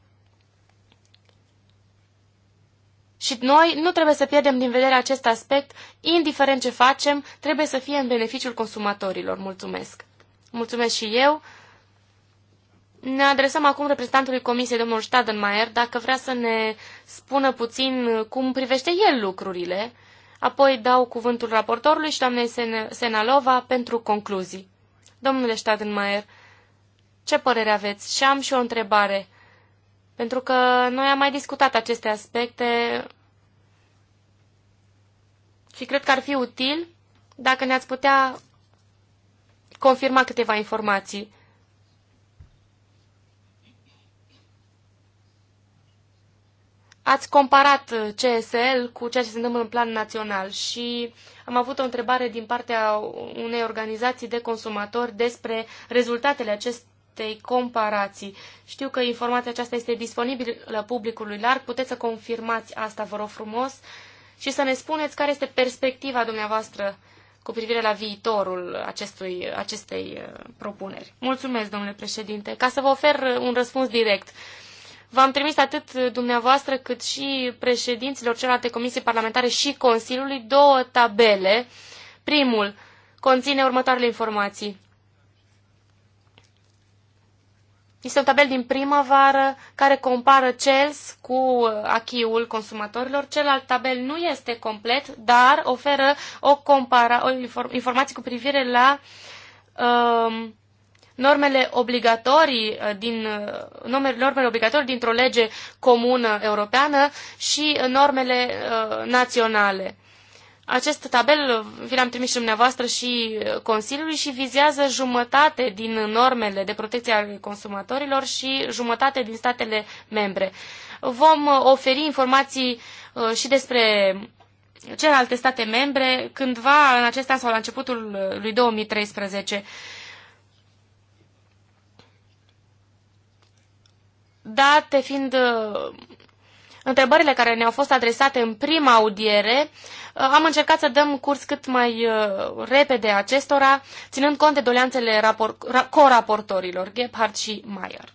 Și noi nu trebuie să pierdem din vedere acest aspect, indiferent ce facem, trebuie să fie în beneficiul consumatorilor. Mulțumesc! Mulțumesc și eu! Ne adresăm acum reprezentantului Comisiei, domnul Stadenmaier, dacă vrea să ne spună puțin cum privește el lucrurile. Apoi dau cuvântul raportorului și doamnei Sen Senalova pentru concluzii. Domnule Stadenmaier, ce părere aveți? Și am și o întrebare. Pentru că noi am mai discutat aceste aspecte și cred că ar fi util dacă ne-ați putea confirma câteva informații. Ați comparat CSL cu ceea ce se întâmplă în plan național și am avut o întrebare din partea unei organizații de consumatori despre rezultatele acest, acestei comparații. Știu că informația aceasta este disponibilă publicului larg, puteți să confirmați asta, vă rog frumos, și să ne spuneți care este perspectiva dumneavoastră cu privire la viitorul acestui, acestei uh, propuneri. Mulțumesc, domnule președinte. Ca să vă ofer uh, un răspuns direct, v-am trimis atât dumneavoastră cât și președinților celorlalte comisii parlamentare și Consiliului două tabele. Primul conține următoarele informații. Este un tabel din primăvară care compară CELS cu uh, achiul consumatorilor. Celălalt tabel nu este complet, dar oferă o, compara, o informație cu privire la um, normele obligatorii uh, din uh, normele obligatorii dintr-o lege comună europeană și normele uh, naționale. Acest tabel vi l-am trimis și dumneavoastră și uh, Consiliului și vizează jumătate din normele de protecție a consumatorilor și jumătate din statele membre. Vom uh, oferi informații uh, și despre celelalte state membre cândva în acest an sau la începutul lui 2013. Date fiind întrebările care ne-au fost adresate în prima audiere, uh, am încercat să dăm curs cât mai uh, repede acestora, ținând cont de doleanțele rapor- coraportorilor, Gebhardt și Mayer.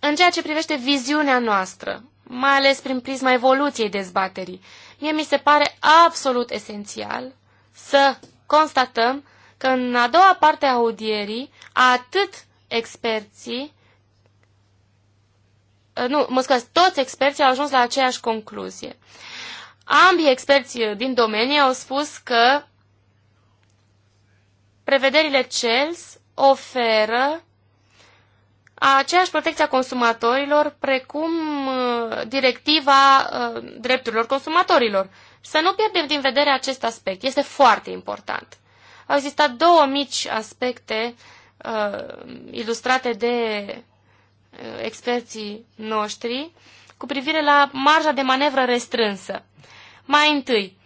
În ceea ce privește viziunea noastră, mai ales prin prisma evoluției dezbaterii, mie mi se pare absolut esențial să constatăm că în a doua parte a audierii atât experții Uh, nu, mă scuze, toți experții au ajuns la aceeași concluzie. Ambii experți uh, din domeniu au spus că prevederile CELS oferă aceeași protecție a consumatorilor precum uh, directiva drepturilor consumatorilor. Să nu pierdem din vedere acest aspect. Este foarte important. Au existat două mici aspecte uh, ilustrate de Uh, experții noștri cu privire la marja de manevră restrânsă. Mai întâi,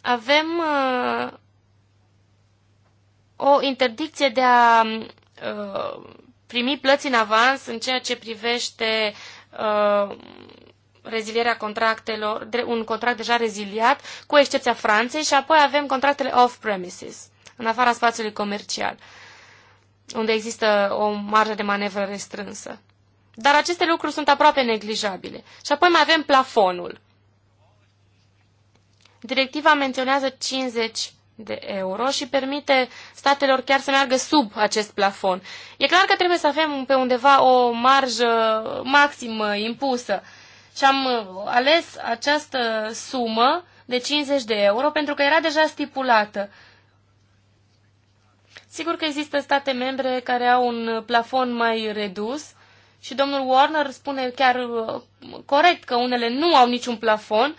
avem uh, o interdicție de a uh, primi plăți în avans în ceea ce privește uh, rezilierea contractelor, un contract deja reziliat, cu excepția Franței, și apoi avem contractele off-premises, în afara spațiului comercial, unde există o marjă de manevră restrânsă. Dar aceste lucruri sunt aproape neglijabile. Și apoi mai avem plafonul. Directiva menționează 50 de euro și permite statelor chiar să meargă sub acest plafon. E clar că trebuie să avem pe undeva o marjă maximă impusă. Și am uh, ales această sumă de 50 de euro pentru că era deja stipulată. Sigur că există state membre care au un plafon mai redus, și domnul Warner spune chiar uh, corect că unele nu au niciun plafon,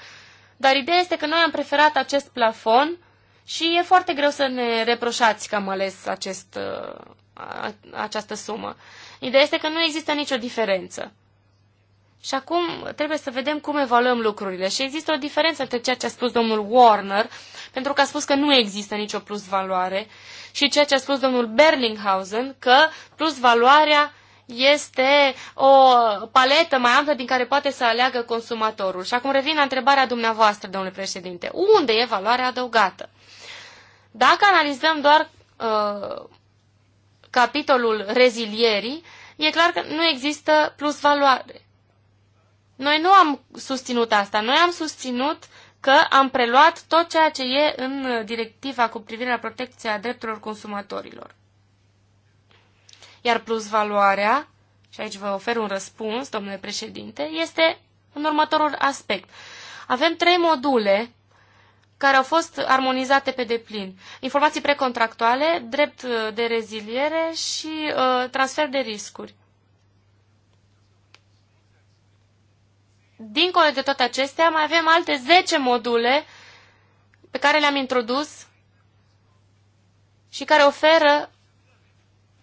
dar ideea este că noi am preferat acest plafon și e foarte greu să ne reproșați că am ales acest, uh, această sumă. Ideea este că nu există nicio diferență. Și acum trebuie să vedem cum evaluăm lucrurile. Și există o diferență între ceea ce a spus domnul Warner, pentru că a spus că nu există nicio plus valoare, și ceea ce a spus domnul Berlinghausen, că plus valoarea este o paletă mai amplă din care poate să aleagă consumatorul. Și acum revin la întrebarea dumneavoastră, domnule președinte. Unde e valoarea adăugată? Dacă analizăm doar uh, capitolul rezilierii, e clar că nu există plus valoare. Noi nu am susținut asta. Noi am susținut că am preluat tot ceea ce e în directiva cu privire la protecția drepturilor consumatorilor. Iar plus valoarea, și aici vă ofer un răspuns, domnule președinte, este în următorul aspect. Avem trei module care au fost armonizate pe deplin. Informații precontractuale, drept uh, de reziliere și uh, transfer de riscuri. Dincolo de toate acestea, mai avem alte 10 module pe care le-am introdus și care oferă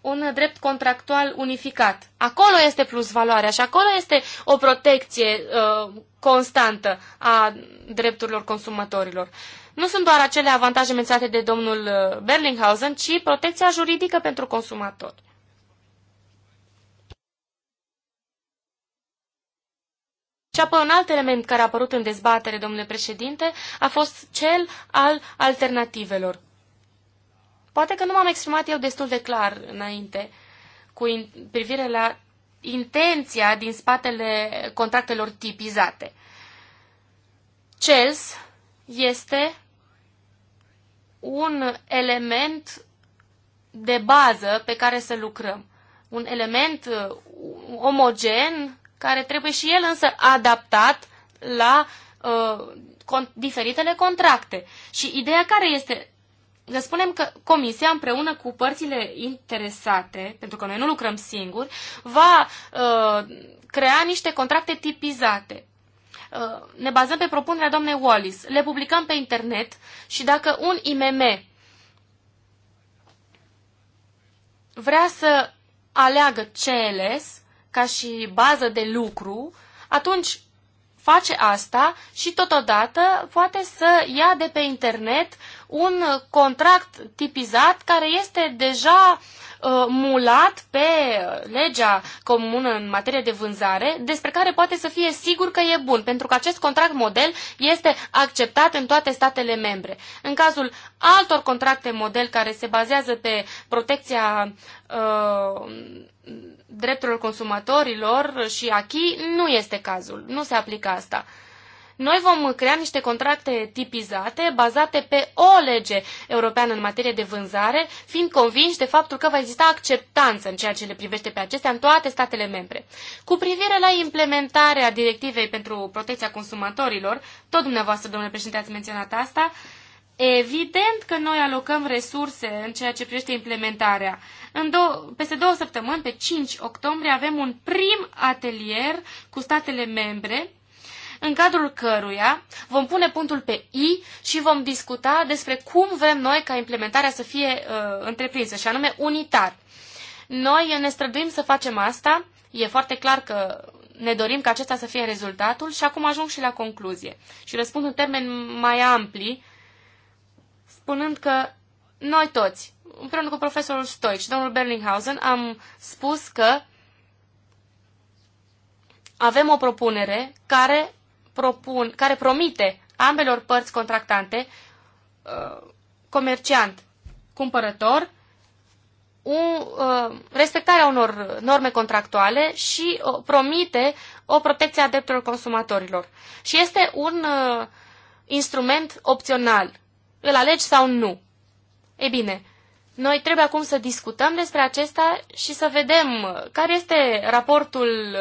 un drept contractual unificat. Acolo este plus valoarea și acolo este o protecție uh, constantă a drepturilor consumatorilor. Nu sunt doar acele avantaje menționate de domnul uh, Berlinghausen, ci protecția juridică pentru consumator. Și apoi un alt element care a apărut în dezbatere, domnule președinte, a fost cel al alternativelor. Poate că nu m-am exprimat eu destul de clar înainte cu in, privire la intenția din spatele contractelor tipizate. CELS este un element de bază pe care să lucrăm. Un element uh, omogen care trebuie și el însă adaptat la uh, con diferitele contracte. Și ideea care este? le spunem că Comisia, împreună cu părțile interesate, pentru că noi nu lucrăm singuri, va uh, crea niște contracte tipizate. Uh, ne bazăm pe propunerea doamnei Wallis, le publicăm pe internet și dacă un IMM vrea să aleagă CLS ca și bază de lucru, atunci face asta și totodată poate să ia de pe internet un contract tipizat care este deja uh, mulat pe legea comună în materie de vânzare, despre care poate să fie sigur că e bun, pentru că acest contract model este acceptat în toate statele membre. În cazul altor contracte model care se bazează pe protecția uh, drepturilor consumatorilor și achi, nu este cazul, nu se aplică asta. Noi vom crea niște contracte tipizate, bazate pe o lege europeană în materie de vânzare, fiind convinși de faptul că va exista acceptanță în ceea ce le privește pe acestea în toate statele membre. Cu privire la implementarea directivei pentru protecția consumatorilor, tot dumneavoastră, domnule președinte, ați menționat asta, Evident că noi alocăm resurse în ceea ce privește implementarea. În două, peste două săptămâni, pe 5 octombrie, avem un prim atelier cu statele membre în cadrul căruia vom pune punctul pe I și vom discuta despre cum vrem noi ca implementarea să fie uh, întreprinsă, și anume unitar. Noi ne străduim să facem asta, e foarte clar că ne dorim ca acesta să fie rezultatul și acum ajung și la concluzie. Și răspund în termeni mai ampli, spunând că noi toți, împreună cu profesorul Stoic și domnul Berlinghausen, am spus că avem o propunere care propun, care promite ambelor părți contractante, uh, comerciant, cumpărător, un, uh, respectarea unor norme contractuale și uh, promite o protecție a drepturilor consumatorilor. Și este un instrument opțional. Îl alegi sau nu. Ei bine, noi trebuie acum să discutăm despre acesta și să vedem care este raportul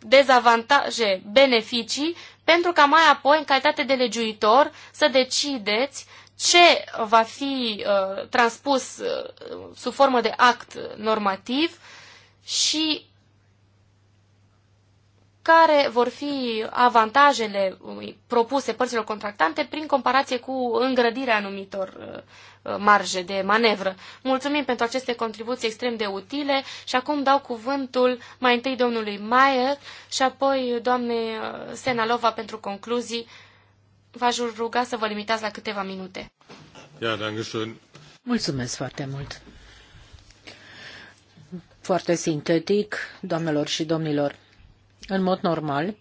dezavantaje-beneficii pentru ca mai apoi, în calitate de legiuitor, să decideți ce va fi uh, transpus uh, sub formă de act normativ și care vor fi avantajele propuse părților contractante prin comparație cu îngrădirea anumitor uh, uh, marje de manevră. Mulțumim pentru aceste contribuții extrem de utile și acum dau cuvântul mai întâi domnului Maier și apoi doamne uh, Senalova pentru concluzii. V-aș ruga să vă limitați la câteva minute. Ja, Mulțumesc foarte mult. Foarte sintetic, doamnelor și domnilor în mod normal,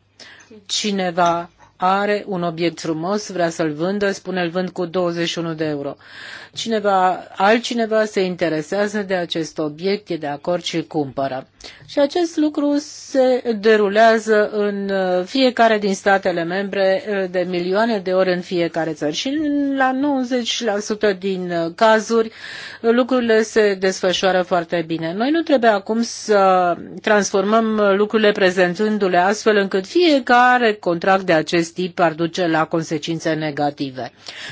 cineva are un obiect frumos, vrea să-l vândă, spune îl vând cu 21 de euro. Cineva, altcineva se interesează de acest obiect, e de acord și cumpără. Și acest lucru se derulează în uh, fiecare din statele membre uh, de milioane de ori în fiecare țară. Și la 90% din uh, cazuri lucrurile se desfășoară foarte bine. Noi nu trebuie acum să transformăm lucrurile prezentându-le astfel încât fiecare contract de acest acest tip ar duce la consecințe negative.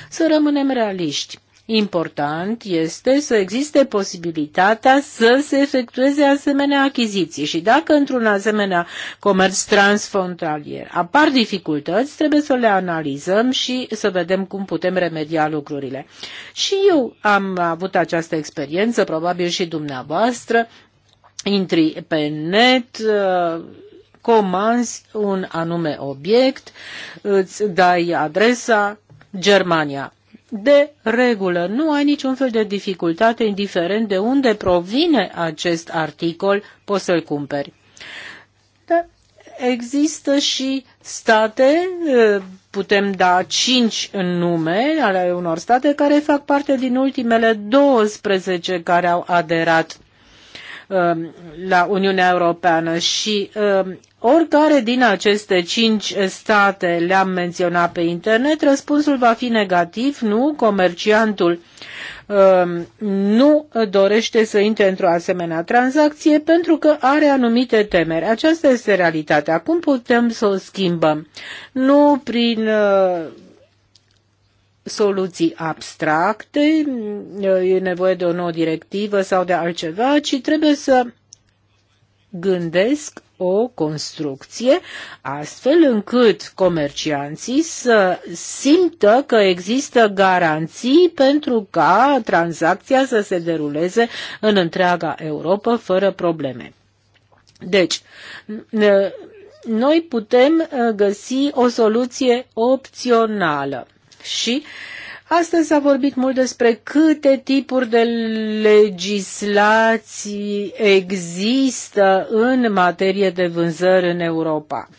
Să rămânem realiști. Important este să existe posibilitatea să se efectueze asemenea achiziții și dacă într-un asemenea comerț transfrontalier apar dificultăți, trebuie să le analizăm și să vedem cum putem remedia lucrurile. Și eu am avut această experiență, probabil și dumneavoastră, intri pe net, comanzi un anume obiect, îți dai adresa Germania. De regulă, nu ai niciun fel de dificultate, indiferent de unde provine acest articol, poți să-l cumperi. Dar există și state, putem da cinci nume ale unor state care fac parte din ultimele 12 care au aderat Um, la Uniunea Europeană și um, oricare din aceste cinci state le-am menționat pe internet, răspunsul va fi negativ, nu, comerciantul um, nu dorește să intre într-o asemenea tranzacție pentru că are anumite temeri. Aceasta este realitatea. Cum putem să o schimbăm? Nu prin uh, soluții abstracte, mm, e nevoie de o nouă directivă sau de altceva, ci trebuie să gândesc o construcție astfel încât comercianții să simtă că există garanții pentru ca tranzacția să se deruleze în întreaga Europa fără probleme. Deci, noi putem uh, găsi o soluție opțională și astăzi s-a vorbit mult despre câte tipuri de legislații există în materie de vânzări în Europa.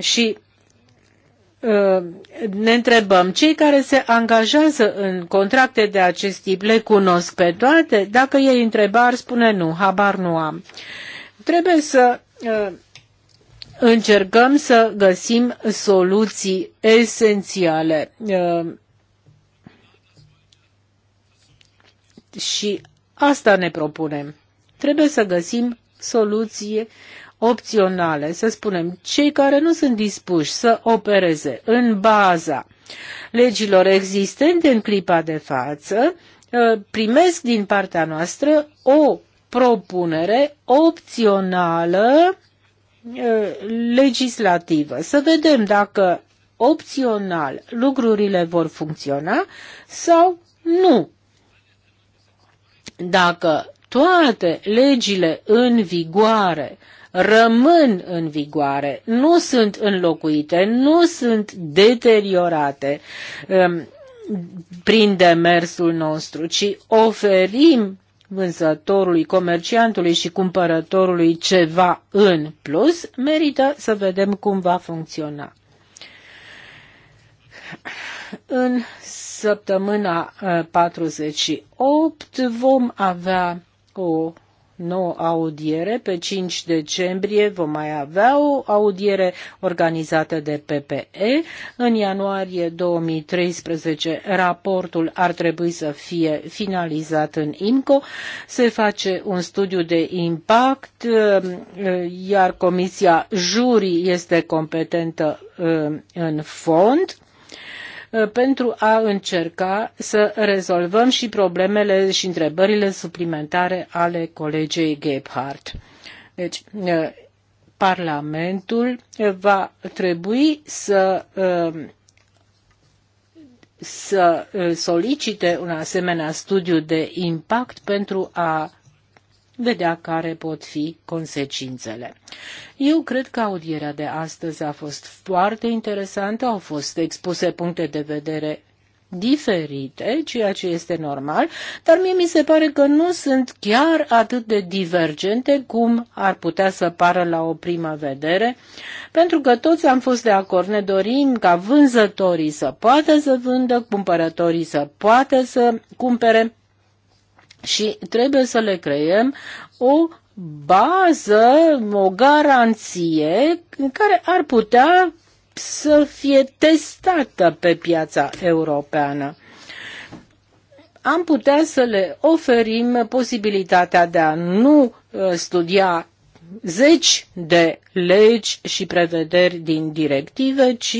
Și uh, ne întrebăm, cei care se angajează în contracte de acest tip le cunosc pe toate? Dacă ei întrebar, spune nu, habar nu am. Trebuie să uh, încercăm să găsim soluții esențiale. Uh, și asta ne propunem. Trebuie să găsim soluții opționale, să spunem, cei care nu sunt dispuși să opereze în baza legilor existente în clipa de față, uh, primesc din partea noastră o propunere opțională legislativă. Să vedem dacă opțional lucrurile vor funcționa sau nu. Dacă toate legile în vigoare rămân în vigoare, nu sunt înlocuite, nu sunt deteriorate prin demersul nostru, ci oferim vânzătorului, comerciantului și cumpărătorului ceva în plus, merită să vedem cum va funcționa. În săptămâna 48 uh, vom avea o nouă audiere. Pe 5 decembrie vom mai avea o audiere organizată de PPE. În ianuarie 2013 raportul ar trebui să fie finalizat în IMCO. Se face un studiu de impact, eh, iar Comisia Juri este competentă eh, în fond Uh, pentru a încerca să rezolvăm și problemele și întrebările suplimentare ale colegei Gebhardt. Deci, uh, Parlamentul uh, va trebui să să solicite un asemenea studiu de impact pentru a vedea care pot fi consecințele. Eu cred că audierea de astăzi a fost foarte interesantă, au fost expuse puncte de vedere diferite, ceea ce este normal, dar mie mi se pare că nu sunt chiar atât de divergente cum ar putea să pară la o prima vedere, pentru că toți am fost de acord, ne dorim ca vânzătorii să poată să vândă, cumpărătorii să poată să cumpere, și trebuie să le creăm o bază, o garanție care ar putea să fie testată pe piața europeană. Am putea să le oferim posibilitatea de a nu uh, studia zeci de legi și prevederi din directive, ci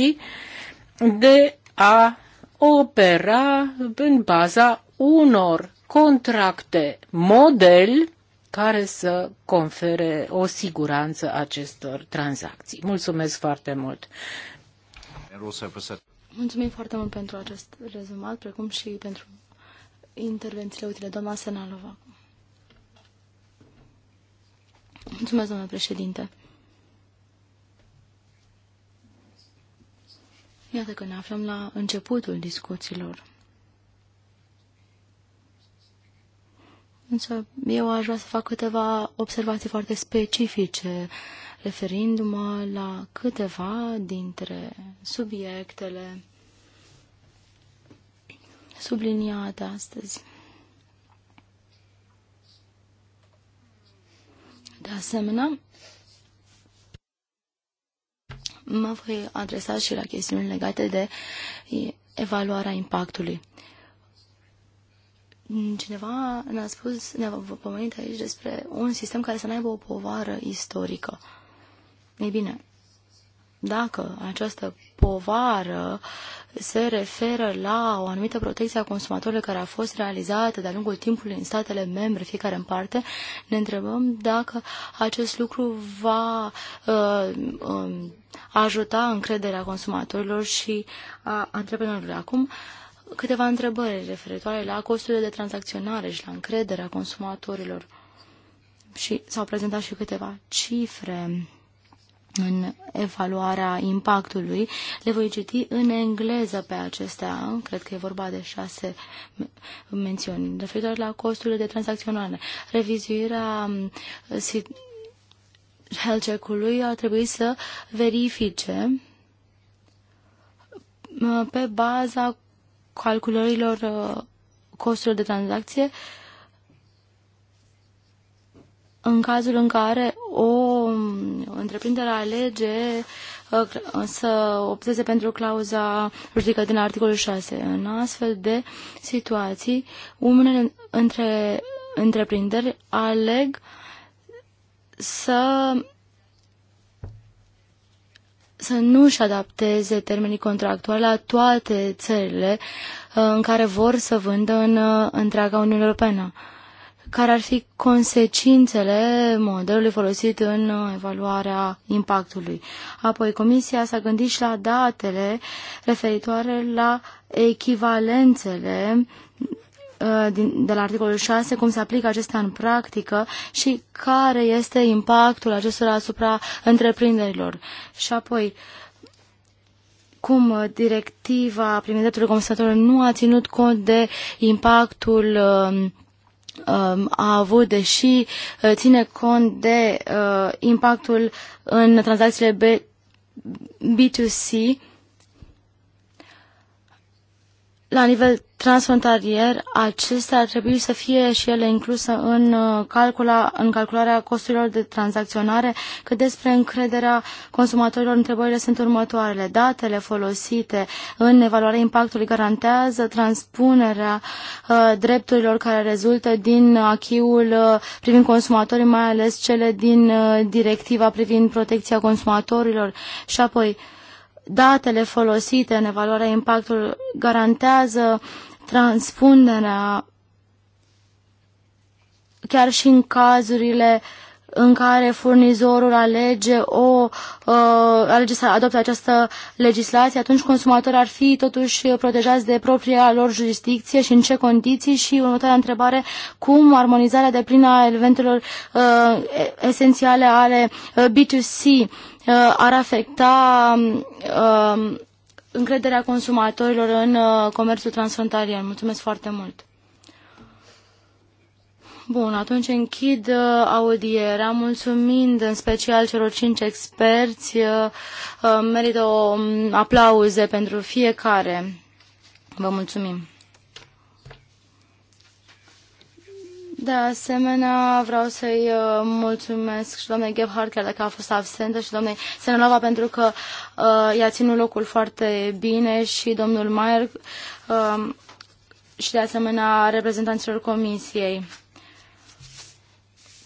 de a opera în baza unor contracte model care să confere o siguranță acestor tranzacții. Mulțumesc foarte mult! Mulțumim foarte mult pentru acest rezumat, precum și pentru intervențiile utile. Doamna Senalova. Mulțumesc, domnule președinte. Iată că ne aflăm la începutul discuțiilor. Însă eu aș vrea să fac câteva observații foarte specifice, referindu-mă la câteva dintre subiectele subliniate astăzi. De asemenea, mă voi adresa și la chestiuni legate de evaluarea impactului. Mm, cineva ne-a spus, ne-a pomenit aici despre un sistem care să n-aibă o povară istorică. Ei bine, dacă această povară se referă la o anumită protecție a consumatorilor care a fost realizată de-a lungul timpului în statele membre, fiecare în parte, ne întrebăm dacă acest lucru va uh, uh, ajuta încrederea consumatorilor și a antreprenorilor. Acum, uh, câteva întrebări referitoare la costurile de tranzacționare și la încrederea consumatorilor. Și s-au prezentat și câteva cifre în evaluarea impactului. Le voi citi în engleză pe acestea, cred că e vorba de șase mențiuni, referitor la costurile de tranzacționare. Revizuirea health check-ului ar trebui să verifice pe baza calculărilor uh, costurilor de tranzacție în cazul în care o um, întreprindere alege uh, uh, să opteze pentru clauza juridică din articolul 6. În astfel de situații, unele între întreprinderi aleg să să nu își adapteze termenii contractuali la toate țările uh, în care vor să vândă în uh, întreaga Uniune Europeană. Care ar fi consecințele modelului folosit în uh, evaluarea impactului? Apoi, Comisia s-a gândit și la datele referitoare la echivalențele Uh, din, de la articolul 6, cum se aplică acestea în practică și care este impactul acestora asupra întreprinderilor. Și apoi, cum directiva privind drepturile consumatorilor nu a ținut cont de impactul um, um, a avut, deși uh, ține cont de uh, impactul în tranzacțiile B2C, la nivel transfrontalier, acestea ar trebui să fie și ele incluse în, uh, calcula, în calcularea costurilor de tranzacționare, că despre încrederea consumatorilor întrebările sunt următoarele. Datele folosite în evaluarea impactului garantează transpunerea uh, drepturilor care rezultă din achiul uh, privind consumatorii, mai ales cele din uh, directiva privind protecția consumatorilor și apoi uh, datele folosite în evaluarea impactului garantează transpunerea chiar și în cazurile în care furnizorul alege, o, uh, alege să adopte această legislație, atunci consumatorii ar fi totuși protejați de propria lor jurisdicție și în ce condiții și următoarea întrebare, cum armonizarea de plină a elementelor uh, esențiale ale B2C uh, Uh, ar afecta um, uh, încrederea consumatorilor în uh, comerțul transfrontalier. Mulțumesc foarte mult! Bun, atunci închid audierea, mulțumind în special celor cinci experți. Merită o um, aplauze pentru fiecare. Vă mulțumim! De asemenea, vreau să-i uh, mulțumesc și doamnei Gebhardt, chiar dacă a fost absentă, și doamnei Senelova, pentru că uh, i-a ținut locul foarte bine și domnul Maier uh, um, și, de asemenea, reprezentanților comisiei.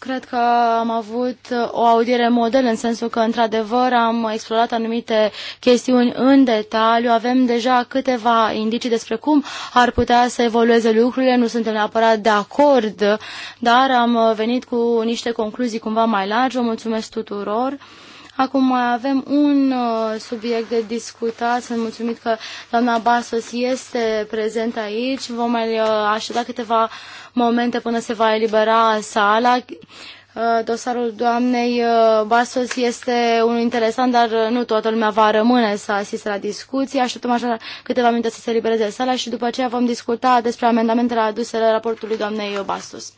Cred că am avut o audiere model în sensul că, într-adevăr, am explorat anumite chestiuni în detaliu. Avem deja câteva indicii despre cum ar putea să evolueze lucrurile. Nu suntem neapărat de acord, dar am venit cu niște concluzii cumva mai largi. Vă mulțumesc tuturor. Acum mai avem un uh, subiect de discutat. Sunt mulțumit că doamna Basos este prezent aici. Vom mai uh, aștepta câteva momente până se va elibera sala. Uh, dosarul doamnei Basos este unul interesant, dar nu toată lumea va rămâne să asiste la discuții. Așteptăm așa câteva minute să se elibereze sala și după aceea vom discuta despre amendamentele aduse la raportului doamnei Bastos.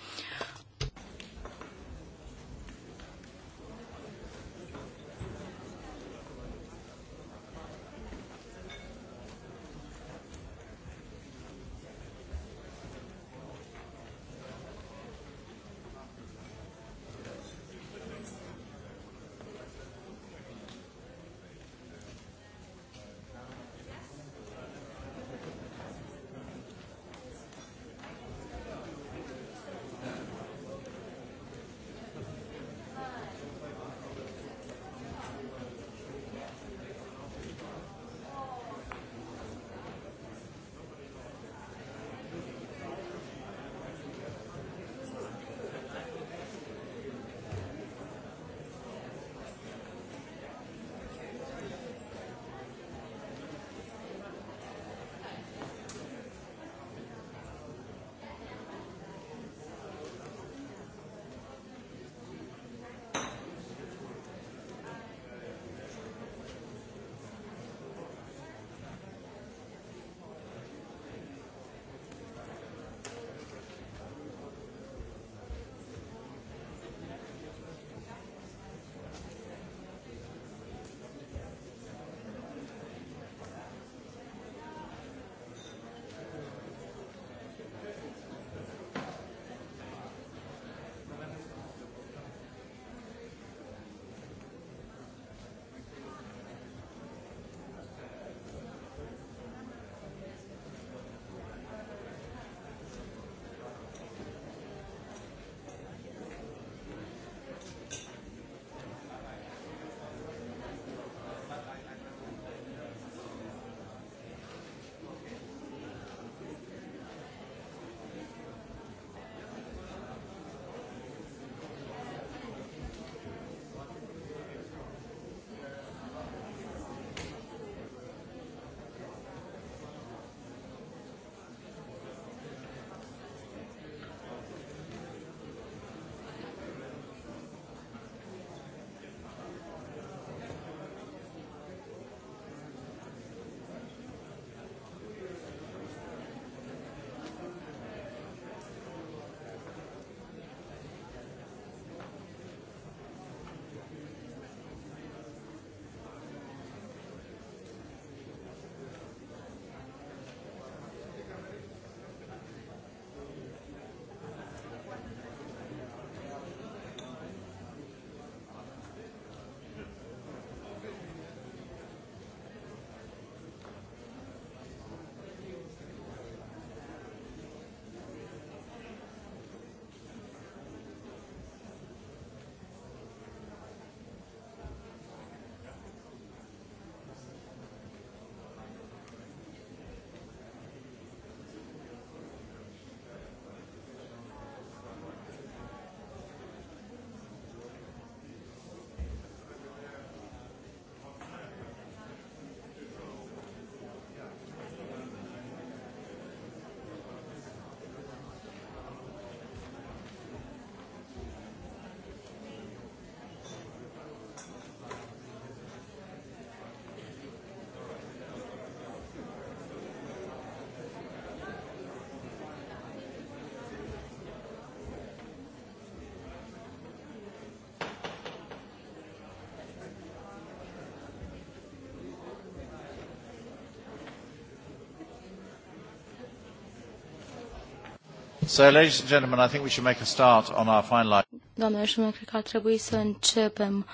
So, ladies and gentlemen, I think we should make a start on our final item. Doamnelor și domnilor, cred că ar trebui să începem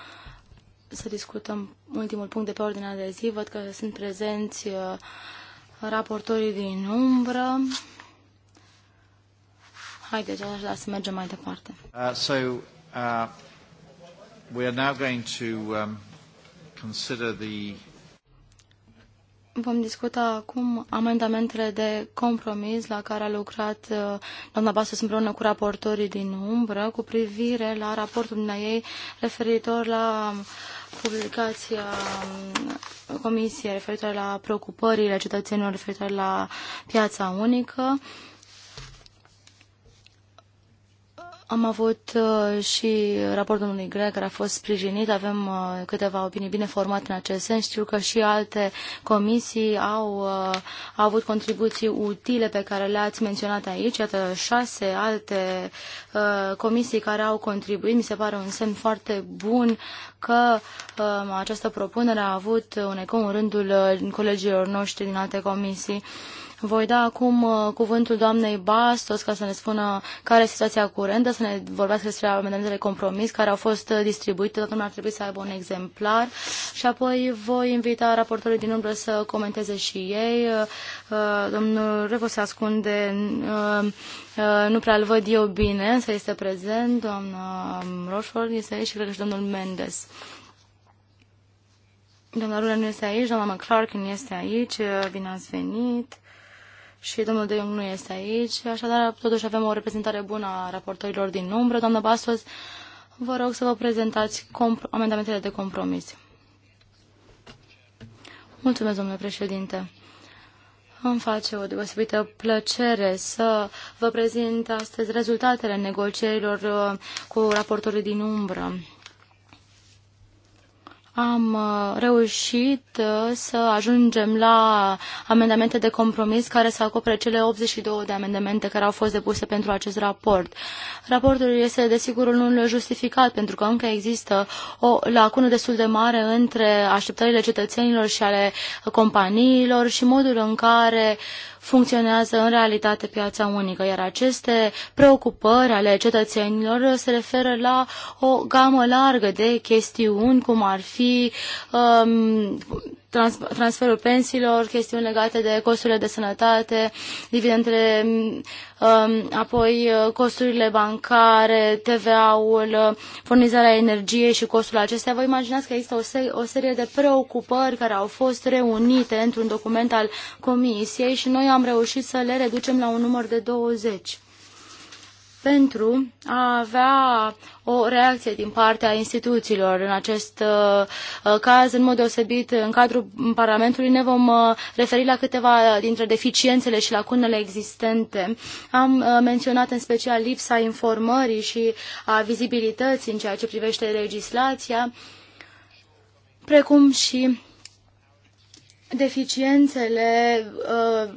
să discutăm ultimul punct de pe ordinea de zi. Văd că sunt prezenți uh, raportorii din umbră. Haideți, da să mergem mai departe. Uh, so, uh, we are now going to um, consider the Vom discuta acum amendamentele de compromis la care a lucrat uh, doamna Bastos împreună cu raportorii din umbră cu privire la raportul ei referitor la publicația um, Comisiei referitor la preocupările cetățenilor referitor la piața unică. Am avut uh, și raportul unui grec care a fost sprijinit, avem uh, câteva opinii bine formate în acest sens. Știu că și alte comisii au, uh, au avut contribuții utile pe care le-ați menționat aici. Iată șase alte uh, comisii care au contribuit. Mi se pare un semn foarte bun că uh, această propunere a avut un ecou în rândul colegilor noștri din alte comisii. Uh, voi da acum uh, cuvântul doamnei Bastos ca să ne spună care este situația curentă, să ne vorbească despre amendamentele compromis care au fost uh, distribuite, toată lumea ar trebui să aibă un exemplar și apoi voi invita raportorii din umbră să comenteze și ei. Uh, domnul Revo se ascunde, nu prea îl văd eu bine, însă este prezent, doamna um, Roșford este aici și cred că și domnul Mendes. Doamna Rulă nu este aici, doamna McClarkin este aici, bine ați venit și domnul De Jong nu este aici, așadar totuși avem o reprezentare bună a raportorilor din umbră. Doamna Bastos, vă rog să vă prezentați amendamentele de compromis. Mulțumesc, domnule președinte. Îmi face o deosebită plăcere să vă prezint astăzi rezultatele negocierilor uh, cu raportorii din umbră am uh, reușit uh, să ajungem la amendamente de compromis care să acopere cele 82 de amendamente care au fost depuse pentru acest raport. Raportul este desigur unul justificat pentru că încă există o lacună destul de mare între așteptările cetățenilor și ale companiilor și modul în care funcționează în realitate piața unică, iar aceste preocupări ale cetățenilor se referă la o gamă largă de chestiuni, cum ar fi um, trans, transferul pensiilor, chestiuni legate de costurile de sănătate, dividendele, um, apoi uh, costurile bancare, TVA-ul, uh, furnizarea energiei și costul acestea. Vă imaginați că există o, se o serie de preocupări care au fost reunite într-un document al Comisiei și noi am reușit să le reducem la un număr de 20 pentru a avea o reacție din partea instituțiilor. În acest uh, uh, caz, în mod deosebit, în cadrul Parlamentului ne vom uh, referi la câteva dintre deficiențele și lacunele existente. Am menționat în special lipsa informării și a vizibilității în ceea ce privește legislația, precum și deficiențele uh,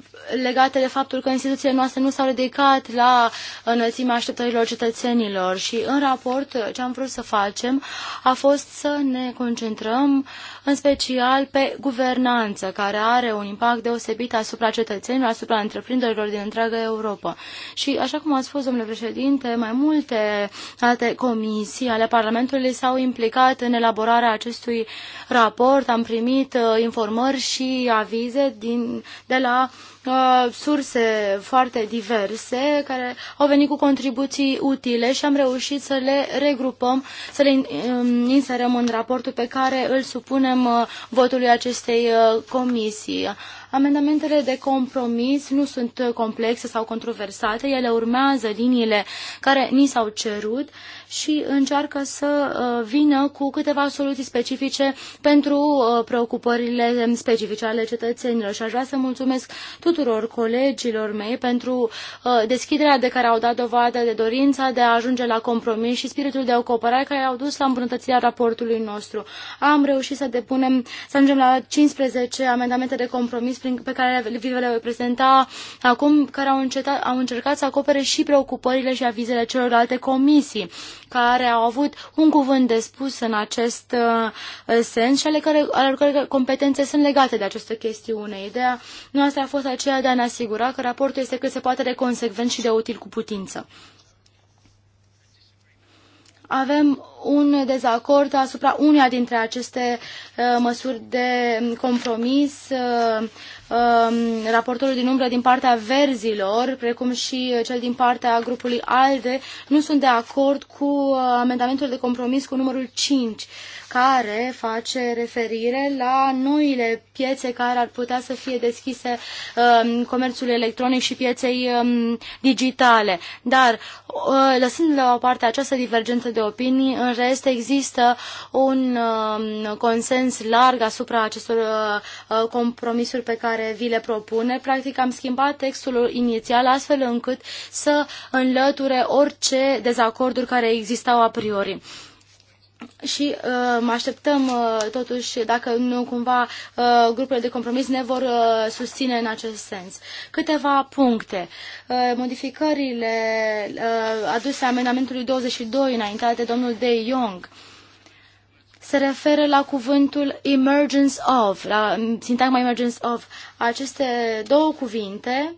legate de faptul că instituțiile noastre nu s-au dedicat la înălțimea așteptărilor cetățenilor și în raport ce am vrut să facem a fost să ne concentrăm în special pe guvernanță, care are un impact deosebit asupra cetățenilor, asupra întreprinderilor din întreaga Europa. Și, așa cum a spus, domnule președinte, mai multe alte comisii ale Parlamentului s-au implicat în elaborarea acestui raport. Am primit uh, informări și avize din, de la uh, Uh, surse foarte diverse care au venit cu contribuții utile și am reușit să le regrupăm, să le um, inserăm în raportul pe care îl supunem uh, votului acestei uh, comisii. Amendamentele de compromis nu sunt complexe sau controversate, ele urmează liniile care ni s-au cerut și încearcă să uh, vină cu câteva soluții specifice pentru uh, preocupările specifice ale cetățenilor. Și aș vrea să mulțumesc tuturor colegilor mei pentru uh, deschiderea de care au dat dovadă, de dorința de a ajunge la compromis și spiritul de cooperare care au dus la îmbunătățirea raportului nostru. Am reușit să depunem, să ajungem la 15 amendamente de compromis prin, pe care vi le voi prezenta acum, care au, încetat, au încercat să acopere și preocupările și avizele celorlalte comisii, care au avut un cuvânt de spus în acest uh, sens și ale care, ale care competențe sunt legate de această chestiune. Ideea noastră a fost aceea de a ne asigura că raportul este cât se poate de consecvent și de util cu putință avem un dezacord asupra uneia dintre aceste uh, măsuri de compromis. Uh, um, raportorul din umbră din partea verzilor, precum și cel din partea grupului ALDE, nu sunt de acord cu uh, amendamentul de compromis cu numărul 5 care face referire la noile piețe care ar putea să fie deschise um, comerțului electronic și pieței um, digitale. Dar uh, lăsând la o parte această divergență de opinii, în rest există un um, consens larg asupra acestor uh, uh, compromisuri pe care vi le propune. Practic am schimbat textul inițial astfel încât să înlăture orice dezacorduri care existau a priori și uh, mă așteptăm uh, totuși dacă nu cumva uh, grupurile de compromis ne vor uh, susține în acest sens. Câteva puncte. Uh, modificările uh, aduse amendamentului 22 înaintate de domnul De Jong se referă la cuvântul emergence of, la sintagma emergence of. Aceste două cuvinte uh,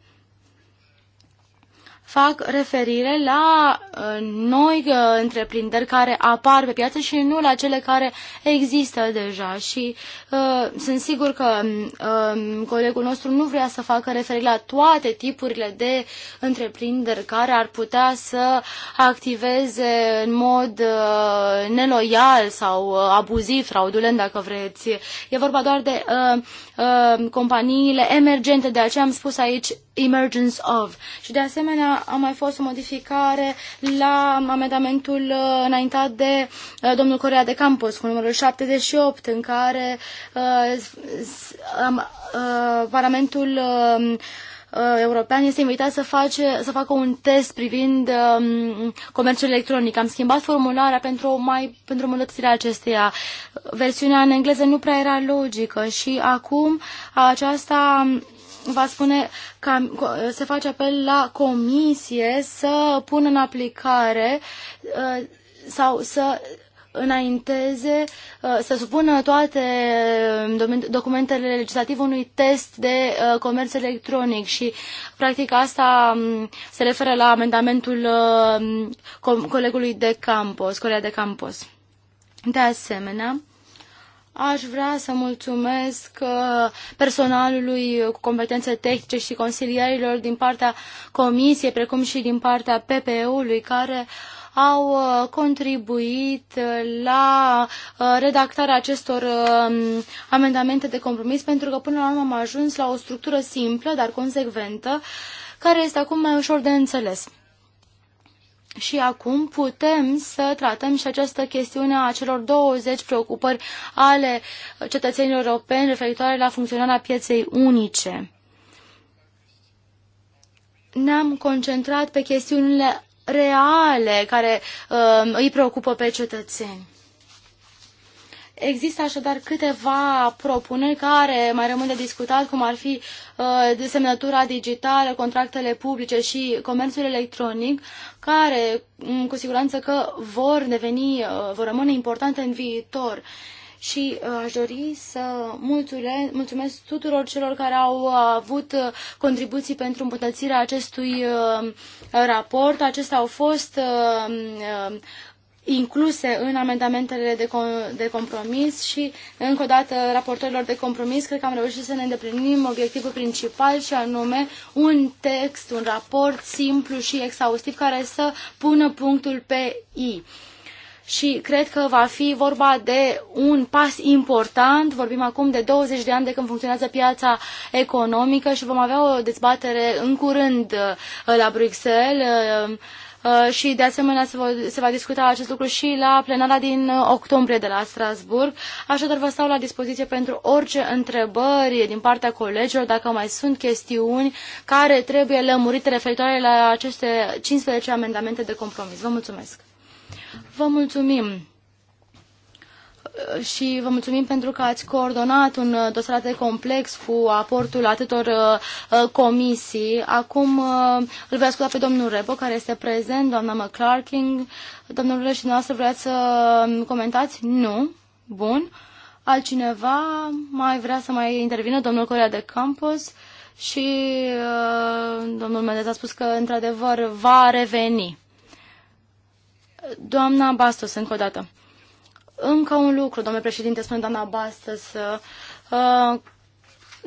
fac referire la uh, noi uh, întreprinderi care apar pe piață și nu la cele care există deja. Și uh, sunt sigur că uh, colegul nostru nu vrea să facă referire la toate tipurile de întreprinderi care ar putea să activeze în mod uh, neloial sau uh, abuziv, fraudulent, dacă vreți. E vorba doar de uh, uh, companiile emergente, de aceea am spus aici emergence of. Și de asemenea a mai fost o modificare la amendamentul uh, înaintat de uh, domnul Corea de Campos cu numărul 78 în care uh, uh, Parlamentul um, uh, european este invitat să, face, să facă un test privind um, comerțul electronic. Am schimbat formularea pentru, mai, pentru mulățirea acesteia. Versiunea în engleză nu prea era logică și acum aceasta va spune că se face apel la comisie să pună în aplicare uh, sau să înainteze, uh, să supună toate uh, documentele legislative unui test de comerț electronic și practic asta um, se referă la amendamentul colegului de Campos, colega de Campos. De asemenea, Aș vrea să mulțumesc uh, personalului cu competențe tehnice și consilierilor din partea Comisiei, precum și din partea PPE-ului, care au uh, contribuit uh, la redactarea acestor um, amendamente de compromis, pentru că până la urmă am ajuns la o structură simplă, dar consecventă, care este acum mai ușor de înțeles. Și acum putem să tratăm și această chestiune a celor 20 preocupări ale cetățenilor europeni referitoare la funcționarea pieței unice. Ne-am concentrat pe chestiunile reale care uh, îi preocupă pe cetățeni. Există așadar câteva propuneri care mai rămân de discutat, cum ar fi uh, semnătura digitală, contractele publice și comerțul electronic, care um, cu siguranță că vor deveni, uh, vor rămâne importante în viitor. Și uh, aș dori să mulțule, mulțumesc tuturor celor care au avut uh, contribuții pentru îmbunătățirea acestui uh, raport. Acestea au fost uh, uh, incluse în amendamentele de, com- de compromis și, încă o dată, raportorilor de compromis, cred că am reușit să ne îndeplinim obiectivul principal și anume un text, un raport simplu și exhaustiv care să pună punctul pe I și cred că va fi vorba de un pas important. Vorbim acum de 20 de ani de când funcționează piața economică și vom avea o dezbatere în curând uh, la Bruxelles uh, Uh, și de asemenea se, va, se va discuta acest lucru și la plenara din uh, octombrie de la Strasburg. Așadar vă stau la dispoziție pentru orice întrebări din partea colegilor, dacă mai sunt chestiuni care trebuie lămurite referitoare la aceste 15 amendamente de compromis. Vă mulțumesc! Vă mulțumim! și vă mulțumim pentru că ați coordonat un uh, dosar atât de complex cu aportul atâtor uh, uh, comisii. Acum îl vreau asculta pe domnul Rebo, care este prezent, doamna McClarking. Domnule și noastră, vreați să um, comentați? Nu? Bun. Altcineva mai vrea să mai intervină? Domnul Corea de Campos și domnul Mendez a spus că, într-adevăr, va reveni. Doamna Bastos, încă o dată. Încă un lucru, domnule președinte, spune doamna Uh,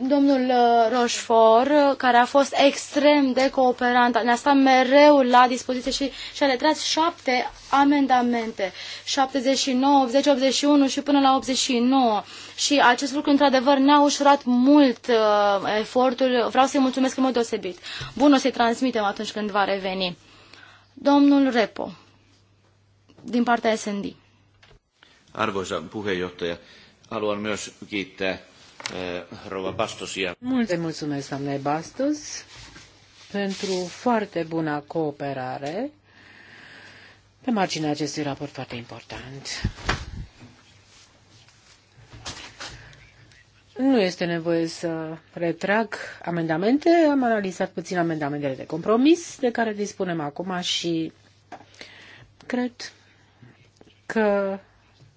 domnul uh, Rochefort, uh, care a fost extrem de cooperant, ne-a stat mereu la dispoziție și și-a retras șapte amendamente, 79, 80, 81 și până la 89. Și acest lucru, într-adevăr, ne-a ușurat mult uh, efortul. Vreau să-i mulțumesc în mod deosebit. Bun, o să-i transmitem atunci când va reveni. Domnul Repo, din partea SND. Arvoisa puheenjohtaja, haluan myös kiittää eh, Rova Bastosia. Multe mulțumesc, doamne Bastos, pentru foarte bună cooperare pe marginea acestui raport foarte important. Nu este nevoie să retrag amendamente. Am analizat puțin amendamentele de compromis de care dispunem acum și cred că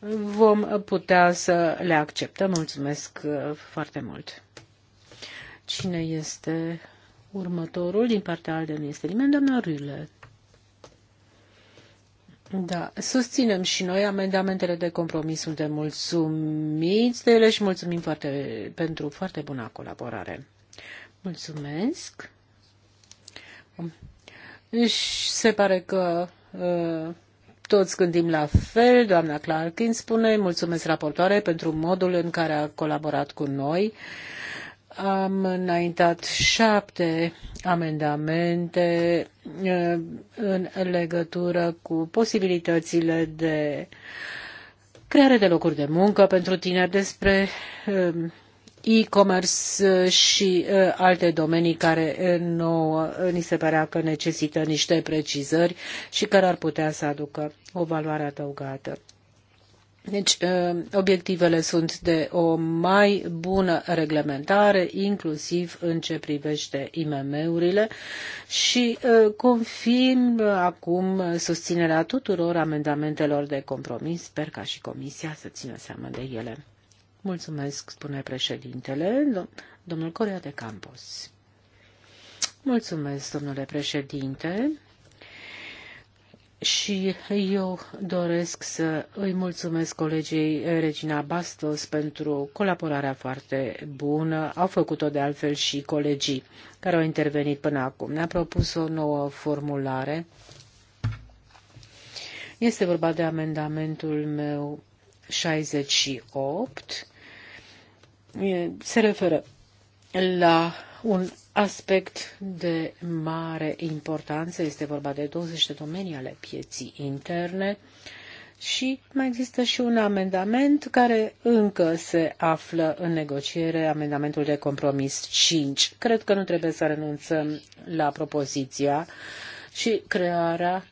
vom putea să le acceptăm. Mulțumesc uh, foarte mult. Cine este următorul din partea al de este nimeni, doamna Rüle. Da, susținem și noi amendamentele de compromis. Suntem mulțumiți de ele și mulțumim foarte, pentru foarte bună colaborare. Mulțumesc. Și Se pare că uh, toți gândim la fel. Doamna Clarkin spune, mulțumesc raportoare pentru modul în care a colaborat cu noi. Am înaintat șapte amendamente uh, în legătură cu posibilitățile de creare de locuri de muncă pentru tineri, despre um, e-commerce uh, și uh, alte domenii care uh, nouă ni se părea că necesită niște precizări și care ar putea să aducă o valoare adăugată. Deci, obiectivele sunt de o mai bună reglementare, inclusiv în ce privește IMM-urile și confirm acum susținerea tuturor amendamentelor de compromis. Sper ca și Comisia să țină seama de ele. Mulțumesc, spune președintele, domnul Corea de Campos. Mulțumesc, domnule președinte. Și eu doresc să îi mulțumesc colegii Regina Bastos pentru colaborarea foarte bună. Au făcut-o de altfel și colegii care au intervenit până acum. Ne-a propus o nouă formulare. Este vorba de amendamentul meu 68 se referă la un aspect de mare importanță. Este vorba de 20 de domenii ale pieții interne și mai există și un amendament care încă se află în negociere, amendamentul de compromis 5. Cred că nu trebuie să renunțăm la propoziția și crearea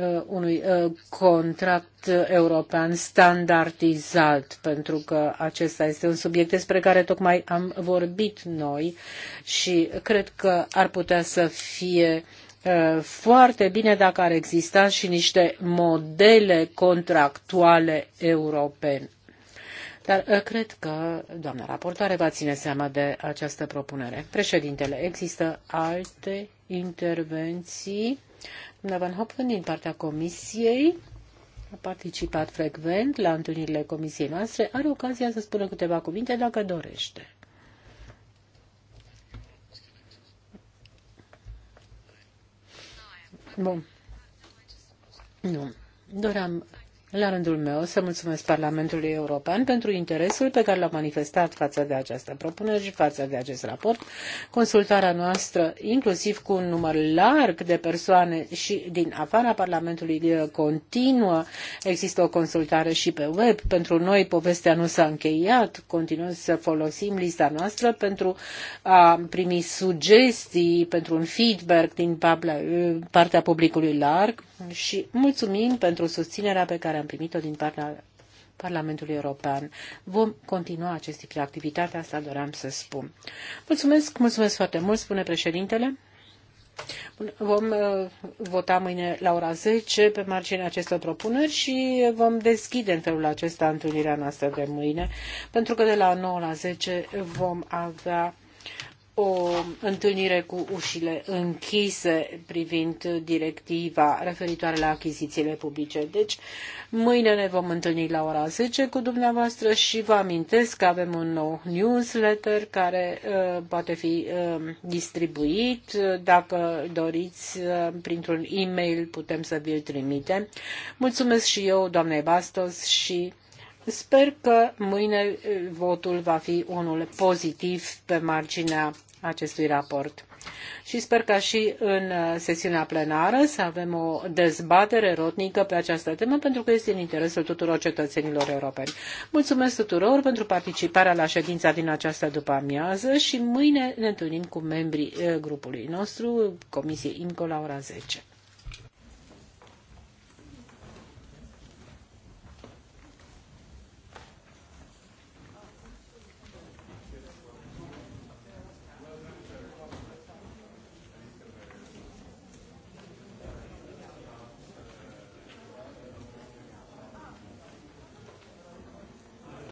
Uh, unui uh, contract european standardizat, pentru că acesta este un subiect despre care tocmai am vorbit noi și cred că ar putea să fie uh, foarte bine dacă ar exista și niște modele contractuale europene. Dar cred că doamna raportoare va ține seama de această propunere. Președintele, există alte intervenții? Van Hopfen din partea Comisiei a participat frecvent la întâlnirile comisiei noastre, are ocazia să spună câteva cuvinte dacă dorește. Bun. Nu. Doream la rândul meu, să mulțumesc Parlamentului European pentru interesul pe care l-a manifestat față de această propunere și față de acest raport. Consultarea noastră, inclusiv cu un număr larg de persoane și din afara Parlamentului, eh, continuă. Există o consultare și pe web. Pentru noi, povestea nu s-a încheiat. Continuăm să folosim lista noastră pentru a primi sugestii, pentru un feedback din eh, partea publicului larg și mulțumim pentru susținerea pe care am primit-o din partea Parlamentului European. Vom continua acest tip de activitate, asta doream să spun. Mulțumesc, mulțumesc foarte mult, spune președintele. Vom uh, vota mâine la ora 10 pe marginea acestor propuneri și vom deschide în felul acesta întâlnirea noastră de mâine, pentru că de la 9 la 10 vom avea o întâlnire cu ușile închise privind directiva referitoare la achizițiile publice. Deci, mâine ne vom întâlni la ora 10 cu dumneavoastră și vă amintesc că avem un nou newsletter care uh, poate fi uh, distribuit. Dacă doriți, uh, printr-un e-mail putem să vi-l trimitem. Mulțumesc și eu, doamnei Bastos, și Sper că mâine uh, votul va fi unul pozitiv pe marginea acestui raport. Și sper ca și în uh, sesiunea plenară să avem o dezbatere rotnică pe această temă, pentru că este în interesul tuturor cetățenilor europeni. Mulțumesc tuturor pentru participarea la ședința din această după-amiază și mâine ne întâlnim cu membrii uh, grupului nostru, Comisiei IMCO, la ora 10.